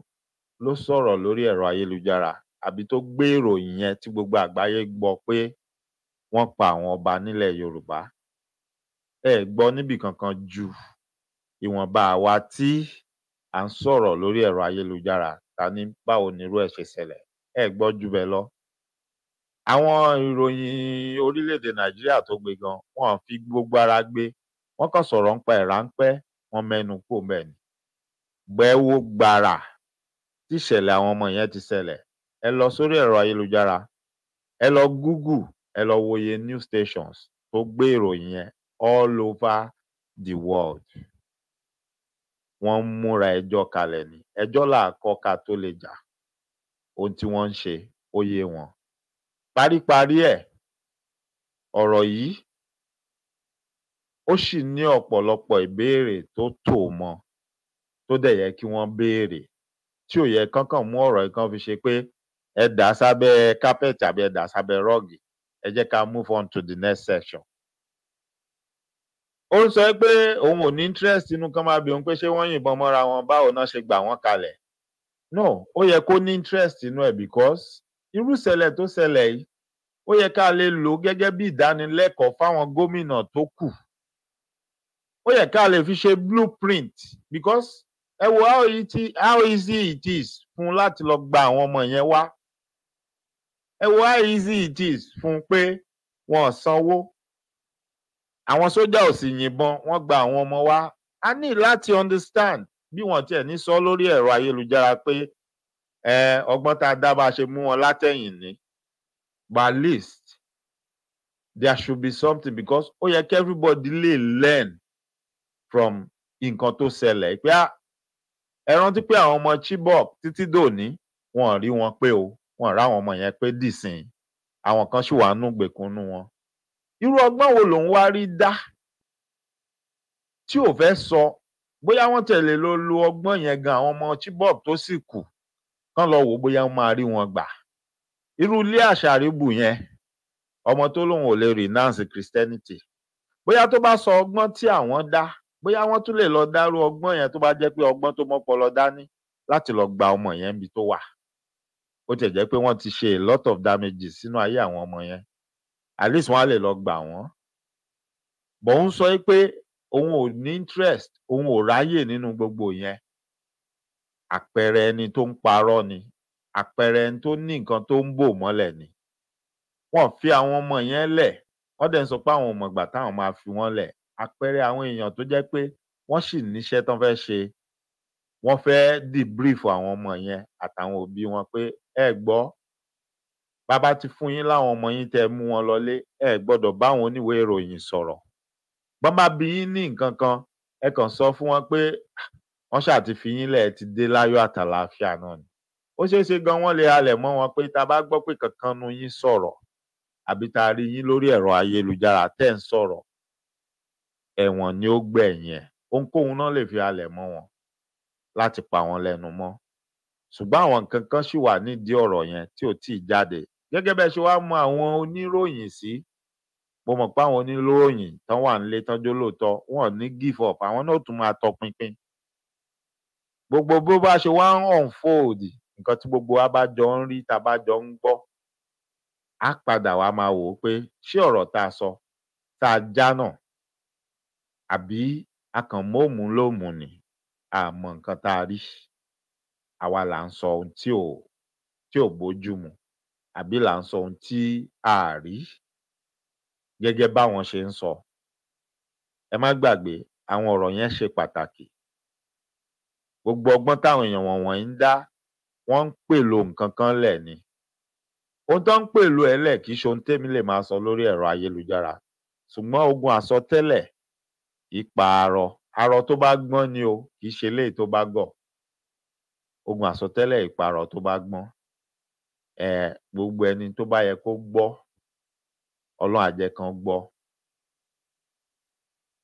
ló sọ̀rọ̀ lórí ẹ̀rọ ayélujára àbí tó gbé ìròyìn yẹn tí gbogbo àgbáyé gbọ́ pé wọ́n pa àwọn ọba nílẹ̀ yorùbá ẹ gbọ́ níbì kankan ju ìwọ̀nba àwa tí à ń sọ̀rọ̀ lórí ẹ̀rọ ayélujára ta ni báwo nirú ẹ̀ ṣe ṣẹlẹ̀ ẹ gbọ́ jù bẹ́ẹ̀ lọ àwọn ìròyìn orílẹ̀-èdè nàìjíríà tó gbé gan wọn fi gbogbo ara gbé wọn kàn sọ̀rọ̀ ń pa ẹ̀ ráńpẹ́ wọn mẹ́nu kò mẹ́ni gbẹ́wó gbàrà tí ìṣẹ̀lẹ̀ àwọn ọmọ yẹn ti ṣẹlẹ̀ ẹ lọ sórí ẹ̀rọ ayélujára ẹ lọ google ẹ lọ wòye news stations tó gbé ìròyìn yẹn all over the world wọ́n ń múra ẹjọ́ kalẹ̀ ni ẹjọ́ làákọ́ ká tó lè jà ohun tí wọn ń ṣe ó yé wọn paríparí ẹ ọrọ yìí ó ṣì ní ọpọlọpọ ìbéèrè tó tò mọ tó dẹ yẹ kí wọn béèrè tí ò yẹ kán kàn mú ọrọ yìí kán fi ṣe pé ẹ dà sábẹ carpet àbí ẹ dà sábẹ rọọgì ẹ jẹ ká move on to the next section ó ń sọ pé òun ò ní interest inú kán máa bi òun pé ṣé wọn yìnbọn mọra wọn báwo náà ṣe gbà wọn kalẹ no ó yẹ kó ní interest inú ẹ̀ because irú ìṣẹ̀lẹ̀ tó ṣẹlẹ̀ yìí ó yẹ ká lè lò gẹ́gẹ́ bí ìdánilẹ́kọ̀ọ́ fáwọn gómìnà tó kù ó yẹ ká lè fi ṣe blueprint because ẹ wo how easy how easy it is fún láti lọ gba àwọn ọmọ yẹn wá ẹ wo how easy it is fún pé wọn ò sanwó àwọn sójà ò sì yìnbọn wọn gba àwọn ọmọ wa a ní láti understand bí wọ́n tiẹ̀ ní sọ lórí ẹ̀rọ ayélujára pé ọgbọ́n tá a dá bá a ṣe mú wọn látẹ̀yìn ni but at least there should be something because ó yẹ kí everybody lè learn from nǹkan tó ṣẹlẹ̀ pé ẹ rántí pé àwọn ọmọ Chibok títí dòní wọn rí wọn pé o wọn ráwọn ọmọ yẹn pé dìsìn àwọn kan ṣì wà nù gbèkúnnú wọn irú ọgbọ́n wo lòun wá rí dá tí ò fẹ́ sọ bóyá wọ́n tẹ̀lé ló lo ọgbọ́n yẹn gan àwọn ọmọ Chibok tó sì kù kán lọ wò bóyá wọ́n máa rí wọn gbà irú ilé àṣàríbù yẹn ọmọ tó lóun ò lè renounce Christianity bóyá tó bá sọ ọgbọ́n tí àwọn dá bóyá wọ́n tún lè lọ dárú ọgbọ́n yẹn tó bá jẹ́ pé ọgbọ́n tó mọ́pọlọ dání láti lọ gba ọmọ yẹn níbi tó wà ó tẹ̀ jẹ́ pé wọ́n ti ṣe a lot of damages sínú ayé àwọn ọmọ yẹn at least wọ́n á lè lọ gbà wọ́n bọ̀ ń sọ pé òun ò ní interest òun ò ráyè nínú gbogbo yẹn àpẹẹrẹ ẹni tó ń parọ́ ni àpẹẹrẹ ẹni tó ní nǹkan tó ń bò mọ́lẹ̀ ni wọ́n fi àwọn ọmọ yẹn lẹ̀ wọ́n dẹ̀ ń sọ pé àwọn ọmọ ìgbà táwọn máa fi wọ́n lẹ̀ àpẹẹrẹ àwọn èèyàn tó jẹ́ pé wọ́n sì níṣẹ́ tán fẹ́ ṣe wọ́n fẹ́ debrief àwọn ọmọ yẹn àtàwọn òbí wọn pé ẹ gbọ́ bàbá ti fún yín láwọn ọmọ yín tẹ́ mú wọn lọlé ẹ gbọ́dọ̀ báwọn oníwèé ìròyìn sọ̀rọ̀ bọ́n bá bí yín ní nǹkan kan ẹ kàn sọ fún wọn pé wọ́n ṣáà ti fi yín lẹ̀ ti dé láyọ̀ àtàlàáfíà náà ni ó ṣeé ṣe gan wọ́n lè halẹ̀ mọ́ wọn pé tá a bá gbọ́ pé kankan nu yín sọ̀rọ̀ àbí tá a rí yín lórí ẹ̀rọ ayélujára tẹ́ ń sọ̀rọ̀ ẹ̀wọ̀n ni ó gbẹ̀yìn ẹ̀ ohunkóhun náà lè fi halẹ̀ mọ́ wọn láti pa wọn lẹ́nu mọ́ ṣùgbọ́n àwọn nǹkan kan ṣì wà nídìí ọ̀rọ̀ yẹn tí ò tíì jáde gẹ́gẹ́ bẹ́ẹ̀ ṣe wá mọ àwọn oníròyìn sí mo mọ̀ pé àwọn oníròyìn tán wà nílé tọ́jú lóòótọ́ wọn ò ní give up àwọn náà tún máa tọpinpin gbogbo bó bá ṣe wá ń unfold nǹkan tí gbogbo wa bá jọ ń rí tá a bá jọ ń gbọ́ á padà wá máa wò ó pé ṣé ọ̀rọ̀ tá a sọ tá a já àbí a kàn móòmù lóòmù ni a nǹkan tá a rí àwa là ń sọ ohun tí ò tí ò bójú mu àbí là ń sọ ohun tí a rí gẹ́gẹ́ báwọn ṣe ń sọ. Ẹ má gbàgbé àwọn ọ̀rọ̀ yẹn ṣe pàtàkì. Gbogbo ọgbọ́n táwọn èèyàn wọ̀nwọ̀nyí ń dá wọ́n ń pèlò nǹkan kan lẹ̀ ni. Ohun tán ń pèlò ẹ̀ lẹ̀ kìí ṣohun témi lè máa sọ lórí ẹ̀rọ ayélujára ṣùgbọ́n ogun àsọtẹ́lẹ̀ kìí arọ. tó bá gbọ́n ni o kìí ṣe eléyìí tó bá gọ̀. Ogun àsọtẹ́lẹ̀ kìí tó bá gbọ́n. um Gbogbo ẹni tó bá yẹ kó gbọ́ Ọlọ́run á jẹ́ kán gbọ́.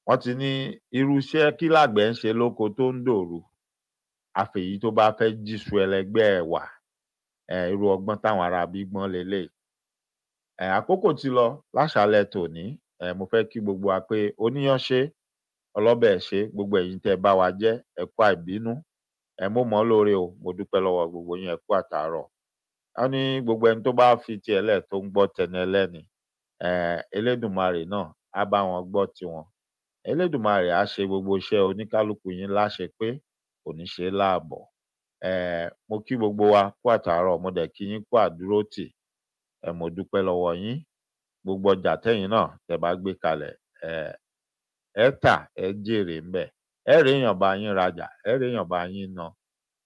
Wọ́n ti ní irú iṣẹ́ kí làgbẹ̀ ń ṣe lóko tó ń dòru, àfèyí tó bá fẹ́ jíṣu ẹlẹgbẹ́ ẹ̀ wà, um irú ọgbọ́n táwọn Arabí gbọ́n leléyìí. um Àkókò ti lọ láṣàálẹ́ tòní, um mo fẹ́ kí gbogbo wa pé oníyán ṣé, ọlọ́bẹ̀ ṣé, gbogbo ẹ̀yin tẹ́ ẹ bá wa jẹ́, ẹ kú àìbínú, um mo mọ̀ ọ́n o, mo dúpẹ́ lọ́wọ́ gbogbo yín, ẹ àtàárọ̀. Wọ́n ní gbogbo ẹni tó bá fi tiẹ̀ lẹ̀ tó ń gbọ́ tẹni ẹlẹ́ni um elédùmarè náà á bá wọn gbọ́ tiwọn elédùmarè á ṣe gbogbo iṣẹ oníkálukú yín láṣepé kò ní ṣe é um mo kí gbogbo wa kú àtàárọ̀ mo dẹ kí yín kú àdúrótì um mo dúpẹ́ lọ́wọ́ yín gbogbo ọjà tẹ̀yin náà tẹ́ bá gbé kalẹ̀ um ẹ tà ẹ jèrè ńbẹ̀ ẹ réèyàn bá yín rajà ẹ réèyàn bá yín ná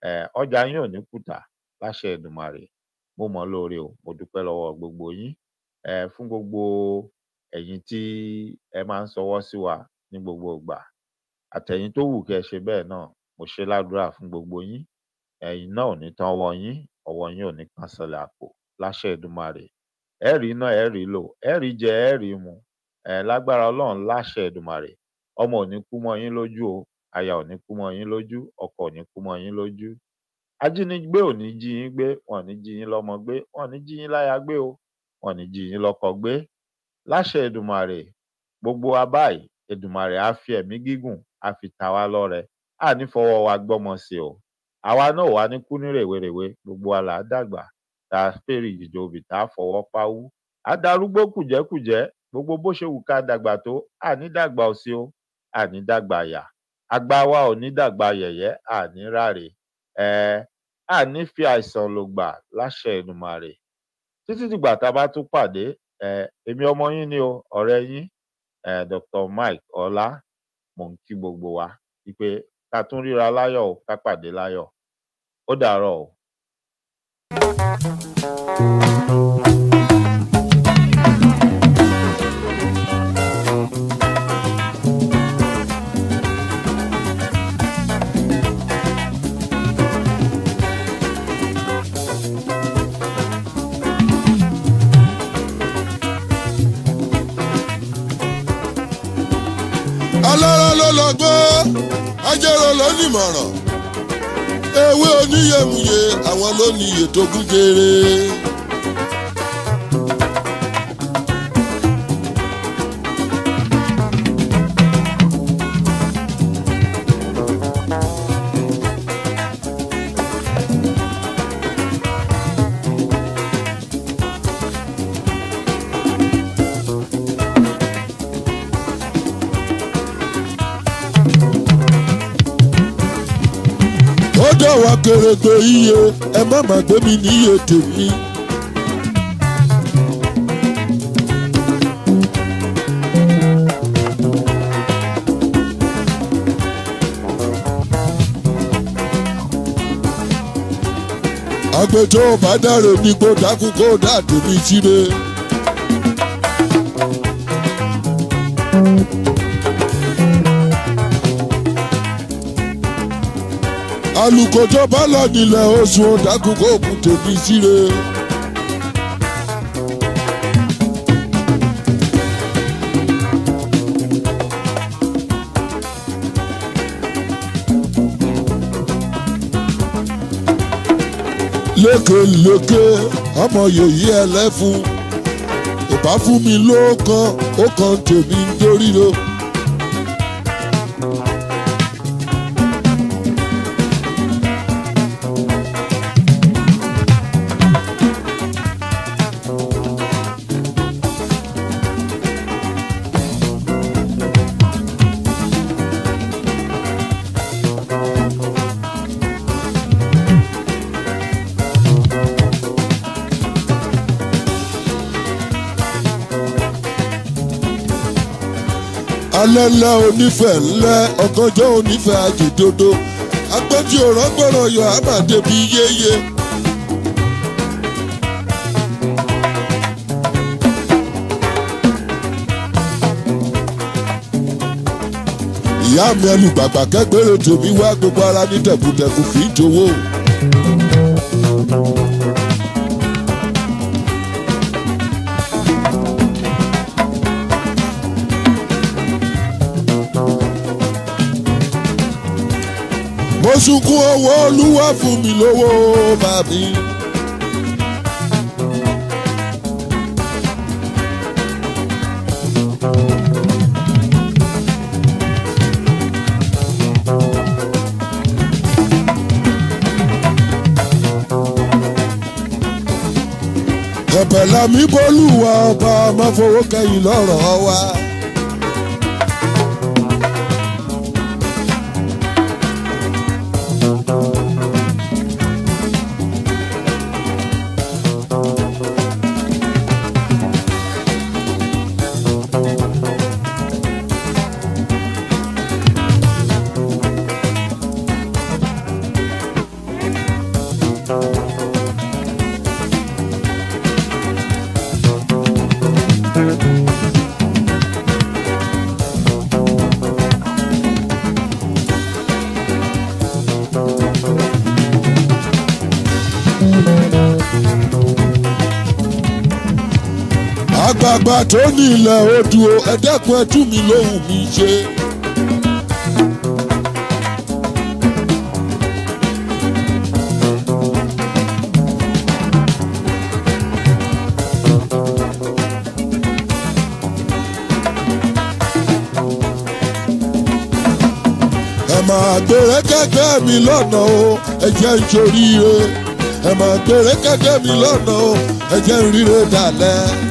um ọjà yín ò ní kùtà láṣẹ Èdùmàrè mo mọ̀ ọ́ o mo dúpẹ́ lọ́wọ́ gbogbo yín um fún gbogbo ẹ̀yin tí ẹ máa ń ṣọwọ́ sí wa ní gbogbo ìgbà àtẹ̀yin tó wù kẹ́ ẹ ṣe bẹ́ẹ̀ náà mo ṣe ládùúrà fún gbogbo yín ẹ̀yin náà ò ní tán ọwọ́ yín ọwọ́ yín ò ní kan sọlẹ̀ àpò láṣẹ Èdùmàrè ẹ rí iná ẹ rí lò ẹ rí jẹ ẹ rí mu um lágbára Ọlọ́run láṣẹ Èdùmàrè ọmọ ò ní kú mọ́ yín lójú o aya ò ní kú mọ́ yín lójú ọkọ ò ní kú mọ́ yín lójú ajínigbé ò ní jí yín gbé wọn ò ní jí yín lọ́mọ gbé wọn ò ní jí yín láya gbé o wọn ní jí yín lọkọ gbé láṣẹ Èdùmàrè gbogbo wa báyìí Èdùmàrè á fi ẹ̀mí gígùn á fi ta wá lọ́rẹ á ní fọwọ́ wa gbọ́mọ sí o àwa náà wà ní kú ní rèwerèwe gbogbo wa là á dàgbà tá a fèrè ìjìjọ òbí tá a fọwọ́ pawú á darúgbó kùjẹ́kùjẹ́ gbogbo bó ṣe wù ká dàgbà tó à ní dàgbà òsì o à ní dàgbà àyà àgbà wa ò ní dàgbà yẹ̀yẹ́ à ní ráre ẹ à ní fi àìsàn lògbà láṣẹ Èdùmàrè títí dìgbà tá a bá tún pàdé èmi ọmọ yín ni o ọ̀rẹ́ yín Dr. Mike Ọlá mò ń kí gbogbo wa wípé ká tún ríra láyọ̀ o ká pàdé láyọ̀ ó dàárọ̀ o. thank you oníyèmùyè àwọn ló ní iye tó gún ògèrègbè iye ẹ má má gbé mi níye tèmi. àgbẹjọ́ bá dàrò ní kó dákú kó dà tèmi síre. alukojo bọ́lá nílẹ̀ oṣù ọ̀dàkùnkọ̀ òkun tèmi síre. lékeleke ọmọ yòyí ẹlẹ́fun ìbá fún mi ló kàn ó kàn tèmi ń dorí o. ẹlẹ́lẹ́ onífẹ̀ ńlẹ́ ọ̀kanjọ́ onífẹ̀ àjèdodo agbẹ́jì òrọ́gbọ̀rọ̀ yọ àbàdé bí yéye. ìyá mi ẹnu gbàgbà kẹ́gbẹ́rẹ́ tèmi wá gbogbo ara ní tẹ̀kùtẹ̀kù kì í jowó. mo sunkún owó olúwa fún mi lówó bàbí. ẹ̀bẹ̀ làmí bolúwa ọba máa fowó kẹ́yìn lọ́rọ̀ wa. ọba tó ní ilẹ̀ odò ẹ̀dẹ́kun ẹtú mi lóhùn mi ṣe. ẹ máa mi lọ́nà o ẹ ń ṣoríire ẹ máa gbèrè mi lọ́nà o ẹ ń ríre dalẹ̀.